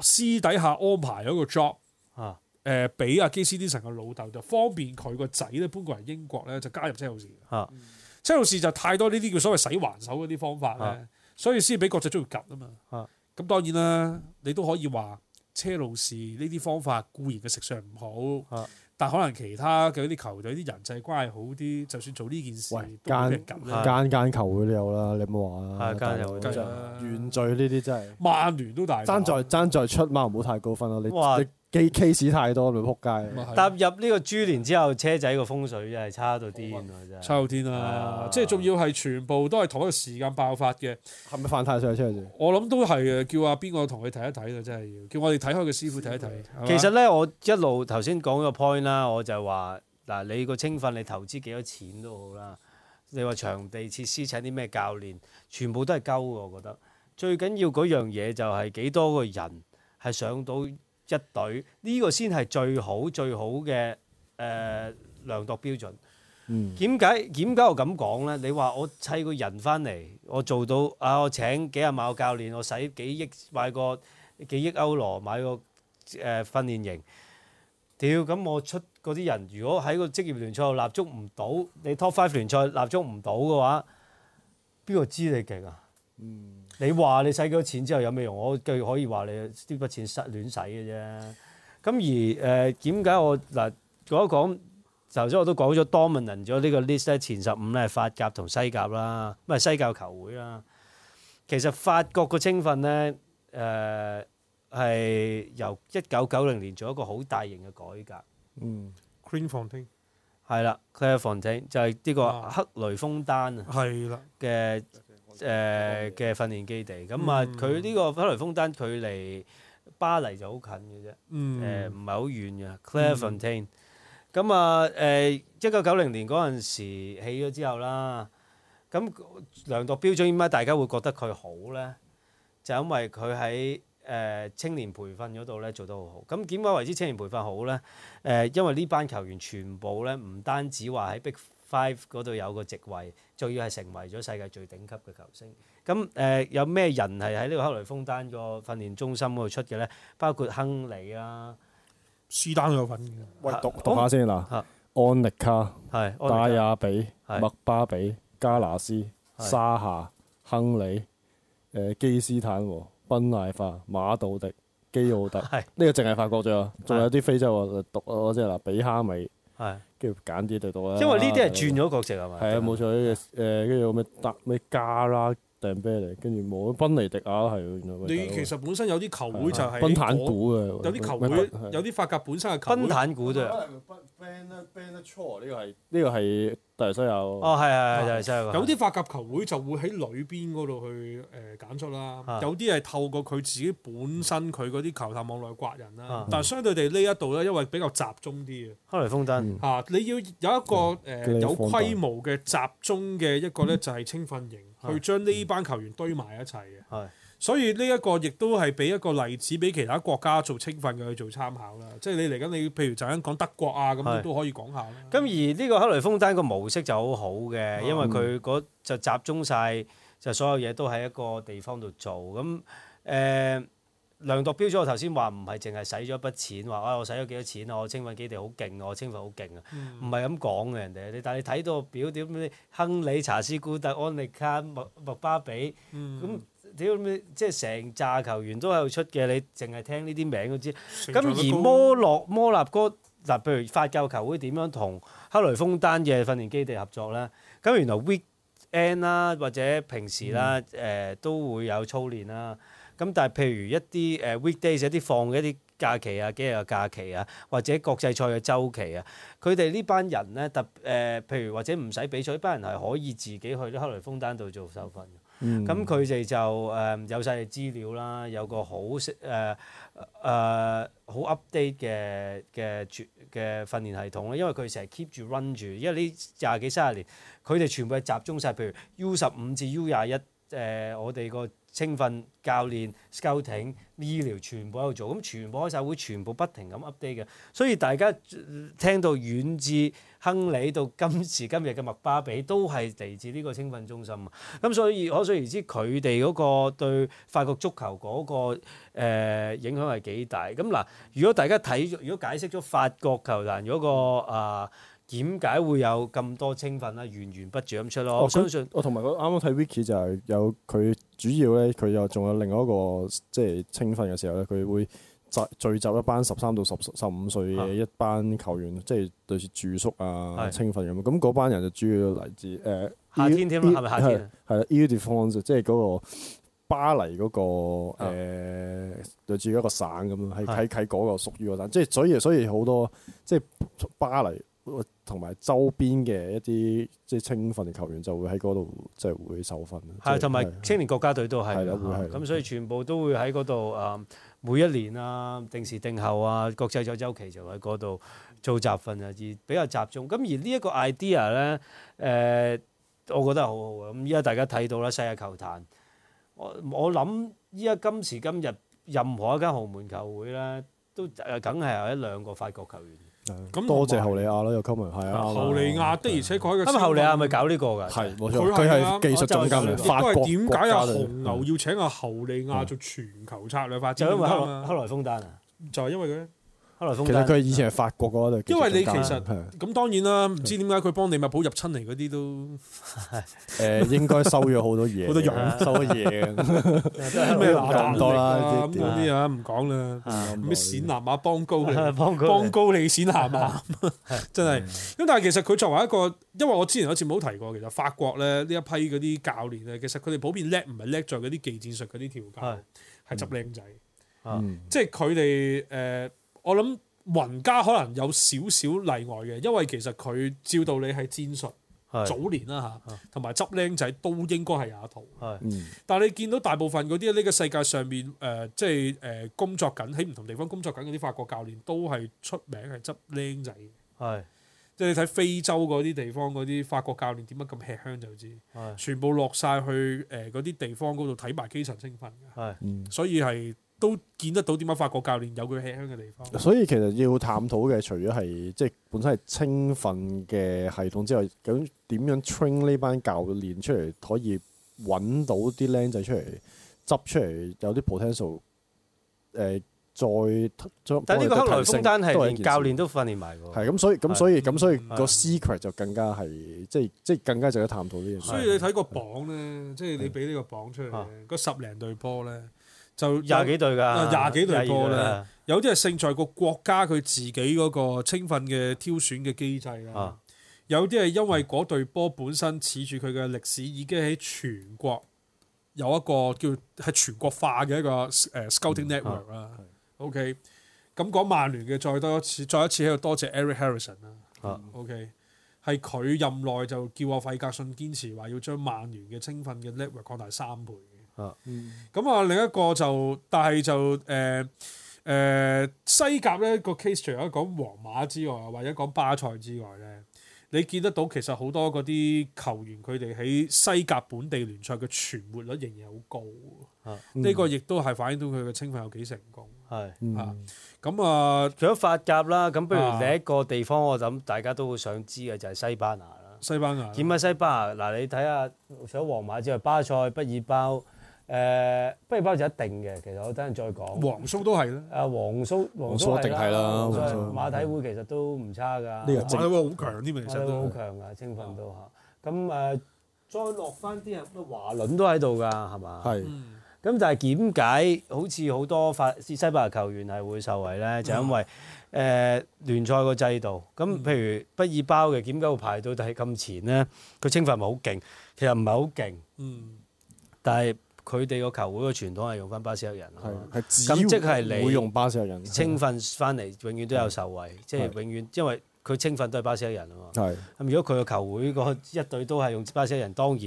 私底下安排咗個 job 啊、呃，誒俾阿基斯甸臣個老豆，就方便佢個仔咧搬過嚟英國咧，就加入車路士。啊的、嗯，車路士就太多呢啲叫所謂洗還手嗰啲方法咧，所以先俾國際足會及啊嘛。咁當然啦，你都可以話。車路士呢啲方法固然嘅食相唔好，啊、但可能其他嘅啲球隊啲人際關係好啲，就算做呢件事喂都俾人、啊啊、間間球會都有啦，你冇話啊？係間有啦，原罪呢啲真係，曼聯都大爭在爭在出貓，唔好太過分咯。你。哇你機 case 太多，咪仆街。踏入呢個豬年之後，車仔個風水真係差到癲啊！真係差到癲啦，啊、即係仲要係全部都係同一個時間爆發嘅，係咪犯太歲出嚟？我諗都係啊，叫阿邊個同佢睇一睇啊，真係要叫我哋睇開個師傅睇一睇。其實咧，吧我一路頭先講個 point 啦，我就係話嗱，你個青訓你投資幾多錢都好啦，你話場地設施請啲咩教練，全部都係鳩嘅，我覺得最緊要嗰樣嘢就係幾多個人係上到。一隊呢個先係最好最好嘅誒量度標準。點解，點解我咁講呢？你話我砌個人翻嚟，我做到啊！我請幾廿萬個教練，我使幾億買個幾億歐羅買個誒訓練營。屌，咁我出嗰啲人，如果喺個職業聯賽度立足唔到，你 Top Five 聯賽立足唔到嘅話，邊個知你勁啊？嗯。你話你使咗錢之後有咩用？我句可以話你呢筆錢失亂使嘅啫。咁而誒點解我嗱講一講頭先我都講咗 dominant 咗呢個 list 咧前十五咧係法甲同西甲啦，唔係西教球會啦。其實法國嘅青訓咧誒係由一九九零年做一個好大型嘅改革。嗯 Clairefontaine 係啦，Clairefontaine 就係呢個克雷封丹啊，係啦嘅。誒嘅、呃、訓練基地，咁啊佢呢個克雷風丹距離巴黎就好近嘅啫，誒唔係好遠嘅。Clairefontaine 咁啊，誒一九九零年嗰陣時起咗之後啦，咁量度標準點解大家會覺得佢好咧？就因為佢喺誒青年培訓嗰度咧做得好好。咁點解為之青年培訓好咧？誒、呃，因為呢班球員全部咧唔單止話喺逼。Five 嗰度有個席位，仲要係成為咗世界最頂級嘅球星。咁誒，有咩人係喺呢個克雷封丹個訓練中心嗰度出嘅咧？包括亨利啊、斯丹有份嘅。喂，讀讀下先嗱，安力卡係、戴亞比、麥巴比、加拿斯、沙夏、亨利、誒基斯坦和、賓艾法、馬杜迪、基奧特，呢個淨係法國啫喎，仲有啲非洲喎，讀嗰即係嗱，比哈米係。跟住揀啲就讀啦，因為呢啲係轉咗國籍。係咪？係啊，冇錯，誒，跟住咩搭咩加啦。訂啤嚟，跟住冇，咗賓尼迪亞係原來。你其實本身有啲球會就係賓、那個、坦古嘅，有啲球會坦有啲法甲本身嘅球賓坦古啫。呢、啊、個係大西有。這個、哦，係係係大西有。有啲法甲球會就會喺裏邊嗰度去誒揀出啦，呃、是有啲係透過佢自己本身佢嗰啲球探往內刮人啦。是但係相對地呢一度咧，因為比較集中啲嘅。克萊風燈嚇、嗯嗯，你要有一個誒、嗯嗯嗯、有，有規模嘅集中嘅一個咧，就係青訓營。去將呢班球員堆埋一齊嘅，嗯、所以呢一個亦都係俾一個例子，俾其他國家做青訓嘅去做參考啦。即係你嚟緊，你譬如就啱講德國啊，咁你都可以講下啦。咁而呢個克雷楓丹個模式就好好嘅，因為佢嗰就集中晒，就所有嘢都喺一個地方度做。咁誒。呃梁度標咗，我頭先話唔係淨係使咗一筆錢，話我使咗幾多錢啊？我青訓基地好勁，我青訓好勁啊！唔係咁講嘅人哋，但你但係你睇到表點咩？亨利、查斯古特、安利卡、麥麥巴比，咁屌咩？即係成扎球員都喺度出嘅，你淨係聽呢啲名都知。咁而摩洛摩納哥，嗱，譬如法教球會點樣同克雷封丹嘅訓練基地合作咧？咁原來 week end 啦，或者平時啦，誒、嗯呃、都會有操練啦。咁但係譬如一啲誒 weekdays 一啲放嘅一啲假期啊，幾日嘅假期啊，或者國際賽嘅周期啊，佢哋呢班人咧特誒、呃、譬如或者唔使比賽，呢班、嗯、人係可以自己去啲克雷風丹度做受訓。咁佢哋就誒、呃、有曬資料啦，有個好誒誒、呃、好、呃、update 嘅嘅嘅訓練系統咧，因為佢成日 keep 住 run 住，因為呢廿幾卅年佢哋全部係集中晒，譬如 U 十五至 U 廿一誒我哋個。青訓教練、scouting、醫療，全部喺度做，咁全部開曬會，全部不停咁 update 嘅，所以大家聽到遠至亨利到今時今日嘅麥巴比，都係嚟自呢個青訓中心啊，咁所以可想而知佢哋嗰個對法國足球嗰個誒影響係幾大。咁嗱，如果大家睇，如果解釋咗法國球壇嗰個啊。點解會有咁多青訓啦？源源不絕咁出咯！我相信，我同埋啱啱睇 Wiki 就係有佢主要咧，佢又仲有另外一個即係青訓嘅時候咧，佢會集聚集一班十三到十十五歲嘅一班球員，即係類似住宿啊、青訓咁。咁嗰班人就主要嚟自誒夏天添咯，係咪夏天？係啊 Île-de-France 即係嗰個巴黎嗰個誒類似一個省咁樣喺喺嗰個屬於個省，即係所以所以好多即係巴黎。同埋周邊嘅一啲即係青訓嘅球員就會喺嗰度就會受訓。係同埋青年國家隊都係。係啦，會係。咁所以全部都會喺嗰度誒，每一年啊，定時定候啊，國際賽周期就喺嗰度做集訓啊，而比較集中。咁而呢一個 idea 咧，誒，我覺得係好好嘅。咁依家大家睇到啦，世界球壇，我我諗依家今時今日，任何一間豪門球會咧，都梗係有一兩個法國球員。咁多謝侯利亞咯，嗯、又溝埋，係啊對！侯利亞的，而且佢喺個咁侯利亞咪搞呢個噶？係冇錯，佢係是、啊、技術總監，嚟、就是。法國國家點解阿紅牛要請阿侯利亞做全球策略發展？嗯、就因為克萊風丹啊，就係因為佢。其實佢以前係法國嗰度，因為你其實咁當然啦，唔知點解佢幫利物浦入親嚟嗰啲都誒，應該收咗好多嘢，好多洋收乜嘢咩南多啦咁嗰啲啊，唔講啦，咩冼拿馬邦高嚟，邦高你冼拿馬，真係咁。但係其實佢作為一個，因為我之前好似冇提過，其實法國咧呢一批嗰啲教練咧，其實佢哋普遍叻唔係叻在嗰啲技戰術嗰啲調教係執靚仔，即係佢哋誒。我諗雲加可能有少少例外嘅，因為其實佢照道理係戰術，的早年啦嚇，同埋執靚仔都應該係有一套。的但係你見到大部分嗰啲呢個世界上面誒，即係誒工作緊喺唔同地方工作緊嗰啲法國教練，都係出名係執靚仔嘅。的即係你睇非洲嗰啲地方嗰啲法國教練點解咁吃香就知，的全部落晒去誒嗰啲地方嗰度睇埋基層青訓。所以係。的的都見得到點樣法國教練有佢吃香嘅地方。所以其實要探討嘅，除咗係即係本身係青訓嘅系統之外，究竟點樣 train 呢班教練出嚟可以揾到啲僆仔出嚟執出嚟有啲 potential？誒、呃，再將。但係呢個內攻單係連教練都訓練埋㗎。係咁、嗯，所以咁所以咁所以個 secret 就更加係的即係即係更加值得探討呢件事。所以你睇個榜咧，即係你俾呢個榜出嚟，嗰十零隊波咧。就廿幾隊㗎，廿幾隊波啦。的有啲係勝在個國家佢自己嗰個青訓嘅挑選嘅機制啦。啊、有啲係因為嗰隊波本身恃住佢嘅歷史，已經喺全國有一個叫喺全國化嘅一個誒 scouting network 啦、嗯。啊、OK，咁講曼聯嘅再多一次，再一次喺度多謝 Eric Harrison 啦、啊。OK，係佢任內就叫阿費格遜堅持話要將曼聯嘅青訓嘅 network 擴大三倍。啊，嗯，咁啊、嗯，另一個就，但係就，誒、呃，誒、呃，西甲咧個 case 除咗講皇馬之外，或者講巴塞之外咧，你見得到其實好多嗰啲球員佢哋喺西甲本地聯賽嘅存活率仍然好高，啊，呢、嗯、個亦都係反映到佢嘅青訓有幾成功，係，吓，咁啊，嗯、啊啊除咗法甲啦，咁不如另一個地方、啊、我諗大家都會想知嘅就係西班牙啦，西班牙，點解西班牙？嗱、啊，你睇下，除咗皇馬之外，巴塞、畢爾包。誒，畢爾、呃、包就一定嘅。其實我等陣再講、啊。黃蘇都係咧。啊，黃蘇，黃蘇一定係啦。馬體會其實都唔差㗎。呢個正。好、嗯呃、強啲，其實都。好強㗎，青訓都嚇。咁誒，再落翻啲人咩華倫都喺度㗎，係嘛？係。咁但係點解好似好多法、西班牙球員係會受惠咧？就因為誒聯賽個制度。咁譬如畢爾包嘅，點解會排到第咁前咧？佢青訓唔係好勁，其實唔係好勁。但係。但佢哋個球會嘅傳統係用翻巴斯克人咯，咁即係你會用巴斯克人青訓翻嚟，的永遠都有受惠，即係的永遠，因為佢青訓都係巴斯克人啊嘛。咁的如果佢個球會個一隊都係用巴斯克人，當然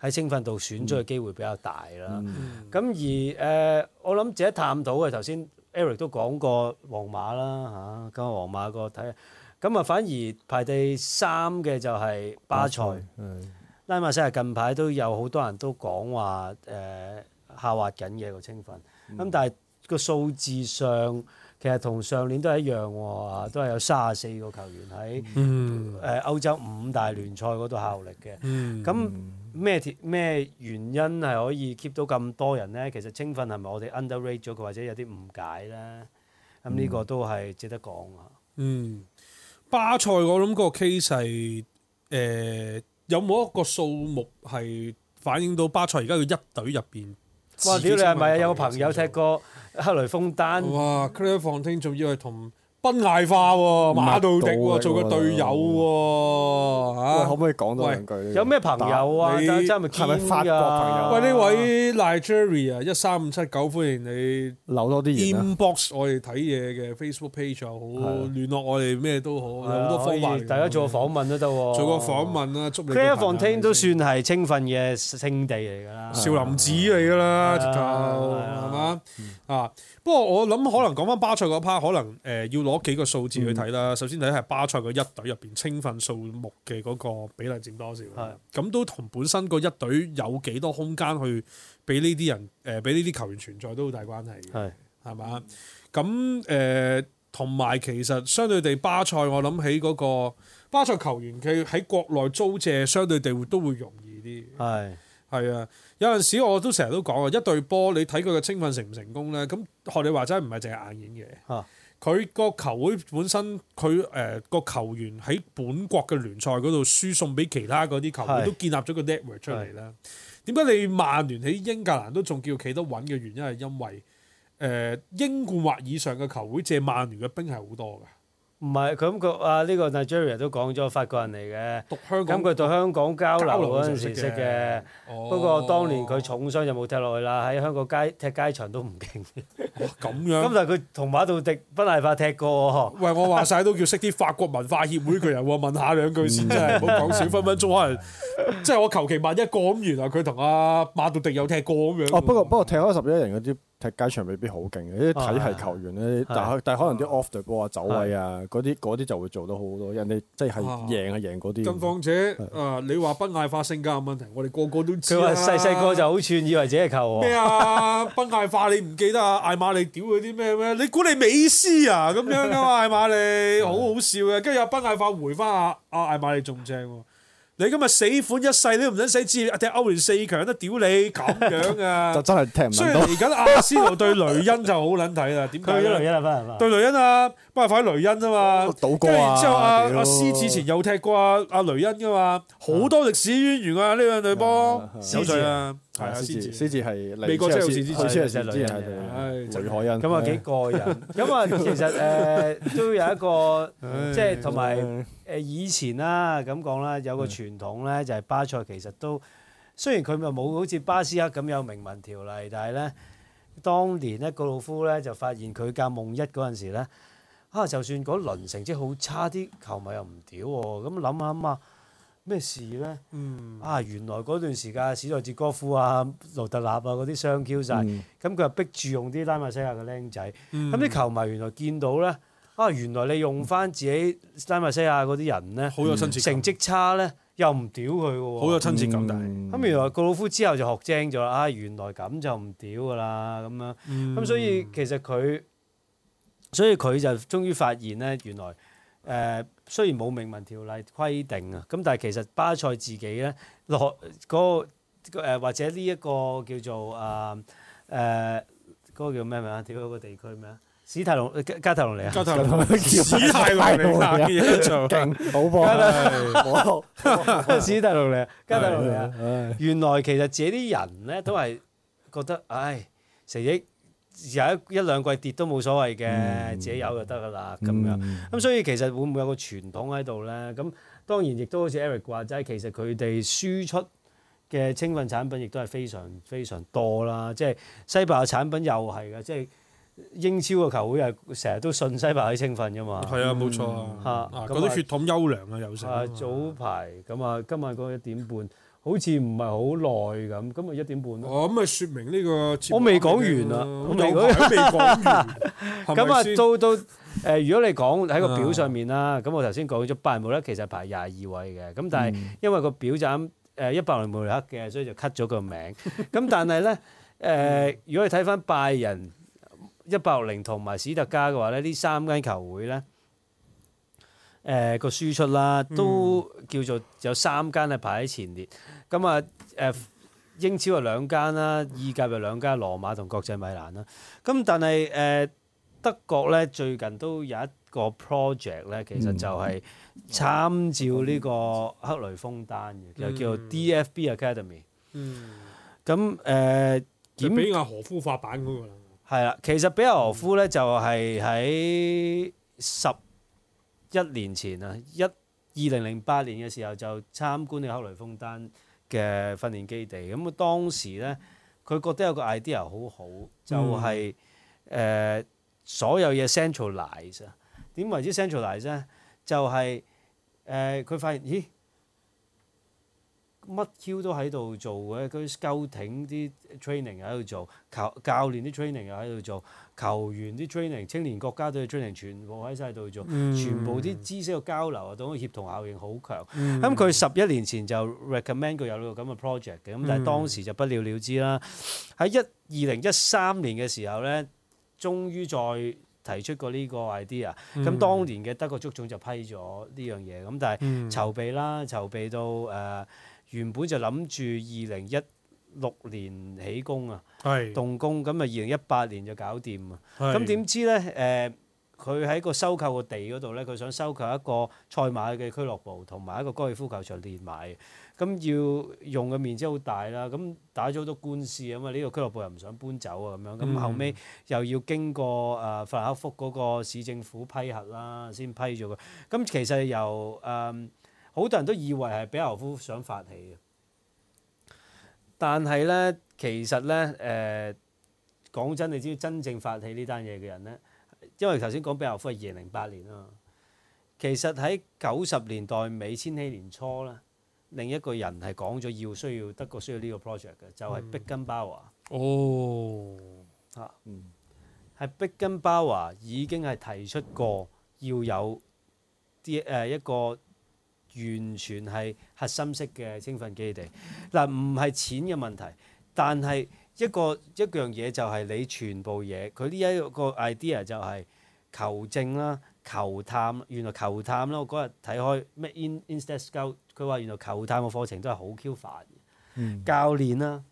喺青訓度選出嘅機會比較大啦。咁、嗯嗯、而誒、呃，我諗自己探到嘅頭先，Eric 都講過皇馬啦嚇，咁皇馬個睇，下。咁啊反而排第三嘅就係巴塞。巴塞拉馬西亞近排都有好多人都講話誒下滑緊嘅個青訓咁，嗯、但係個數字上其實同上年都係一樣喎，都係有卅四個球員喺誒、嗯呃、歐洲五大聯賽嗰度效力嘅。咁咩咩原因係可以 keep 到咁多人咧？其實青訓係咪我哋 underrate 咗佢，或者有啲誤解咧？咁呢個都係值得講啊。嗯，巴塞我諗個 case 誒。呃有冇一個數目係反映到巴塞而家嘅一隊入邊？哇！屌你係咪啊？有個朋友踢過克雷鋒丹。哇！克雷放聽，仲要係同奔雅化喎，馬杜迪喎，做個隊友喎，嚇，可唔可以講多兩句？有咩朋友啊？你係咪法國朋友？喂，呢位 Nigeria 一三五七九，歡迎你留多啲言啦。inbox 我哋睇嘢嘅 Facebook page 又好，聯絡我哋咩都好，好多方便。大家做個訪問都得。做個訪問啦，足。Clayton 都算係青訓嘅聖地嚟噶啦，少林寺嚟噶啦，直頭係嘛啊？不過我諗可能講返巴塞嗰 part，可能誒要攞幾個數字去睇啦。嗯、首先睇下巴塞個一隊入邊青訓數目嘅嗰個比例佔多少，咁是的 都同本身個一隊有幾多空間去俾呢啲人誒，俾呢啲球員存在都好大關係嘅。係係嘛？咁誒同埋其實相對地巴塞我、嗰個，我諗起嗰個巴塞球員佢喺國內租借相對地都會容易啲。係係啊。有陣時我都成日都講啊，一隊波你睇佢嘅青訓成唔成功咧？咁學你話齋唔係淨係眼影嘅，佢、啊、個球會本身佢誒個球員喺本國嘅聯賽嗰度輸送俾其他嗰啲球會，是都建立咗個 network 出嚟啦。點解是你曼聯喺英格蘭都仲叫企得穩嘅原因係因為誒、呃、英冠或以上嘅球會借曼聯嘅兵係好多㗎。唔係，佢咁佢啊呢個 Nigeria 都講咗，法國人嚟嘅。讀香港咁佢到香港交流嗰陣時識嘅。不過、哦、當年佢重傷就冇踢落去啦。喺香港街踢街場都唔勁。哇，咁樣。咁但係佢同馬杜迪不離法踢過喎。喂，我話晒都叫識啲法國文化協會嘅人喎， 問下兩句、嗯、先真係，好講少分分鐘可能。即係 我求其問一個咁，原來佢同阿馬杜迪有踢過咁樣。哦，不過不過，不過踢開十一人嗰啲。踢街場未必好勁，啲體系球員咧，啊、但但係可能啲 off the ball 啊、走位些啊，嗰啲啲就會做得好好多。人哋即係贏係贏嗰啲。啊、更況且，誒是、啊、你話賓艾化性格問題，我哋個個都知、啊。佢話細細個就好串，以為自己係球王。咩啊？賓 艾化你唔記得瑪莉啊？艾馬利屌佢啲咩咩？你估你美斯啊？咁樣噶嘛？艾馬利好好笑嘅，跟住有賓艾化回翻阿阿艾馬利仲正。你今日死款一世都唔准死，踢歐聯四強都屌你咁樣啊！ 就真係聽唔明。雖然而家 阿仙奴對雷恩就好撚睇啦，點解？雷恩啊嘛，對雷恩啊，不過快雷恩啊嘛。跟、啊、然之後阿阿斯之前又踢過阿、啊、阿、啊、雷恩噶嘛、啊，好的多歷史淵源啊呢兩隊波。的有罪啊！係，司徒，司徒係美國超級戰士之子，超級戰士之子，劉海欣，咁啊幾過人，咁啊其實誒都有一個，即係同埋誒以前啦，咁講啦，有個傳統咧，就係巴塞其實都雖然佢咪冇好似巴斯克咁有明文條例，但係咧，當年咧，告魯夫咧就發現佢教夢一嗰陣時咧，啊，就算嗰輪成績好差，啲球迷又唔屌喎，咁諗下啊嘛。咩事咧？嗯、啊，原來嗰段時間，史達哲哥夫啊、勞特納啊嗰啲傷 Q 晒，咁佢又逼住用啲拉馬西亞嘅僆仔。咁啲、嗯、球迷原來見到咧，啊，原來你用翻自己拉馬西亞嗰啲人咧，嗯、成績差咧又唔屌佢喎。好、嗯、有親切感，但係咁原來告魯夫之後就學精咗啦。啊，原來咁就唔屌噶啦，咁樣咁、嗯嗯、所以其實佢，所以佢就終於發現咧，原來誒。呃呃呃雖然冇明文條例規定啊，咁但係其實巴塞自己咧落嗰個或者呢一個叫做啊誒嗰、啊嗰個叫咩名啊？點嗰個地區咩啊？史泰龍加加泰隆嚟啊！史泰龍嚟啊！加泰隆嚟啊！原來其實自己啲人咧都係覺得唉，成億。有一一兩季跌都冇所謂嘅，嗯、自己有就得㗎啦，咁、嗯、樣。咁所以其實會唔會有個傳統喺度咧？咁當然亦都好似 Eric 話齋，其實佢哋輸出嘅青訓產品亦都係非常非常多啦。即係西班牙嘅產品又係嘅，即係英超嘅球會係成日都信西班牙喺青訓㗎嘛。係、嗯、啊，冇錯。嚇、啊，咁啲血統優良啊，有成。啊，早排咁啊，今日嗰一點半。嗯好似唔係好耐咁，咁咪一點半咯。哦，咁咪說明呢個。我未講完啦，我未講完。咁啊，到到誒，如果你講喺個表上面啦，咁我頭先講咗拜仁慕尼黑其實排廿二位嘅，咁但係因為個表斬誒一百零慕尼黑嘅，所以就 cut 咗個名。咁但係咧誒，如果你睇翻拜仁一百零同埋史特加嘅話咧，呢三間球會咧。誒、呃、個輸出啦，都叫做有三間係排喺前列。咁啊，誒、呃、英超有兩間啦，意甲有兩間，羅馬同國際米蘭啦。咁但係誒、呃、德國咧，最近都有一個 project 咧，其實就係參照呢個克雷鋒丹嘅，嗯、就叫做 DFB Academy。嗯。咁誒，呃、比亞何夫發版嗰個啦。係啦，其實比亞何夫咧就係、是、喺十。一年前啊，一二零零八年嘅時候就參觀咗克雷風丹嘅訓練基地。咁啊當時咧，佢覺得有個 idea 好好，就係、是、誒、嗯呃、所有嘢 centralize。點為之 centralize 咧？就係誒佢發現咦。乜 Q 都喺度做嘅，嗰啲教廷啲 training 喺度做，球教練啲 training 又喺度做，球員啲 training，青年國家隊嘅 training，全部喺晒度做，嗯、全部啲知識嘅交流啊，嗰種協同效應好強。咁佢十一年前就 recommend 過有呢個咁嘅 project 嘅，咁但係當時就不了了之啦。喺二零一三年嘅時候咧，終於再提出過呢個 idea。咁、嗯嗯、當年嘅德國足總就批咗呢樣嘢，咁但係籌備啦，籌備到誒。呃原本就諗住二零一六年起工啊，是動工咁啊，二零一八年就搞掂啊。咁點是知呢？誒、呃，佢喺個收購個地嗰度呢，佢想收購一個賽馬嘅俱樂部同埋一個高爾夫球場連埋。咁要用嘅面積好大啦，咁打咗好多官司啊嘛。呢個俱樂部又唔想搬走啊咁樣，咁後尾又要經過誒法蘭克福嗰個市政府批核啦，先批咗佢。咁其實由誒。呃好多人都以為係比爾胡夫想發起嘅，但係咧，其實咧，誒、呃、講真，你知真正發起呢單嘢嘅人咧，因為頭先講比爾胡夫係二零零八年啊，其實喺九十年代尾、千禧年初啦，另一個人係講咗要需要德國需要呢個 project 嘅，就係、是、碧根巴華、嗯。哦，嚇，嗯，係碧根巴華已經係提出過要有啲誒、呃、一個。完全係核心式嘅青訓基地。嗱，唔係錢嘅問題，但係一個一樣嘢就係你全部嘢。佢呢一個 idea 就係球證啦、球探，原來球探啦。我嗰日睇開咩 in Insta Scout，佢話原來球探嘅課程都係好 q 煩、嗯、教練啦、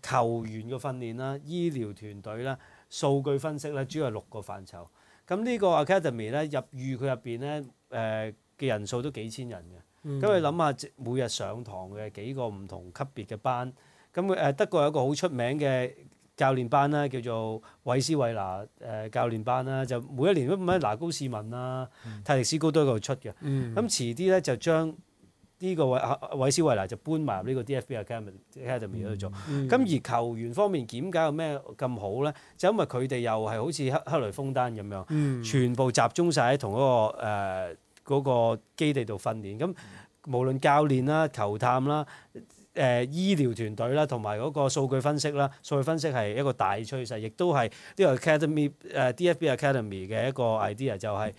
球員嘅訓練啦、醫療團隊啦、數據分析啦，主要係六個範疇。咁呢個 Academy 咧入預佢入邊咧誒。呃嘅人數都幾千人嘅，咁你諗下，想想每日上堂嘅幾個唔同級別嘅班，咁佢德國有一個好出名嘅教練班啦，叫做韋斯維拿誒教練班啦，就每一年乜乜拿高士文啦，泰迪斯高都喺度出嘅。咁、嗯嗯、遲啲咧就將呢個韋，韋斯維拿就搬埋呢個 DFB Academy、嗯、去做。咁、嗯、而球員方面，點解，解有咩咁好咧？就因為佢哋又係好似克黑雷封丹咁樣，嗯、全部集中晒喺同一個誒。呃呃嗰個基地度訓練，咁無論教練啦、球探啦、誒、呃、醫療團隊啦，同埋嗰個數據分析啦，數據分析係一個大趨勢，亦都係呢個 academy、呃、academy 誒 DFB Academy 嘅一個 idea 就係、是、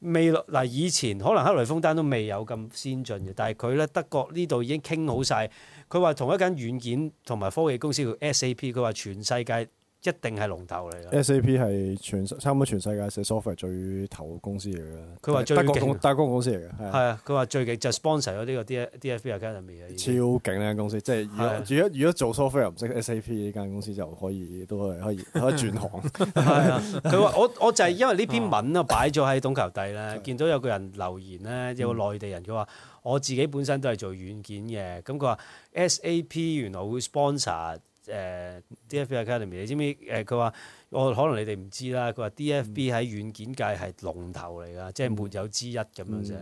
未來嗱，以前可能克雷鋒丹都未有咁先進嘅，但係佢咧德國呢度已經傾好晒。佢話同一間軟件同埋科技公司叫 SAP，佢話全世界。一定係龍頭嚟啦。SAP 係全差唔多全世界寫 software 最頭公司嚟嘅。佢話最勁，德國公司嚟嘅。係啊，佢話最勁就 sponsor 咗呢個 D F D F Academy 已經。超勁呢間公司，即、就、係、是、如果，的如，果如果做 software 唔識 SAP 呢間公司就可以都係可以可以，可以轉行。係啊， 佢話我我，我就係因為呢篇文啊擺咗喺懂球帝啦，見 的到有個人留言咧，有個內地人，佢話我自己本身都係做軟件嘅，咁佢話 SAP 原來會 sponsor。誒 D F B Academy，你知唔知？誒佢話我可能你哋唔知啦。佢話 D F B 喺軟件界係龍頭嚟㗎，即係、嗯、沒有之一咁樣啫。咁、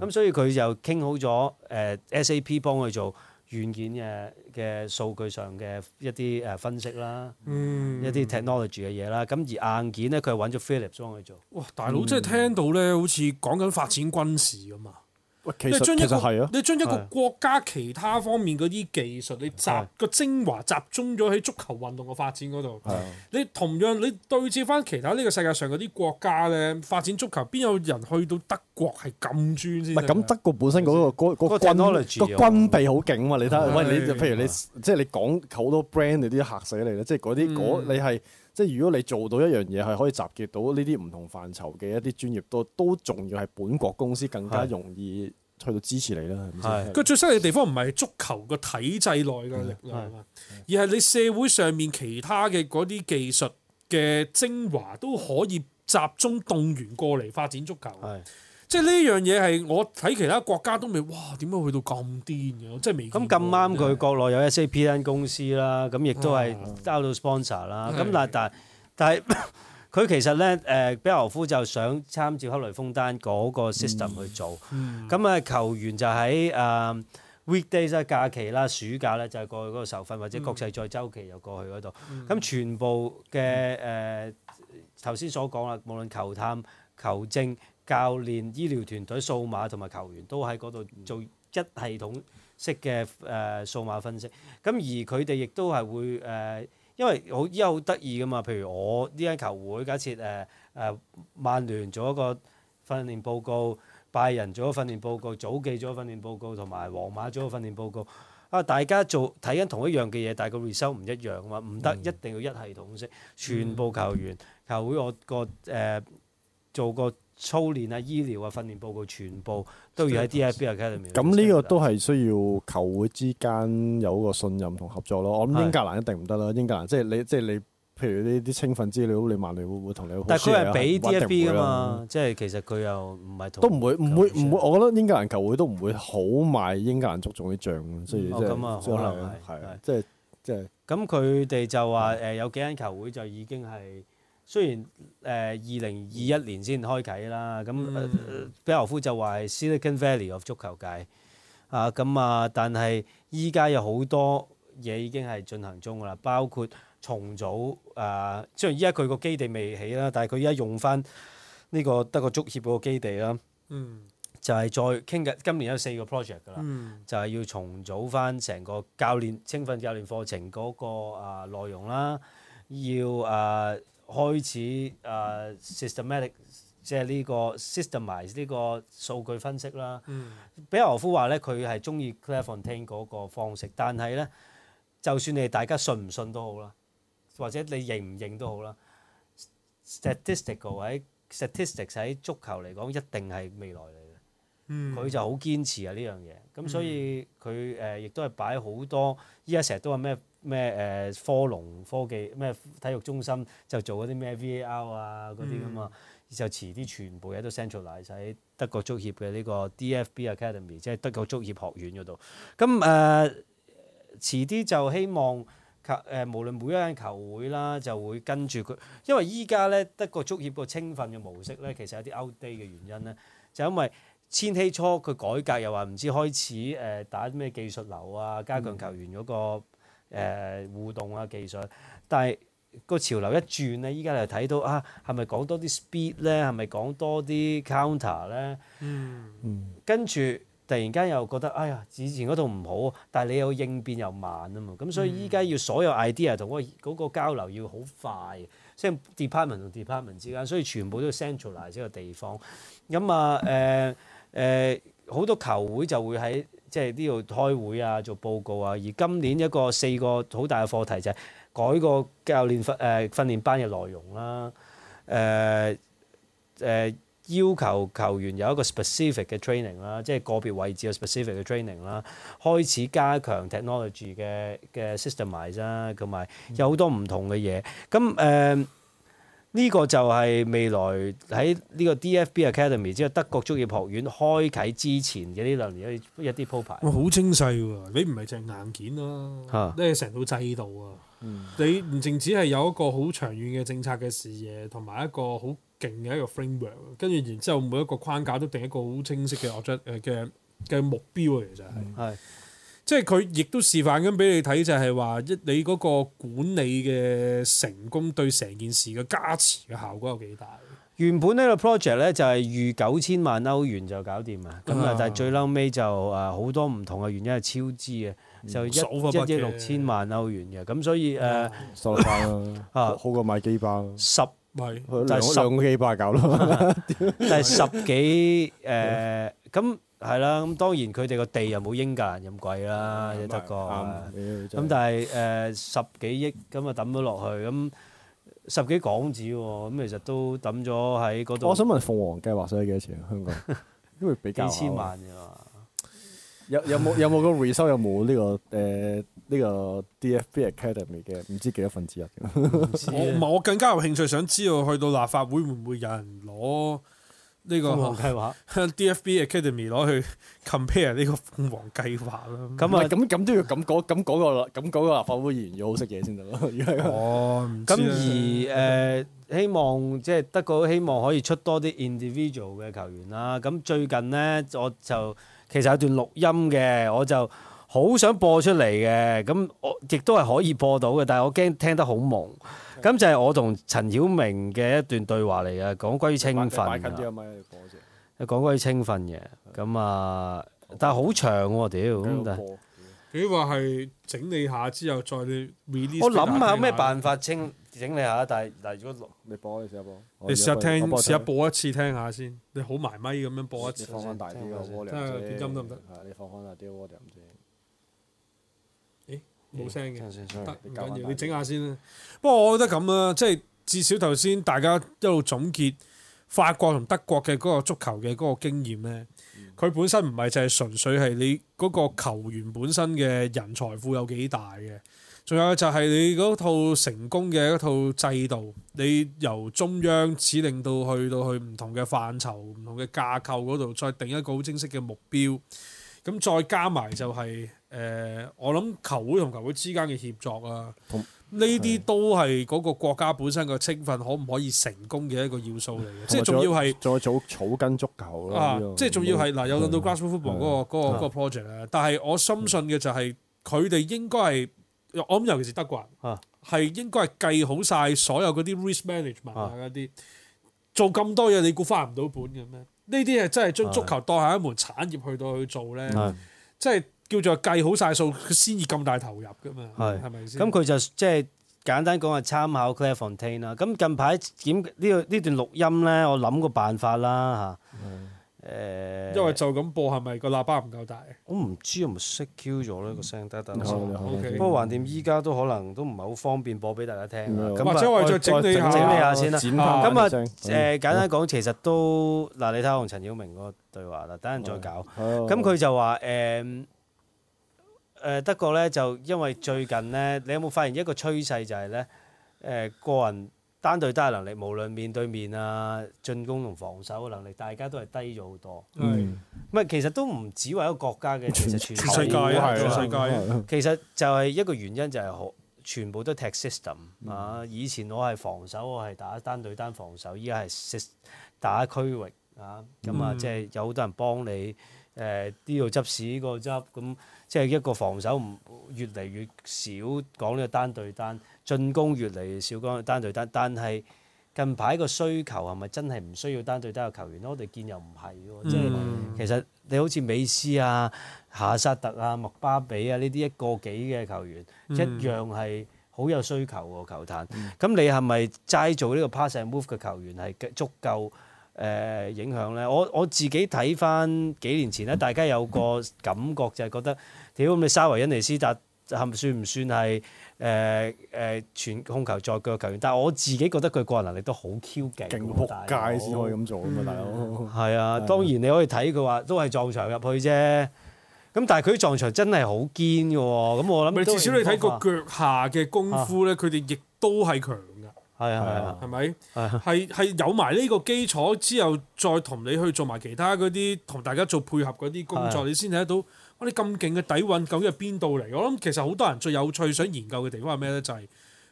嗯、所以佢就傾好咗誒 S A P 幫佢做軟件嘅嘅數據上嘅一啲誒分析啦，嗯、一啲 technology 嘅嘢啦。咁而硬件咧，佢揾咗 Philips 幫佢做。哇！大佬，嗯、即係聽到咧，好似講緊發展軍事㗎嘛～其實你將一個你將一個國家其他方面嗰啲技術，的你集個精華集中咗喺足球運動嘅發展嗰度，的你同樣你對接翻其他呢個世界上嗰啲國家咧，發展足球邊有人去到德國係咁專先？唔係咁德國本身嗰，那個對個軍個軍備好勁嘛？你睇下的，喂你譬如你即係的你講好多 brand 你啲嚇死你啦，即係嗰啲你係。即係如果你做到一樣嘢係可以集結到呢啲唔同範疇嘅一啲專業，都都仲要係本國公司，更加容易去到支持你啦，係咪先？佢最犀利嘅地方唔係足球個體制內嘅力量，是的是的，而係你社會上面其他嘅嗰啲技術嘅精華都可以集中動員過嚟發展足球。是的是的即係呢樣嘢係我睇其他國家都未哇，點解去到咁癲嘅？我真係咁咁啱佢國內有 SAP 呢間公司啦，咁亦、嗯、都係交到 sponsor 啦、嗯。咁但係是但係佢其實咧誒，比羅夫就想參照克雷封丹嗰個 system 去做。咁啊、嗯，嗯、球員就喺誒、呃、weekdays 假期啦、暑假咧，就係過去嗰度受訓，或者國際賽周期又過去嗰度。咁、嗯、全部嘅誒頭先所講啦，無論球探、球證。教練、醫療團隊、數碼同埋球員都喺嗰度做一系統式嘅誒數碼分析。咁而佢哋亦都係會誒、呃，因為好依家好得意噶嘛。譬如我呢間球會，假設誒誒、呃、曼聯做一個訓練報告，拜仁做一個訓練報告，祖記做一個訓練報告，同埋皇馬做一個訓練報告。啊、呃，大家做睇緊同一樣嘅嘢，但係個 result 唔一樣嘛，唔得、嗯、一定要一系統式，全部球員球會我個誒、呃呃、做個。做操練啊、醫療啊、訓練報告全部都要喺 DFB 入面。咁呢個都係需要球會之間有個信任同合作咯。我諗英格蘭一定唔得啦，英格蘭即係你即係你，譬如呢啲青訓資料，你曼聯會唔會同你？但係佢係俾 DFB 㗎嘛，即係其實佢又唔係同。都唔會，唔會，唔會。我覺得英格蘭球會都唔會好賣英格蘭足總啲帳，所以即係即係即係。咁佢哋就話誒，有幾間球會就已經係。雖然誒二零二一年先開啓啦，咁、嗯、比尤夫就話係 Silicon Valley of 足球界啊，咁啊，但係依家有好多嘢已經係進行中㗎啦，包括重組啊，即係依家佢個基地未起啦，但係佢依家用翻呢、這個德國足協個基地啦，嗯、就係再傾緊今年有四個 project 噶啦，嗯、就係要重組翻成個教練青訓教練課程嗰、那個啊內容啦，要啊。開始誒、uh, systematic，即係呢、呢個 systemize 呢個數據分析啦。嗯、比爾霍夫話咧，佢係中意 Clairefontaine 嗰個方式，但係咧，就算你大家信唔信都好啦，或者你認唔認都好啦，statistical 或者 statistics 喺足球嚟講一定係未來嚟嘅。佢、嗯、就好堅持啊呢樣嘢，咁所以佢誒亦都係擺好多依家成日都話咩？咩誒科隆科技咩體育中心就做嗰啲咩 VAR 啊嗰啲噶嘛，就遲啲全部嘢都 send 出嚟，就喺德國足協嘅呢個 D F B Academy，即係德國足協學院嗰度。咁誒、呃、遲啲就希望球誒無論每一間球會啦，就會跟住佢，因為依家咧德國足協個青訓嘅模式咧，其實有啲 outdate 嘅原因咧，就是、因為千禧初佢改革又話唔知開始誒打啲咩技術流啊，加強球員嗰個。嗯嗯誒互動啊技術，但係個潮流一轉咧，依家又睇到啊，係咪講多啲 speed 咧？係咪講多啲 counter 咧？嗯，跟住突然間又覺得，哎呀，以前嗰套唔好，但係你又應變又慢啊嘛，咁、嗯、所以依家要所有 idea 同嗰嗰個交流要好快，即係、嗯、department 同 department 之間，所以全部都 centralize 呢個地方。咁啊誒誒，好、呃呃、多球會就會喺。即係呢度開會啊，做報告啊。而今年一個四個好大嘅課題就係改個教練訓誒訓練班嘅內容啦。誒、呃、誒、呃，要求球員有一個 specific 嘅 training 啦，即係個別位置有 specific 嘅 training 啦。開始加強 technology 嘅嘅 systemize 啦，同埋有好多唔同嘅嘢。咁、呃、誒。呢個就係未來喺呢個 DFB Academy，即係德國足協學院開啓之前嘅呢兩年一鋪，一啲鋪排。好精細喎，你唔係隻硬件、啊啊、你係成套制度啊，嗯、你唔淨止係有一個好長遠嘅政策嘅視野，同埋一個好勁嘅一個 framework，跟住然之後，後每一個框架都定一個好清晰嘅嘅嘅目標啊，其實係。嗯即係佢亦都示範咁俾你睇，就係話一你嗰個管理嘅成功對成件事嘅加持嘅效果有幾大？原本呢個 project 咧就係預九千萬歐元就搞掂啊，咁啊，但係最撈尾就啊好多唔同嘅原因係超支嘅，就一一億六千萬歐元嘅，咁所以誒，收翻啦，嚇好過買幾包，十咪就係兩個幾包搞咯，但係十幾誒咁。係啦，咁當然佢哋個地又冇英格蘭，咁貴啦，德國個。咁但係誒、呃、十幾億咁啊抌咗落去，咁、嗯、十幾港紙喎，咁、嗯、其實都抌咗喺嗰度。我想問鳳凰計劃使幾多錢啊？香 港因為比較幾千萬啫嘛。有有冇有冇個回收？有冇呢個誒呢、呢個、呃呢個、DFB Academy 嘅唔知幾多分之一？ 我我更加有興趣想知道去到立法會會唔會有人攞？呢、這個鳳凰 DFB Academy 攞去 compare 呢個鳳凰計劃啦。咁啊、嗯，咁咁都要咁嗰咁嗰個咁嗰個立法會議員要好識嘢先得咯。哦 、嗯，咁而誒、呃，希望即係德國希望可以出多啲 individual 嘅球員啦。咁最近咧，我就其實有段錄音嘅，我就好想播出嚟嘅。咁我亦都係可以播到嘅，但係我驚聽得好忙。咁就係我同陳曉明嘅一段對話嚟嘅，講關於青訓。快近啲啊，咪講一講關於青訓嘅，咁啊，但係好長喎，屌咁就。係整理下之後再 release 我諗下有咩辦法清整理下，但係但係嗰度。你播可以試下播。你試下聽，試下播一次聽下先。你好埋咪咁樣播一次。放翻大啲啊，音量唔得。你放大啲，冇聲嘅，得唔緊要？行你整下先啦。不過我覺得咁啊，即係至少頭先大家一路總結法國同德國嘅嗰個足球嘅嗰個經驗咧，佢、嗯、本身唔係淨係純粹係你嗰個球員本身嘅人財富有幾大嘅，仲有就係你嗰套成功嘅一套制度，你由中央指令到去到去唔同嘅範疇、唔同嘅架構嗰度，再定一個好正式嘅目標，咁再加埋就係、是。誒，我諗球會同球會之間嘅協作啊，呢啲都係嗰個國家本身嘅青訓，可唔可以成功嘅一個要素嚟嘅。即係仲要係再做草根足球咯，即係仲要係嗱，有到 grassroot football 嗰個 project 啊，但係我深信嘅就係佢哋應該係，我諗尤其是德國人係應該係計好晒所有嗰啲 risk management 嗰啲做咁多嘢，你估翻唔到本嘅咩？呢啲係真係將足球當係一門產業去到去做咧，即係。叫做計好晒數，佢先至咁大投入嘅嘛，係咪先？咁佢就即係簡單講，係參考 Clairefontaine 啦。咁近排檢呢個呢段錄音咧，我諗個辦法啦嚇。誒，因為就咁播係咪個喇叭唔夠大？我唔知係咪失 Q 咗咧個聲，得得先。不過橫掂，依家都可能都唔係好方便播俾大家聽啦。或者我再整理下先啦。咁啊，誒，簡單講，其實都嗱，你睇下我同陳曉明嗰個對話啦。等陣再搞。咁佢就話誒。誒，德國咧就因為最近咧，你有冇發現一個趨勢就係咧？誒、呃、個人單對單嘅能力，無論面對面啊、進攻同防守嘅能力，大家都係低咗好多。係、嗯，唔係其實都唔只為一個國家嘅，其實全，全世界啊，係世界。其實就係一個原因就係全部都踢 system、嗯、啊。以前我係防守，我係打單對單防守，依家係打區域啊。咁啊、嗯，即係有好多人幫你誒、呢、呃、度執屎，嗰度執咁。即係一個防守唔越嚟越少講呢個單對單，進攻越嚟越少講單對單。但係近排個需求係咪真係唔需要單對單嘅球員咧？我哋見又唔係喎，嗯、即係其實你好似美斯啊、夏薩特啊、麥巴比啊呢啲一個幾嘅球員、嗯、一樣係好有需求喎球壇。咁、嗯、你係咪齋做呢個 pass and move 嘅球員係足夠誒、呃、影響咧？我我自己睇翻幾年前咧，大家有個感覺就係覺得。屌，咁你沙維恩尼斯達係咪算唔算係誒誒全控球在腳球員？但係我自己覺得佢個人能力都好 Q 勁，勁撲街先可以咁做啊嘛，嗯、大佬家。係啊，啊當然你可以睇佢話都係撞牆入去啫。咁但係佢啲撞牆真係好堅嘅喎。咁我諗至少你睇個腳下嘅功夫咧，佢哋亦都係強嘅。係啊係啊，係咪係係有埋呢個基礎之後，再同你去做埋其他嗰啲同大家做配合嗰啲工作，你先睇得到。你咁勁嘅底蘊究竟係邊度嚟？我諗其實好多人最有趣想研究嘅地方係咩咧？就係、是、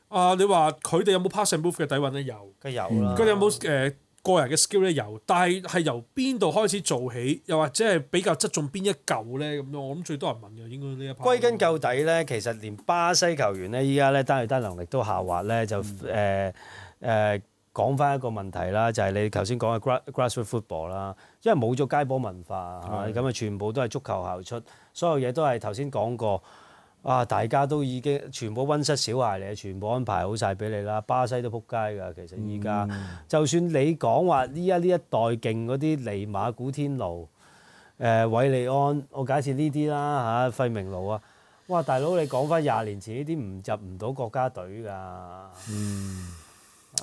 啊、呃，你話佢哋有冇 pass and move 嘅底蘊咧？有，梗係有啦。佢哋有冇誒、呃、個人嘅 skill 咧？有，但係係由邊度開始做起？又或者係比較側重邊一嚿咧？咁樣我諗最多人問嘅應該呢一。歸根究底咧，其實連巴西球員咧，依家咧單與單能力都下滑咧，就誒誒。嗯呃呃講翻一個問題啦，就係、是、你頭先講嘅 grass grassroot football 啦，因為冇咗街波文化，咁啊是的 全部都係足球校出，所有嘢都係頭先講過。啊，大家都已經全部溫室小孩嚟，全部安排好晒俾你啦。巴西都撲街㗎，其實依家、嗯、就算你講話，依家呢一代勁嗰啲尼馬古天奴、誒韋利安，我假設呢啲啦嚇，費明奴啊，哇大佬，你講翻廿年前呢啲唔入唔到國家隊㗎。嗯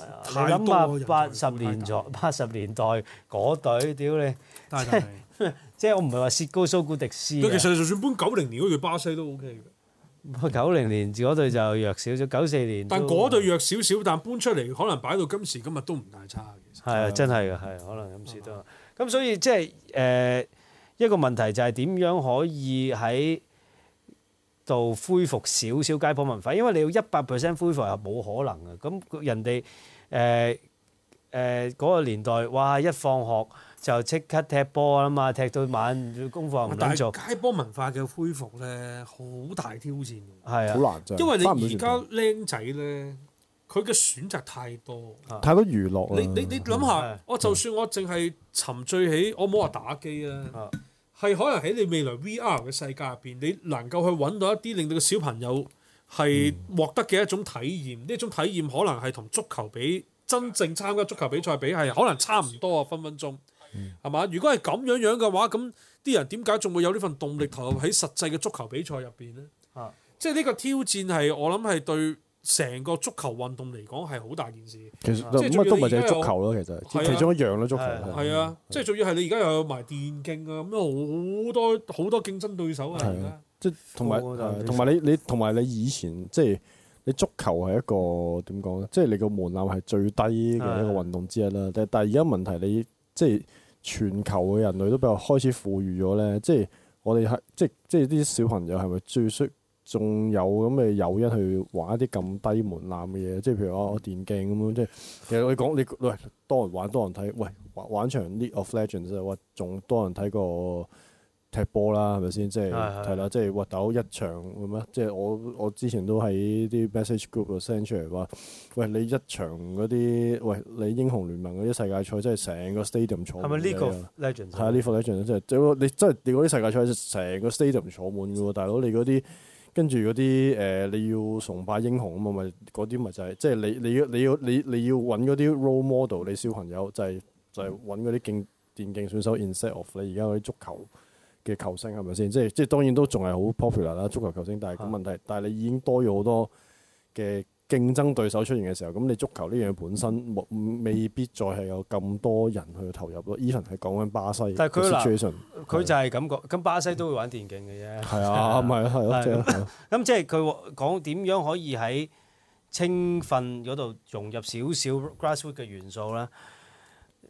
係啊！諗下八十年代、八十年代嗰隊，屌你！即係即係，我唔係話薛高蘇古迪斯。其實你就算搬九零年嗰隊巴西都 OK 嘅。九零年嗰隊就弱少少，九四年。但嗰隊弱少少，但搬出嚟可能擺到今時今日都唔太差。係啊，真係嘅，係可能今時都。咁所以即係誒一個問題就係點樣可以喺度恢復少少街坊文化？因為你要一百 percent 恢復係冇可能嘅。咁人哋。誒誒嗰個年代，哇！一放學就即刻踢波啦嘛，踢到晚，功課唔使做。但係街波文化嘅恢復咧，好大挑戰。係啊，好難因為你而家僆仔咧，佢嘅選擇太多，太多娛樂。你你你諗下，啊、我就算我淨係沉醉喺我冇話打機啦，係、啊、可能喺你未來 VR 嘅世界入邊，你能夠去揾到一啲令到個小朋友。係獲得嘅一種體驗，呢種體驗可能係同足球比真正參加足球比賽比係可能差唔多啊分分鐘，係嘛？如果係咁樣樣嘅話，咁啲人點解仲會有呢份動力投入喺實際嘅足球比賽入邊咧？啊，即係呢個挑戰係我諗係對成個足球運動嚟講係好大件事。其實都唔係淨係足球咯，其實係其中一樣咯，足球係啊，即係仲要係你而家又有埋電競啊，咁樣好多好多競爭對手啊，而家。即係同埋，同埋是你是你同埋你，你以前即係你足球係一個點講咧？即係你個門檻係最低嘅是的 一個運動之一啦。但係但係而家問題你，你即係全球嘅人類都比較開始富裕咗咧。即係我哋係即係即係啲小朋友係咪最需仲有咁嘅誘因去玩一啲咁低門檻嘅嘢？即係譬如我電競咁樣。即係其實我講你，你喂，多人玩多人睇，喂玩玩場 League of Legends，哇，仲多人睇過。踢波啦，係咪先？就是哎、呀即係係啦，即係屈鬥一場咁啊！哎、呀即係我我之前都喺啲 message group send 出嚟話：，喂，你一場嗰啲喂你英雄聯盟嗰啲世界賽，即係成個 stadium 坐係咪呢 e Legends？係啊呢 e l e g e n d 即係你真係你嗰啲世界賽，成個 stadium 坐滿嘅喎。大佬你嗰啲跟住嗰啲誒，你要崇拜英雄啊嘛？咪嗰啲咪就係、是、即係你你要你要你你要揾嗰啲 role model。你小朋友就係、是、就係揾嗰啲競電競選手 inset of 你而家嗰啲足球。嘅球星係咪先？即係即係當然都仲係好 popular 啦，足球球星。但係咁問題，係啊但係你已經多咗好多嘅競爭對手出現嘅時候，咁你足球呢樣嘢本身冇未必再係有咁多人去投入咯。Ethan 係講緊巴西情況，但佢佢就係咁講。咁係啊，巴西都會玩電競嘅啫。係啊係啊，咪係咯，即係咁。咁即係佢講點樣可以喺青訓嗰度融入少少 grassroot 嘅元素咧？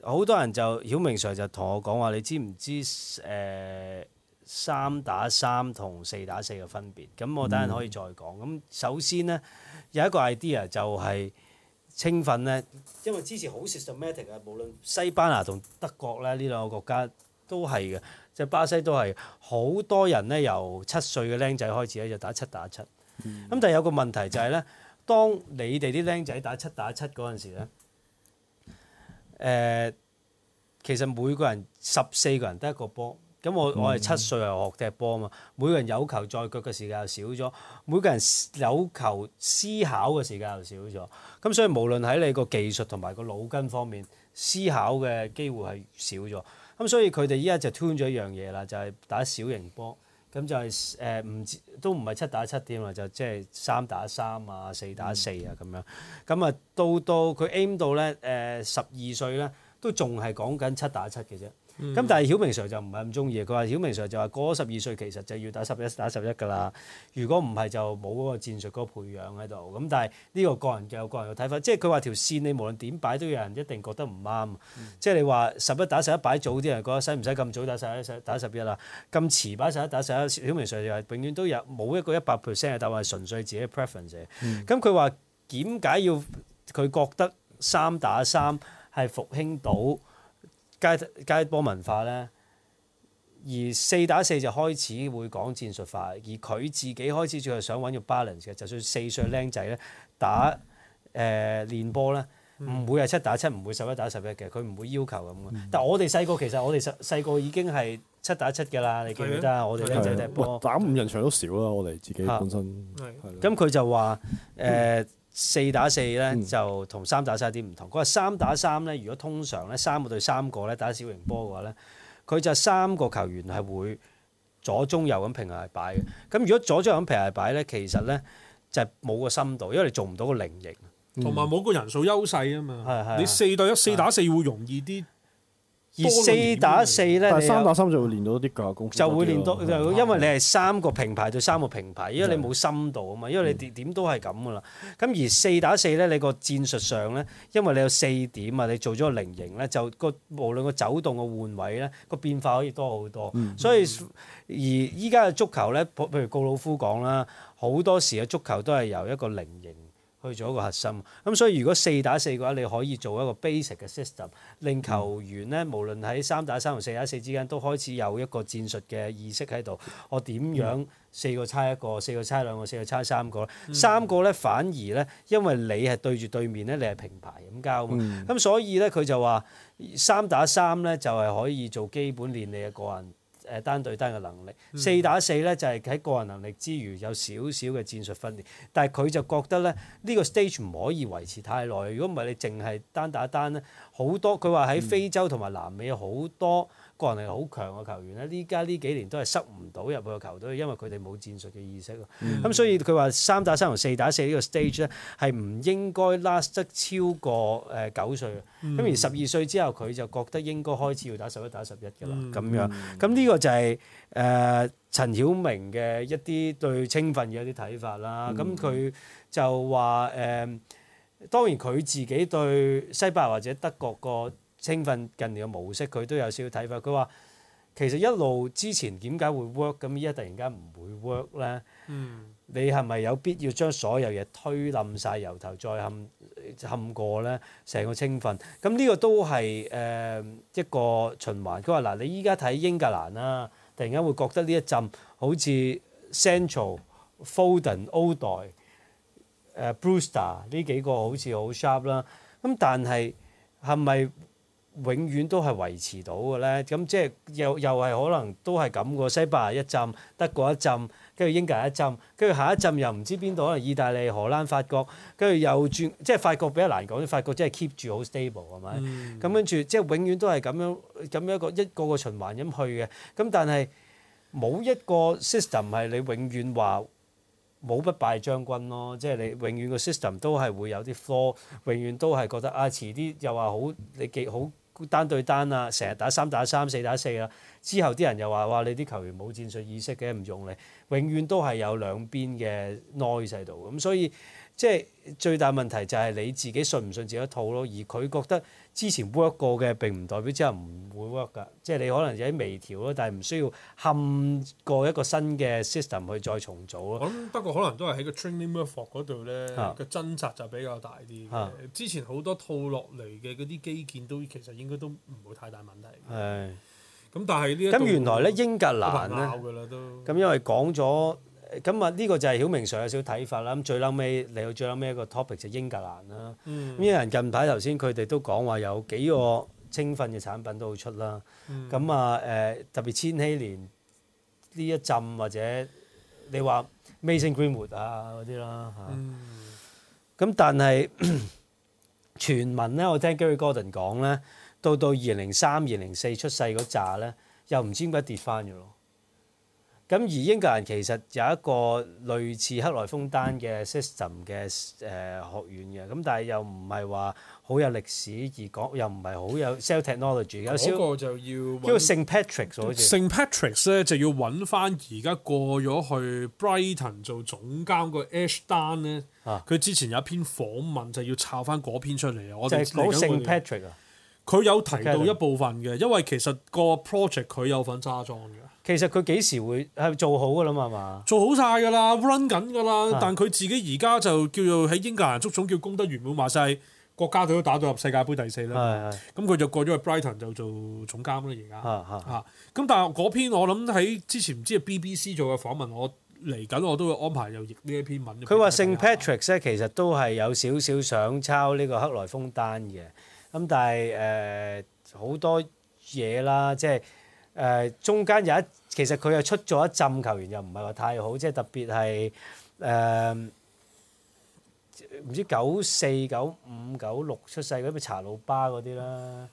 好多人就曉明 Sir 就同我講話，你知唔知誒、呃、三打三同四打四嘅分別？咁我等陣可以再講。咁、嗯、首先呢，有一個 idea 就係青訓呢，因為之前好 systematic 嘅，無論西班牙同德國咧呢兩個國家都係嘅，即、就、係、是、巴西都係。好多人呢，由七歲嘅僆仔開始咧就打七打七。咁、嗯、但係有個問題就係呢，當你哋啲僆仔打七打七嗰陣時咧。誒、呃，其實每個人十四個人得一個波，咁我、嗯、我係七歲就學踢波啊嘛。每個人有球在腳嘅時間又少咗，每個人有球思考嘅時間又少咗。咁所以無論喺你個技術同埋個腦筋方面，思考嘅機會係少咗。咁所以佢哋依家就 tune 咗一樣嘢啦，就係、是、打小型波。咁就係誒唔都唔係七打七添啦，就即係三打三啊、嗯、四打四啊咁樣。咁啊到到佢 aim 到咧誒十二歲咧，都仲係講緊七打七嘅啫。咁、嗯、但係曉明 Sir 就唔係咁中意佢話曉明 Sir 就話過咗十二歲其實就要打十一打十一㗎啦。如果唔係就冇嗰個戰術嗰個培養喺度。咁但係呢個個人又有個人嘅睇法，即係佢話條線你無論點擺都有人一定覺得唔啱。即係你話十一打十一擺早啲人覺得使唔使咁早打十一打十一啊？咁遲擺十一打十一，曉明 Sir 就永遠都有冇一個一百 percent 嘅，答案係純粹自己嘅 preference 咁佢話點解要佢覺得三打三係復興到？街街波文化咧，而四打四就開始會講戰術化，而佢自己開始就係想搵個 balance 嘅。就算四歲僆仔咧打誒、嗯呃、練波咧，唔會係七打七，唔會十一打十一嘅。佢唔會要求咁嘅。嗯、但係我哋細個其實我哋細細個已經係七打七㗎啦。你記唔記得啊？我哋僆仔踢波打五人場都少啦。我哋自己本身係咁，佢就話誒。呃 四打四咧就同三打三有啲唔同。佢話三打三咧，如果通常咧三個對三個咧打小型波嘅話咧，佢就三個球員係會左中右咁平衡擺嘅。咁如果左中右咁平衡擺咧，其實咧就冇、係、個深度，因為你做唔到個菱形，同埋冇個人數優勢啊嘛。你四對一四打四會容易啲。而四打四咧，但係三打三就會練到啲架功，就會練到就排因為你係三個平排對三個平排，因為你冇深度啊嘛，因為你點都係咁噶啦。咁而四打四咧，你個戰術上咧，因為你有四點啊，你做咗個菱形咧，就個無論個走動嘅換位咧，個變化可以多好多。嗯嗯、所以而依家嘅足球咧，譬如告魯夫講啦，好多時嘅足球都係由一個菱形。去做一個核心，咁所以如果四打四嘅話，你可以做一個 basic 嘅 system，令球員咧，無論喺三打三同四打四之間都開始有一個戰術嘅意識喺度。我點樣四個差一個，四個差兩個，四個差三個，三個咧反而咧，因為你係對住對面咧，你係平排咁交啊。咁所以咧，佢就話三打三咧，就係可以做基本練你嘅個人。誒單對單嘅能力，四打四咧就係喺個人能力之餘有少少嘅戰術訓練，但係佢就覺得咧呢個 stage 唔可以維持太耐。如果唔係你淨係單打單咧，好多佢話喺非洲同埋南美好多。個人能力好強嘅球員咧，依家呢幾年都係塞唔到入去個球隊，因為佢哋冇戰術嘅意識咯。咁、嗯嗯、所以佢話三打三同四打四呢個 stage 咧、嗯，係唔應該 last 得超過誒九歲。咁而十二歲之後，佢就覺得應該開始要打十一打十一㗎啦。咁、嗯、樣咁呢、嗯、個就係、是、誒、呃、陳曉明嘅一啲對青訓嘅一啲睇法啦。咁佢、嗯、就話誒、呃，當然佢自己對西班牙或者德國個青訓近年嘅模式，佢都有少少睇法。佢話：其實一路之前點解會 work，咁依家突然間唔會 work 咧？嗯，你係咪有必要將所有嘢推冧曬，由頭再冧冧過咧？成個青訓，咁呢個都係誒一個循環。佢話：嗱，你依家睇英格蘭啦，突然間會覺得呢一陣好似 Central、Foden、Odoi、誒 Brewster 呢幾個好似好 sharp 啦。咁但係係咪？永遠都係維持到嘅咧，咁即係又又係可能都係咁嘅西班牙一浸，德國一浸，跟住英格蘭一浸，跟住下一浸又唔知邊度，可能意大利、荷蘭、法國，跟住又轉，即係法國比較難講啲，法國真係 keep 住好 stable 係咪？咁跟住即係永遠都係咁樣咁一個一個個循環咁去嘅。咁但係冇一個 system 係你永遠話冇不敗將軍咯，即係你永遠個 system 都係會有啲 flow，永遠都係覺得啊，遲啲又話好你幾好。單對單啊，成日打三打三四打四啊。之後啲人又話：，哇，你啲球員冇戰術意識嘅，唔用你，永遠都係有兩邊嘅聲音喺度。咁所以即係最大問題就係你自己信唔信自己一套咯，而佢覺得。之前 work 過嘅並唔代表之後唔會 work 㗎，即係你可能有啲微調咯，但係唔需要冚過一個新嘅 system 去再重組咯。我諗不過可能都係喺個 training for 嗰度咧，個掙扎就比較大啲。啊啊、之前好多套落嚟嘅嗰啲基建都其實應該都唔會太大問題。咁是但係呢一，咁原來咧英格蘭咧，咁因為講咗。咁啊，呢個就係曉明上有少少睇法啦。咁最撈尾嚟到最撈尾一個 topic 就英格蘭啦。咁啲人近排頭先佢哋都講話有幾個青訓嘅產品都會出啦。咁啊誒，特別千禧年呢一陣或者你話 Mason Greenwood 啊嗰啲啦嚇。咁、嗯、但係傳聞咧，我聽 Gary Gordon 講咧，到到二零三二零四出世嗰紮咧，又唔知點解跌翻咗咯。咁而英格蘭其實有一個類似克萊楓丹嘅 system 嘅誒學院嘅，咁但係又唔係話好有歷史而，而講又唔係好有 sell technology 有。有少個就要叫 St. Patrick，好似 St. Patrick's 咧就要揾翻而家過咗去 Brighton 做總監個 Ash 丹咧，佢、啊、之前有一篇訪問就是、要抄翻嗰篇出嚟啊！我哋嚟緊，佢 St. Patrick? 有提到一部分嘅，定因為其實個 project 佢有份揸裝嘅。其實佢幾時會係做好㗎啦嘛？做好晒㗎啦，run 緊㗎啦。但佢自己而家就叫做喺英格蘭足總叫功德圓滿，話晒國家隊都打到入世界盃第四啦。咁佢是就過咗去 Brighton 就做總監啦。而家咁，但係嗰篇我諗喺之前唔知 BBC 做嘅訪問，我嚟緊我都會安排又譯呢一篇文。佢話聖 Patrick 咧，其實都係有少少想抄呢個克萊楓丹嘅。咁但係誒好多嘢啦，即係。誒、呃、中間有一其實佢又出咗一浸球員，又唔係話太好，即係特別係誒唔知九四、九五、九六出世嗰啲查洛巴嗰啲啦。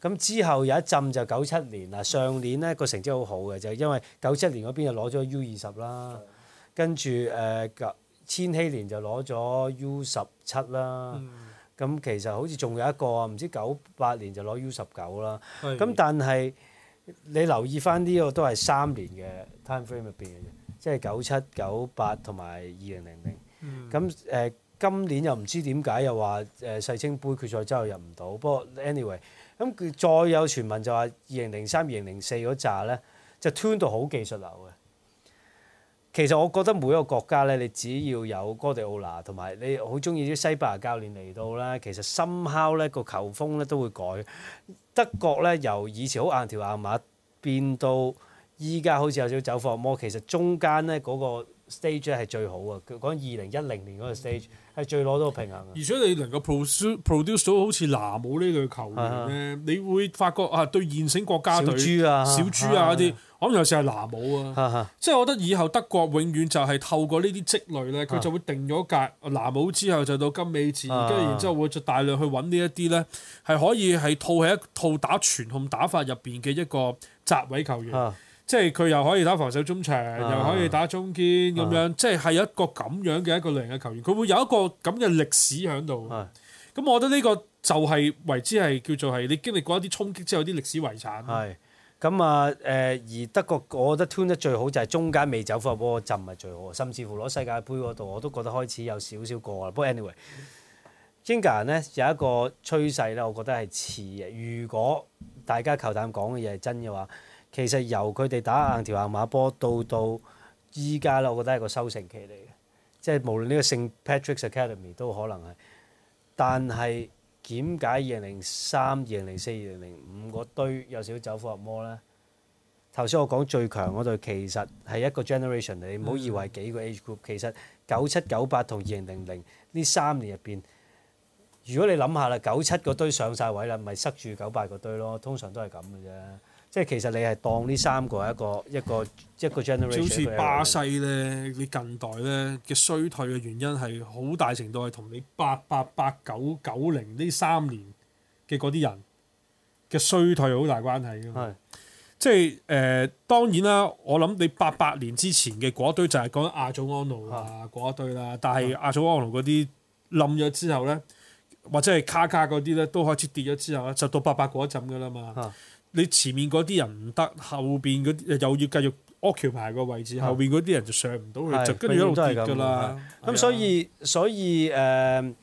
咁之後有一浸就九七年嗱，上年咧個成績好好嘅，就係、因為九七年嗰邊就攞咗 U 二十啦，跟住誒九千禧年就攞咗 U 十七啦。咁其實好似仲有一個啊，唔知九八年就攞 U 十九啦。咁但係。你留意翻呢、這個都係三年嘅 time frame 入邊嘅，即係九七、九八同埋二零零零。咁、呃、誒今年又唔知點解又話誒、呃、世青杯決賽之後入唔到。不過 anyway，咁、嗯、再有傳聞就話二零零三、二零零四嗰扎呢，就 turn 到好技術流嘅。其實我覺得每一個國家呢，你只要有哥迪奧拿同埋你好中意啲西班牙教練嚟到啦，其實 somehow 呢個球風呢都會改。德國咧，由以前好硬橋硬馬，變到依家好似有少少走火入魔。其實中間咧嗰個 stage 咧係最好嘅，講二零一零年嗰個 stage。係最攞到平衡，而且你能夠 produce 到好似拿姆呢隊球員咧，是啊、你會發覺啊，對現成國家隊小豬啊、小豬啊啲，我諗是、啊、尤其是拿姆啊，是啊即係我覺得以後德國永遠就係透過呢啲積累咧，佢是、啊、就會定咗格拿姆之後就到金美治，跟住是、啊、然之後，然後就會就大量去揾呢一啲咧係可以係套喺一套打傳控打法入邊嘅一個紮位球員。是啊即係佢又可以打防守中場，又可以打中堅咁、啊、樣，啊、即係係一個咁樣嘅一個類型嘅球員，佢會有一個咁嘅歷史喺度。咁、啊、我覺得呢個就係為之係叫做係你經歷過一啲衝擊之後啲歷史遺產。係咁啊誒，而德國，我覺得 tune 得最好就係中間未走火波就唔係最好，甚至乎攞世界盃嗰度我都覺得開始有少少過啦。不過 anyway，英格蘭呢有一個趨勢咧，我覺得係似。如果大家球探講嘅嘢係真嘅話，其實由佢哋打硬條硬馬波到到依家啦，我覺得係個收成期嚟嘅，即係無論呢個聖 Patrick's Academy 都可能係。但係點解二零零三、二零零四、二零零五嗰堆有少少走火入魔呢？頭先我講最強嗰度，其實係一個 generation，你唔好以為幾個 age group，其實九七九八同二零零零呢三年入邊，如果你諗下啦，九七嗰堆上晒位啦，咪塞住九八嗰堆咯，通常都係咁嘅啫。即係其實你係當呢三個係一個一個一個 generation 好似巴西咧，你近代咧嘅衰退嘅原因係好大程度係同你八八八九九零呢三年嘅嗰啲人嘅衰退好大關係㗎。係是，即係誒、呃、當然啦，我諗你八八年之前嘅嗰堆就係講亞祖安奴啊嗰一堆啦，但係亞祖安奴嗰啲冧咗之後咧，是或者係卡卡嗰啲咧都開始跌咗之後咧，就到八八嗰陣㗎啦嘛。你前面嗰啲人唔得，後邊嗰啲又要繼續 occupy 個位置，的後邊嗰啲人就上唔到去，就跟住一路都係咁㗎啦。咁的所以是的 所以誒，以 uh,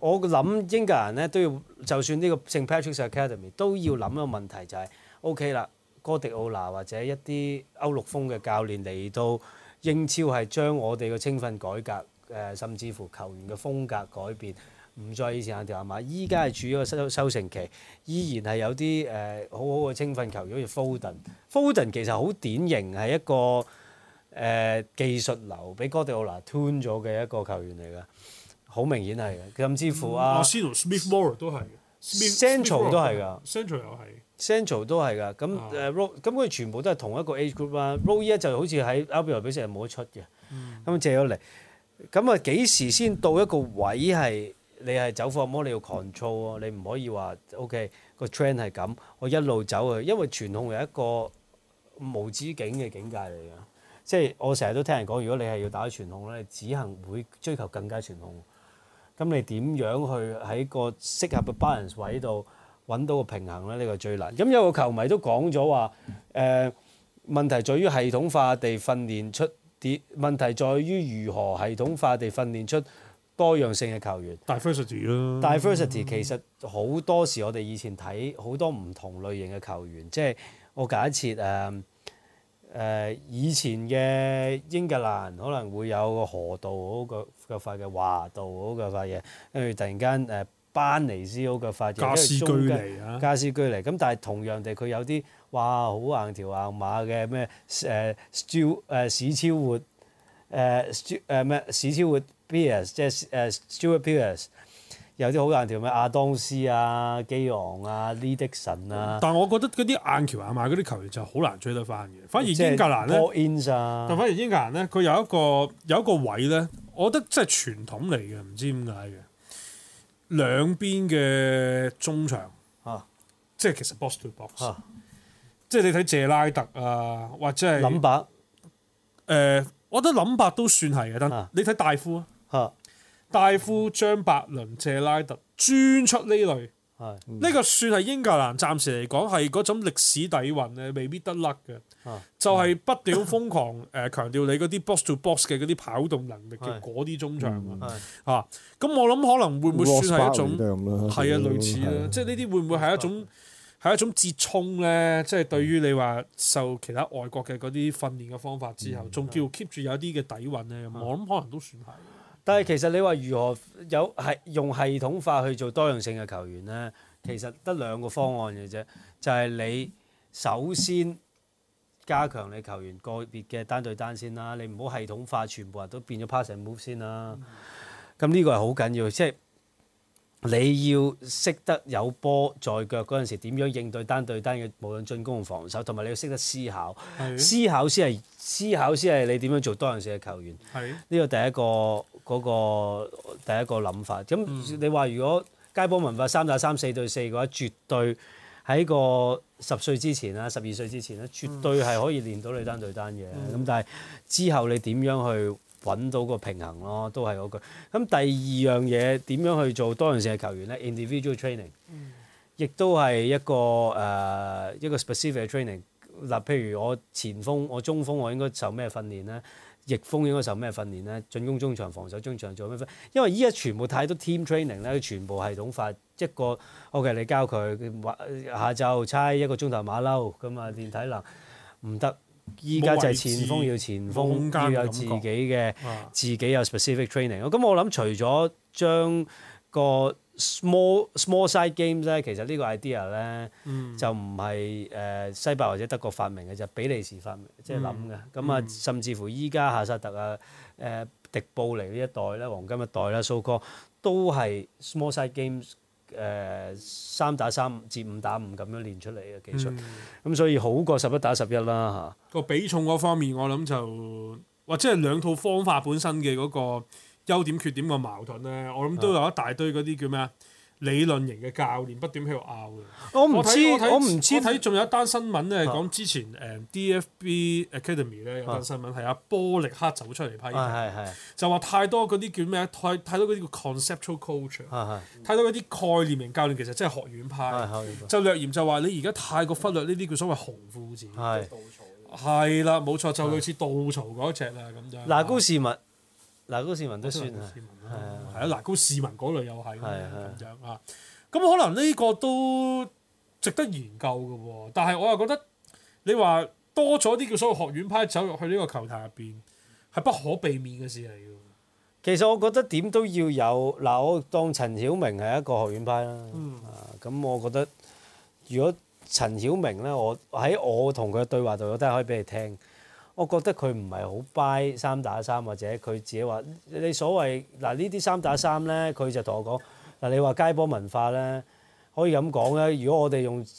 我嘅諗，英格蘭咧都要，就算呢個 St Patrick's Academy 都要諗個問題就係、是、，OK 啦，哥迪奧拿或者一啲歐陸風嘅教練嚟到英超係將我哋嘅青訓改革，誒、呃、甚至乎球員嘅風格改變。唔再以前阿迪亞馬，依家係處於個收收成期，依然係有啲誒好好嘅青訓球員，好似 Foden。Foden 其實好典型係一個誒技術流，俾哥迪奧拿 turn 咗嘅一個球員嚟嘅，好明顯係嘅。甚至乎啊，Smithmore 都係，Central 都係㗎，Central 又係，Central 都係㗎。咁誒 Row 咁佢全部都係同一個 age group 啦。Row 依家就好似喺歐洲杯成日冇得出嘅，咁借咗嚟，咁啊幾時先到一個位係？你係走火魔，你要 control 啊。你唔可以話 OK 個 train 係咁，我一路走去，因為傳控係一個無止境嘅境界嚟嘅。即係我成日都聽人講，如果你係要打傳控咧，只行會追求更加傳控。咁你點樣去喺個適合嘅 balance 位度揾到個平衡咧？呢個最難。咁有個球迷都講咗話，誒問題在於系統化地訓練出啲問題，在於如何系統化地訓練出。多樣性嘅球員，大 Diversity 啦。大 Diversity 其實好多時，我哋以前睇好多唔同類型嘅球員。即、就、係、是、我假設誒誒、嗯嗯、以前嘅英格蘭可能會有個河道好腳腳法嘅華道好好發，好腳法嘢，跟住突然間誒班尼斯好腳法嘢，加斯居嚟嚇、啊，加斯居嚟咁。但係同樣地，佢有啲哇好硬條硬馬嘅咩誒超史超活誒誒咩史超活。即係誒、就是 uh, Stuart Pearce，有啲好硬橋咩？亞當斯啊、基昂啊、Lee Dixon 啊。嗯、但係我覺得嗰啲硬橋硬馬嗰啲球員就好難追得翻嘅。反而英格蘭咧，s 啊、 但係反而英格蘭咧，佢有一個有一個位咧，我覺得即係傳統嚟嘅，唔知點解嘅。兩邊嘅中場嚇，啊、即係其實 box、啊、to box 即係你睇謝拉特啊，或者係，林伯誒、呃，我覺得林伯都算係嘅，但你睇大夫啊。啊！大夫張伯倫、謝拉特專出呢類，係呢個算係英格蘭暫時嚟講係嗰種歷史底蘊咧，未必得甩嘅。就係不斷好瘋狂誒，強調你嗰啲 box to box 嘅嗰啲跑動能力嘅嗰啲中場啊。咁我諗可能會唔會算係一種係啊，類似啦，即係呢啲會唔會係一種係一種折衷咧？即係對於你話受其他外國嘅嗰啲訓練嘅方法之後，仲叫 keep 住有一啲嘅底蘊咧。我諗可能都算係。但係其實你話如何有係用系統化去做多樣性嘅球員咧？其實得兩個方案嘅啫，就係、是、你首先加強你球員個別嘅單對單先啦。你唔好系統化，全部人都變咗 pass and move 先啦。咁呢、嗯、個係好緊要，即、就、係、是、你要識得有波在腳嗰陣時，點樣應對單對單嘅無論進攻同防守，同埋你要識得思考，的思考先係思考先係你點樣做多樣性嘅球員。係呢個第一個。嗰個第一個諗法，咁你話如果街波文化三打三四對四嘅話，絕對喺個十歲之前啊，十二歲之前咧，絕對係可以練到你一對單對單嘅。咁、嗯、但係之後你點樣去揾到個平衡咯？都係嗰句。咁第二樣嘢點樣去做多樣性嘅球員咧？Individual training 亦都係一個誒、uh, 一個 specific training。嗱，譬如我前鋒、我中鋒，我應該受咩訓練咧？逆風應該受咩訓練咧？進攻中場、防守中場做咩分？因為依家全部太多 team training 咧，全部系統化一個 OK，你教佢下晝猜，猜一個鐘頭馬騮咁啊，練體能唔得。依家就係前鋒要前鋒要有自己嘅，啊、自己有 specific training、嗯。咁我諗除咗將個。Small small side games 咧，其實呢個 idea 咧、嗯、就唔係誒西伯或者德國發明嘅，就比利時發明即係諗嘅。咁、就、啊、是，嗯、甚至乎依家夏薩特啊、誒、呃、迪布尼呢一代咧、黃金一代啦、蘇、so、哥，called, 都係 small side games 誒、呃、三打三至五打五咁樣練出嚟嘅技術。咁、嗯、所以好過十一打十一啦嚇。嗯、個比重嗰方面我，我諗就或者係兩套方法本身嘅嗰、那個。優點缺點嘅矛盾咧，我諗都有一大堆嗰啲叫咩啊？理論型嘅教練不斷喺度拗嘅。我唔知，我唔知。睇仲有一單新聞咧，講之前誒 DFB Academy 咧，有單新聞係阿波力克走出嚟批，就話太多嗰啲叫咩啊？太太多嗰啲叫 conceptual c u l t u r e，太多嗰啲概念型教練，其實真係學院派，就略言就話你而家太過忽略呢啲叫所謂紅褲子，係啦，冇錯，就類似稻草嗰隻啦咁就。嗱，高士物。嗱，高士文都算士文啊，嗱，高士文嗰類又係咁樣啊，咁、啊啊、可能呢個都值得研究嘅喎，但係我又覺得你話多咗啲叫所謂學院派走入去呢個球壇入邊，係不可避免嘅事嚟嘅。其實我覺得點都要有，嗱，我當陳曉明係一個學院派啦，咁、嗯啊、我覺得如果陳曉明咧，我喺我同佢嘅對話度，我都係可以俾你聽。我覺得佢唔係好 buy 三打三或者佢自己話你所謂嗱呢啲三打三咧，佢就同我講嗱你話街波文化咧，可以咁講咧。如果我哋用誒、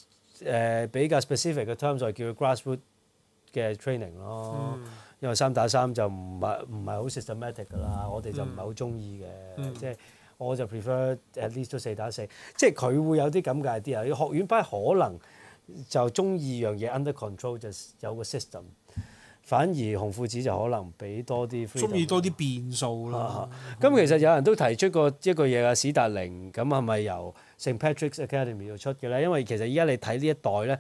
呃、比較 specific 嘅 terms 再叫 grassroot 嘅 training 咯，嗯、因為三打三就唔係唔係好 systematic 㗎啦。嗯、我哋就唔係好中意嘅，即係、嗯、我就 prefer at least 都四打四。即係佢會有啲咁嘅 idea。學院 by 可能就中意樣嘢 under control 就有個 system。反而紅褲子就可能俾多啲，中意多啲變數啦。咁其實有人都提出過一個嘢啊，史達寧咁係咪由聖 Patrick's Academy 度出嘅咧？因為其實依家你睇呢一代咧，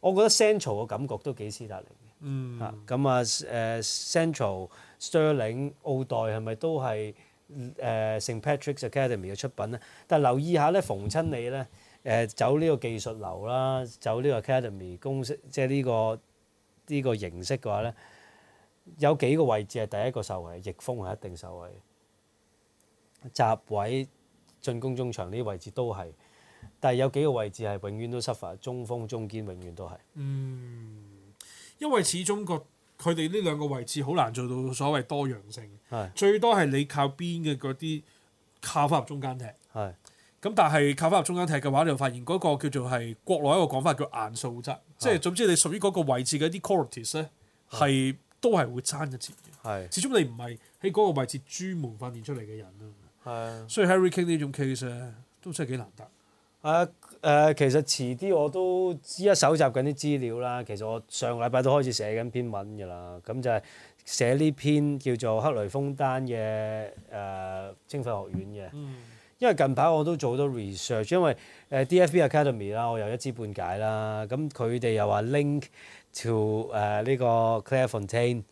我覺得 Central 嘅感覺都幾史達寧嗯。嚇咁啊誒、uh, Central Sterling 奧代係咪都係誒聖、uh, Patrick's Academy 嘅出品咧？但留意下咧，逢親你咧誒走呢個技術流啦，走呢個 Academy 公式，即係呢個。呢個形式嘅話呢，有幾個位置係第一個受惠，逆風係一定受惠，集位進攻中場呢啲位置都係，但係有幾個位置係永遠都失發，中鋒中堅永遠都係。嗯，因為始終個佢哋呢兩個位置好難做到所謂多樣性，係。最多係你靠邊嘅嗰啲靠翻入中間踢。係。咁但係靠翻入中間踢嘅話，你就發現嗰個叫做係國內一個講法叫硬素質，的即係總之你屬於嗰個位置嘅一啲 qualities 咧的，係都係會爭一截嘅。係的，始終你唔係喺嗰個位置專門訓練出嚟嘅人啦。係的，所以 Harry Kane 呢種 case 咧，都真係幾難得。啊，誒、呃，其實遲啲我都依家蒐集緊啲資料啦。其實我上個禮拜都開始寫緊篇文㗎啦。咁就係寫呢篇叫做風《克雷封丹嘅誒青訓學院》嘅。嗯。因為近排我都做咗 research，因為誒 DFB Academy 啦，我又一知半解啦，咁佢哋又話 link to 誒、呃、呢、這個 Clairefontaine，i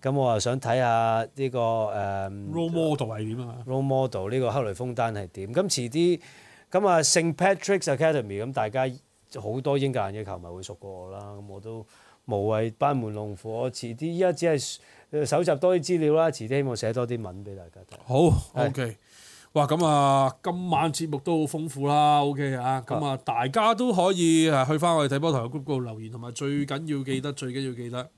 咁我又想睇下呢、這個誒、呃、role model 係點啊？role model 呢個克雷封丹係點？咁遲啲咁啊 Saint Patrick's Academy，咁大家好多英格蘭嘅球迷會熟過我啦，咁我都無謂班門弄斧，我遲啲依家只係搜集多啲資料啦，遲啲希望寫多啲文俾大家睇。好，OK。哇，咁啊，今晚節目都好豐富啦，OK 啊，咁啊，大家都可以啊去翻我哋體波台嘅 group 嗰度留言，同埋最緊要記得，最緊要記得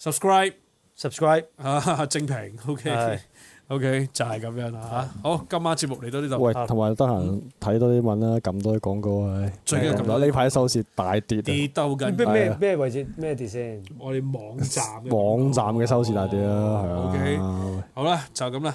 subscribe，subscribe 啊，正評，OK，OK，就係咁樣啦嚇。好，今晚節目嚟到呢度，喂，同埋得閒睇多啲文啦，撳多啲廣告啊。最近呢排收視大跌，跌鬥緊，咩咩咩位置咩跌先？我哋網站網站嘅收視大跌啦，係啊。OK，好啦，就咁啦。